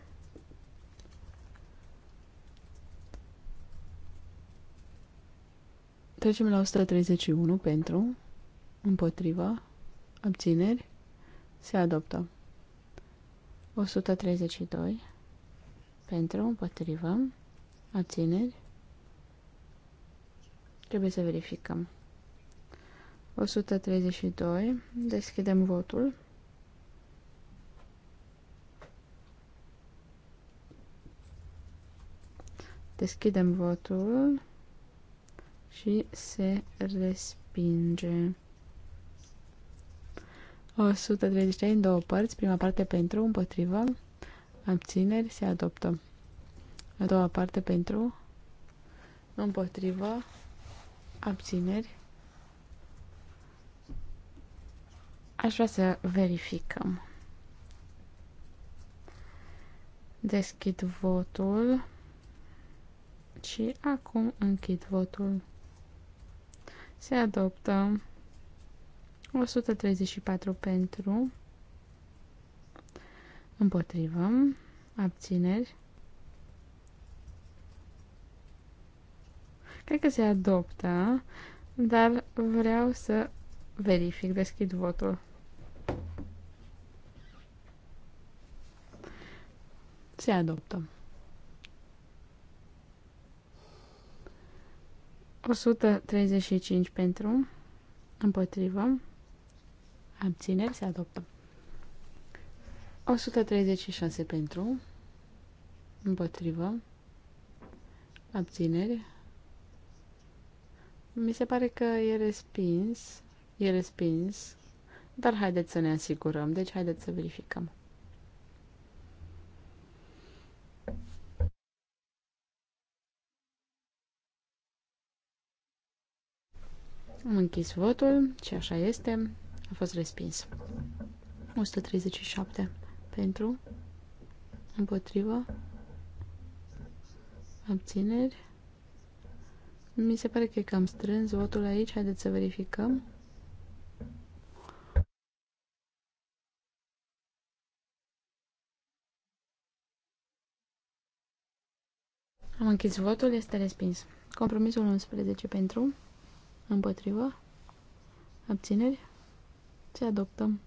Trecem la 131 pentru. Împotrivă. Abțineri. Se adoptă. 132 pentru, împotrivă, abțineri. Trebuie să verificăm. 132. Deschidem votul. Deschidem votul și se respinge. 133 în două părți, prima parte pentru, împotrivă, abțineri, se adoptă. A doua parte pentru, împotrivă, abțineri. Aș vrea să verificăm. Deschid votul și acum închid votul. Se adoptă 134 pentru, împotrivă, abțineri. Cred că se adoptă, dar vreau să verific, deschid votul. Se adoptă. 135 pentru, împotrivă, abțineri, se adoptă. 136 pentru, împotrivă, abțineri. Mi se pare că e respins, e respins, dar haideți să ne asigurăm, deci haideți să verificăm. Am închis votul și așa este. A fost respins. 137 pentru, împotrivă, abțineri. Mi se pare că e cam strâns votul aici. Haideți să verificăm. Am închis votul, este respins. Compromisul 11 pentru, împotrivă, abțineri. Ce adoptăm?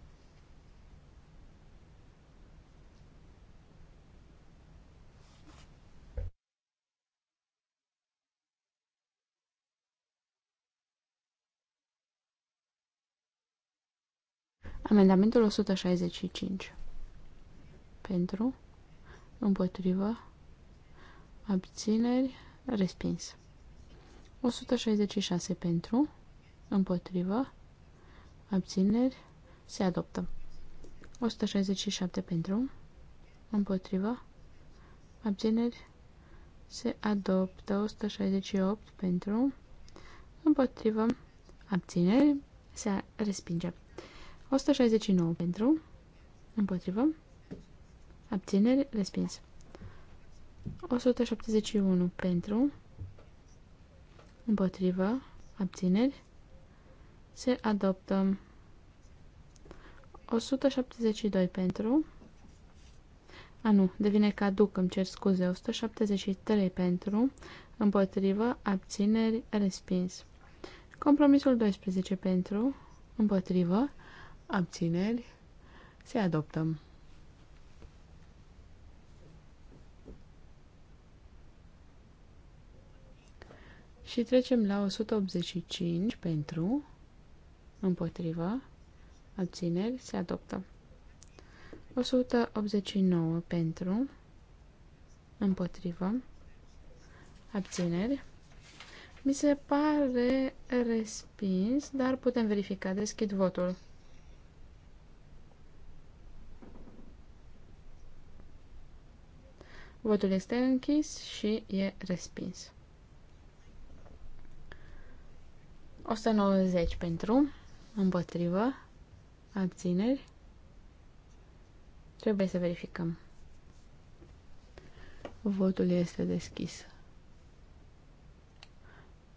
Amendamentul 165. Pentru, împotrivă, abțineri, respins. 166 pentru, împotrivă, abțineri, se adoptă. 167 pentru, împotriva, abțineri, se adoptă. 168 pentru, împotriva, abțineri, se respinge. 169 pentru, împotriva, abțineri, respins. 171 pentru, împotriva, abțineri, se adoptă. 172 pentru. A, nu, devine caduc, îmi cer scuze. 173 pentru. Împotrivă, abțineri, respins. Compromisul 12 pentru. Împotrivă, abțineri, se adoptă. Și trecem la 185 pentru Împotrivă. Abțineri. Se adoptă. 189 pentru. Împotrivă. Abțineri. Mi se pare respins, dar putem verifica. Deschid votul. Votul este închis și e respins. 190 pentru, Împotrivă. Abțineri. Trebuie să verificăm. Votul este deschis.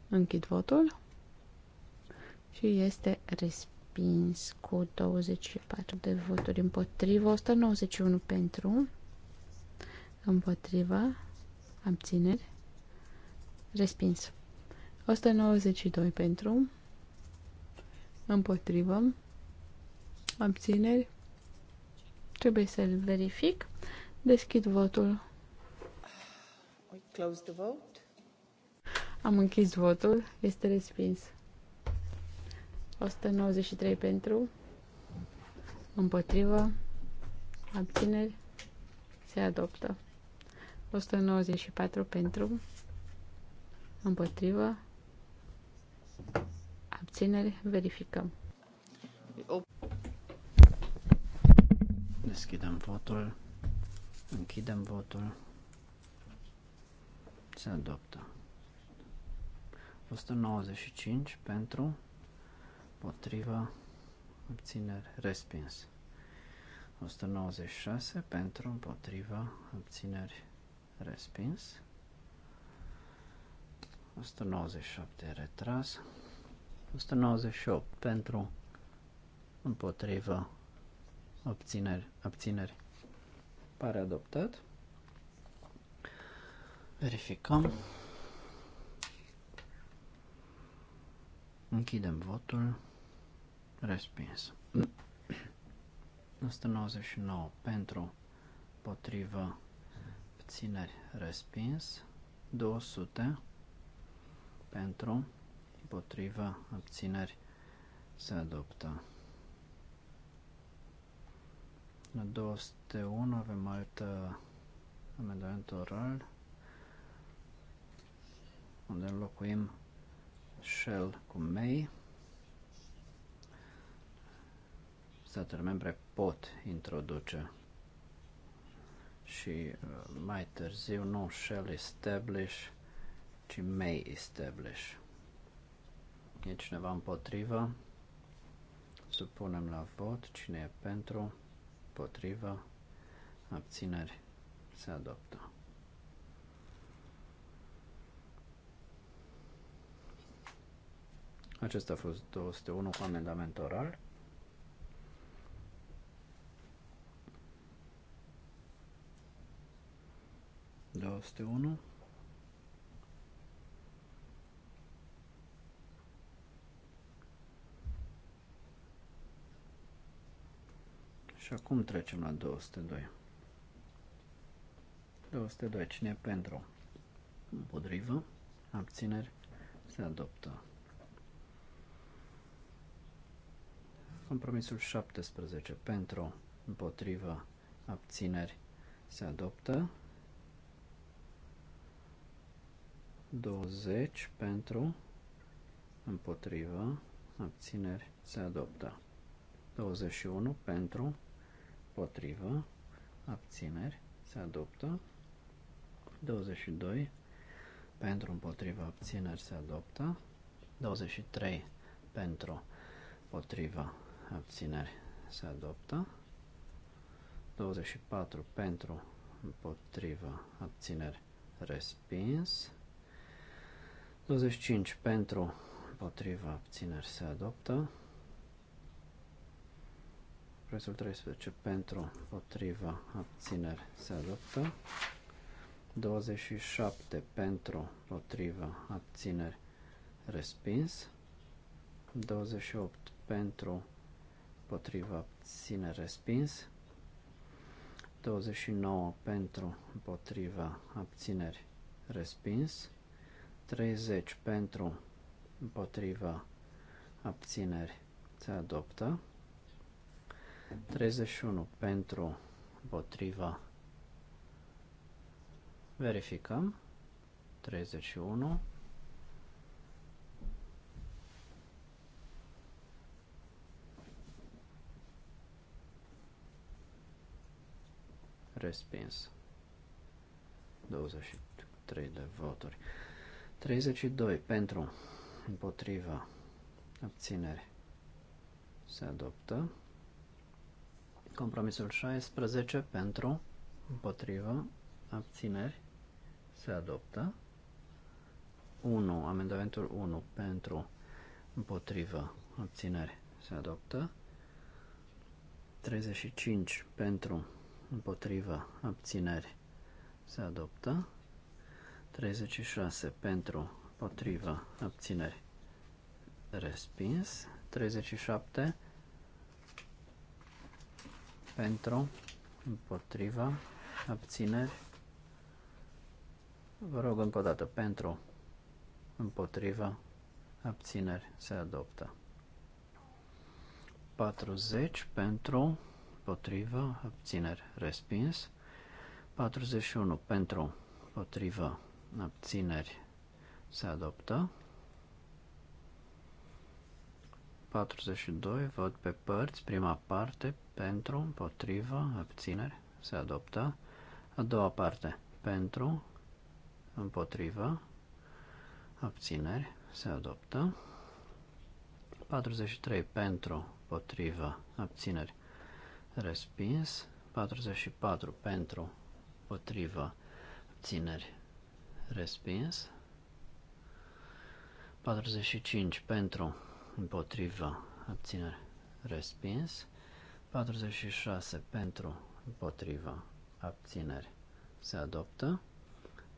Închid votul. Și este respins cu 24 de voturi împotrivă, 191 pentru, împotriva, abțineri, respins. 192 pentru, împotrivă, abțineri, trebuie să-l verific. Deschid votul. close the vote. Am închis votul, este respins. 193 pentru, împotrivă, abțineri, se adoptă. 194 pentru, împotrivă, Abțineri? Verificăm. Deschidem votul. Închidem votul. Se adoptă. 195 pentru, potriva, abțineri, respins. 196 pentru, împotriva, abțineri, respins. 197 retras. 198 pentru, împotrivă, obțineri, abțineri. Pare adoptat. Verificăm. Închidem votul. Respins. 199 pentru, potrivă, obțineri, respins. 200 pentru, împotriva, abțineri, se adoptă. La 201 avem alt amendament oral unde înlocuim shell cu may. Statele membre pot introduce și uh, mai târziu nu shall establish, ci may establish. E cineva împotrivă? Supunem la vot. Cine e pentru? Împotrivă? Abțineri? Se adoptă. Acesta a fost 201 cu amendament oral. Doste 1 Și acum trecem la 202. 202. Cine pentru? Împotrivă. Abțineri. Se adoptă. Compromisul 17. Pentru. Împotrivă. Abțineri. Se adoptă. 20 pentru, împotrivă, abțineri, se adoptă. 21 pentru, împotrivă, abțineri, se adoptă. 22 pentru împotrivă abțineri se adoptă. 23 pentru împotrivă abțineri se adoptă. 24 pentru împotrivă abțineri respins. 25 pentru împotrivă abțineri se adoptă. Compromisul 13 pentru, potriva, abțineri se adoptă. 27 pentru, potriva, abțineri respins. 28 pentru, potriva, abțineri respins. 29 pentru, potriva, abțineri respins. 30 pentru, potriva, abțineri se adoptă. 31 pentru, împotriva, verificăm, 31, respins, 23 de voturi, 32 pentru, împotriva, abținere, se adoptă, Compromisul 16 pentru, împotrivă, abțineri, se adoptă. 1, amendamentul 1 pentru, împotrivă, abțineri, se adoptă. 35 pentru, împotrivă, abțineri, se adoptă. 36 pentru, împotrivă, abțineri, respins. 37 pentru, împotriva, abțineri. Vă rog încă o dată, pentru, împotriva, abțineri, se adoptă. 40 pentru, împotriva, abțineri, respins. 41 pentru, împotriva, abțineri, se adoptă. 42, vot pe părți, prima parte, pentru, împotriva, abțineri, se adoptă. A doua parte, pentru, împotriva, abțineri, se adoptă. 43, pentru, împotriva, abțineri, respins. 44, pentru, împotriva, abțineri, respins. 45, pentru, împotriva, abținere, respins. 46 pentru, împotriva, abținere, se adoptă.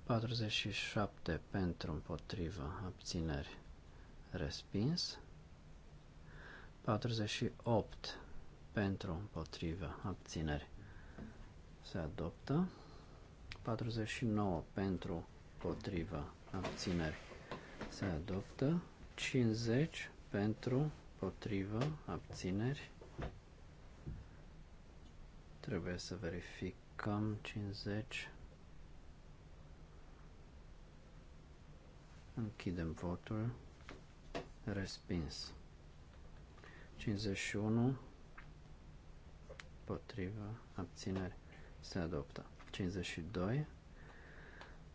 47 pentru, împotriva, abținere, respins. 48 pentru, împotriva, abținere, se adoptă. 49 pentru, împotriva, abținere, se adoptă. 50 pentru, potrivă, abțineri. Trebuie să verificăm 50. Închidem votul. Respins. 51 potrivă, abțineri. Se adoptă. 52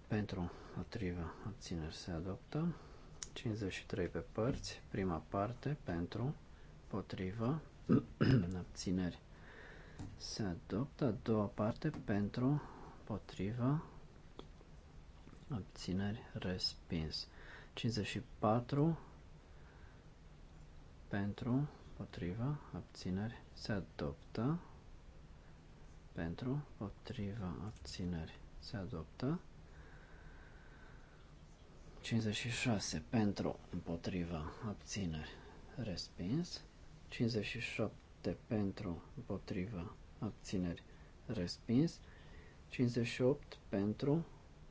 pentru, potrivă, abțineri. Se adoptă. 53 pe părți, prima parte, pentru, potrivă, abțineri. Se adoptă a doua parte, pentru, potrivă, abțineri, respins. 54 pentru, potrivă, abțineri, se adoptă, pentru, potrivă, abțineri, se adoptă. 56 pentru, împotriva, abțineri, respins. 57 pentru, împotriva, abțineri, respins. 58 pentru,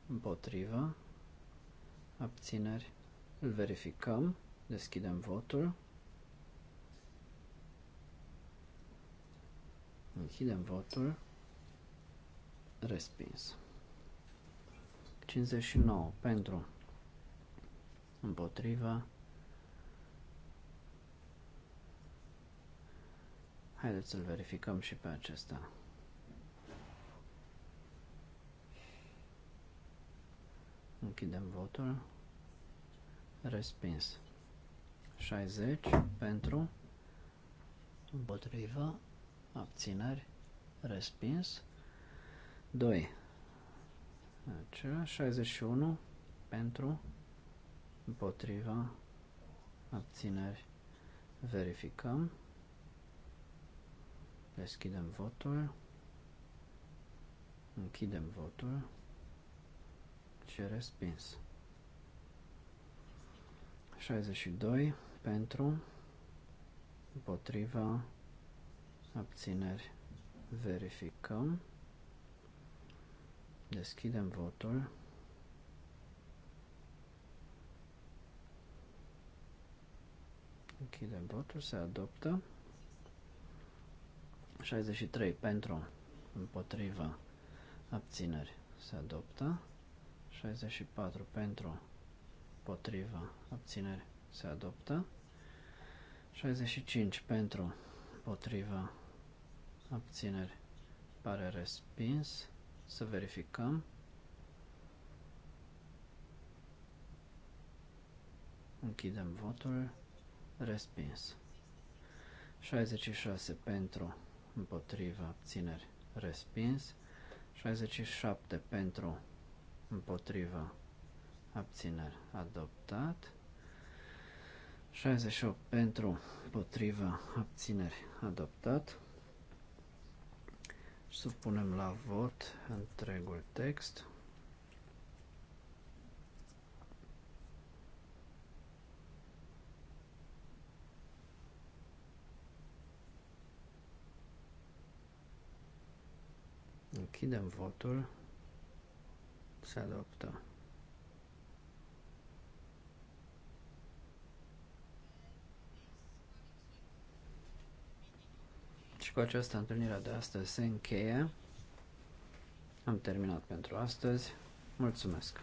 împotriva, abțineri. Îl verificăm, deschidem votul. Închidem votul. Respins. 59 pentru, împotriva. Haideți să-l verificăm și pe acesta. Închidem votul. Respins. 60 pentru, împotriva, abțineri, respins. 2. Acela, 61 pentru, împotriva, abțineri, verificăm, deschidem votul, închidem votul și respins. 62 pentru, împotriva, abțineri, verificăm, deschidem votul, Închidem votul, se adoptă. 63 pentru, împotriva, abțineri, se adoptă. 64 pentru, împotriva, abțineri, se adoptă. 65 pentru, împotriva, abțineri, pare respins. Să verificăm. Închidem votul. Respins. 66 pentru, împotriva, abțineri, respins. 67 pentru, împotriva, abțineri, adoptat. 68 pentru, împotriva, abțineri, adoptat. Supunem la vot întregul text. Închidem votul. Se adoptă. Și cu această întâlnire de astăzi se încheie. Am terminat pentru astăzi. Mulțumesc!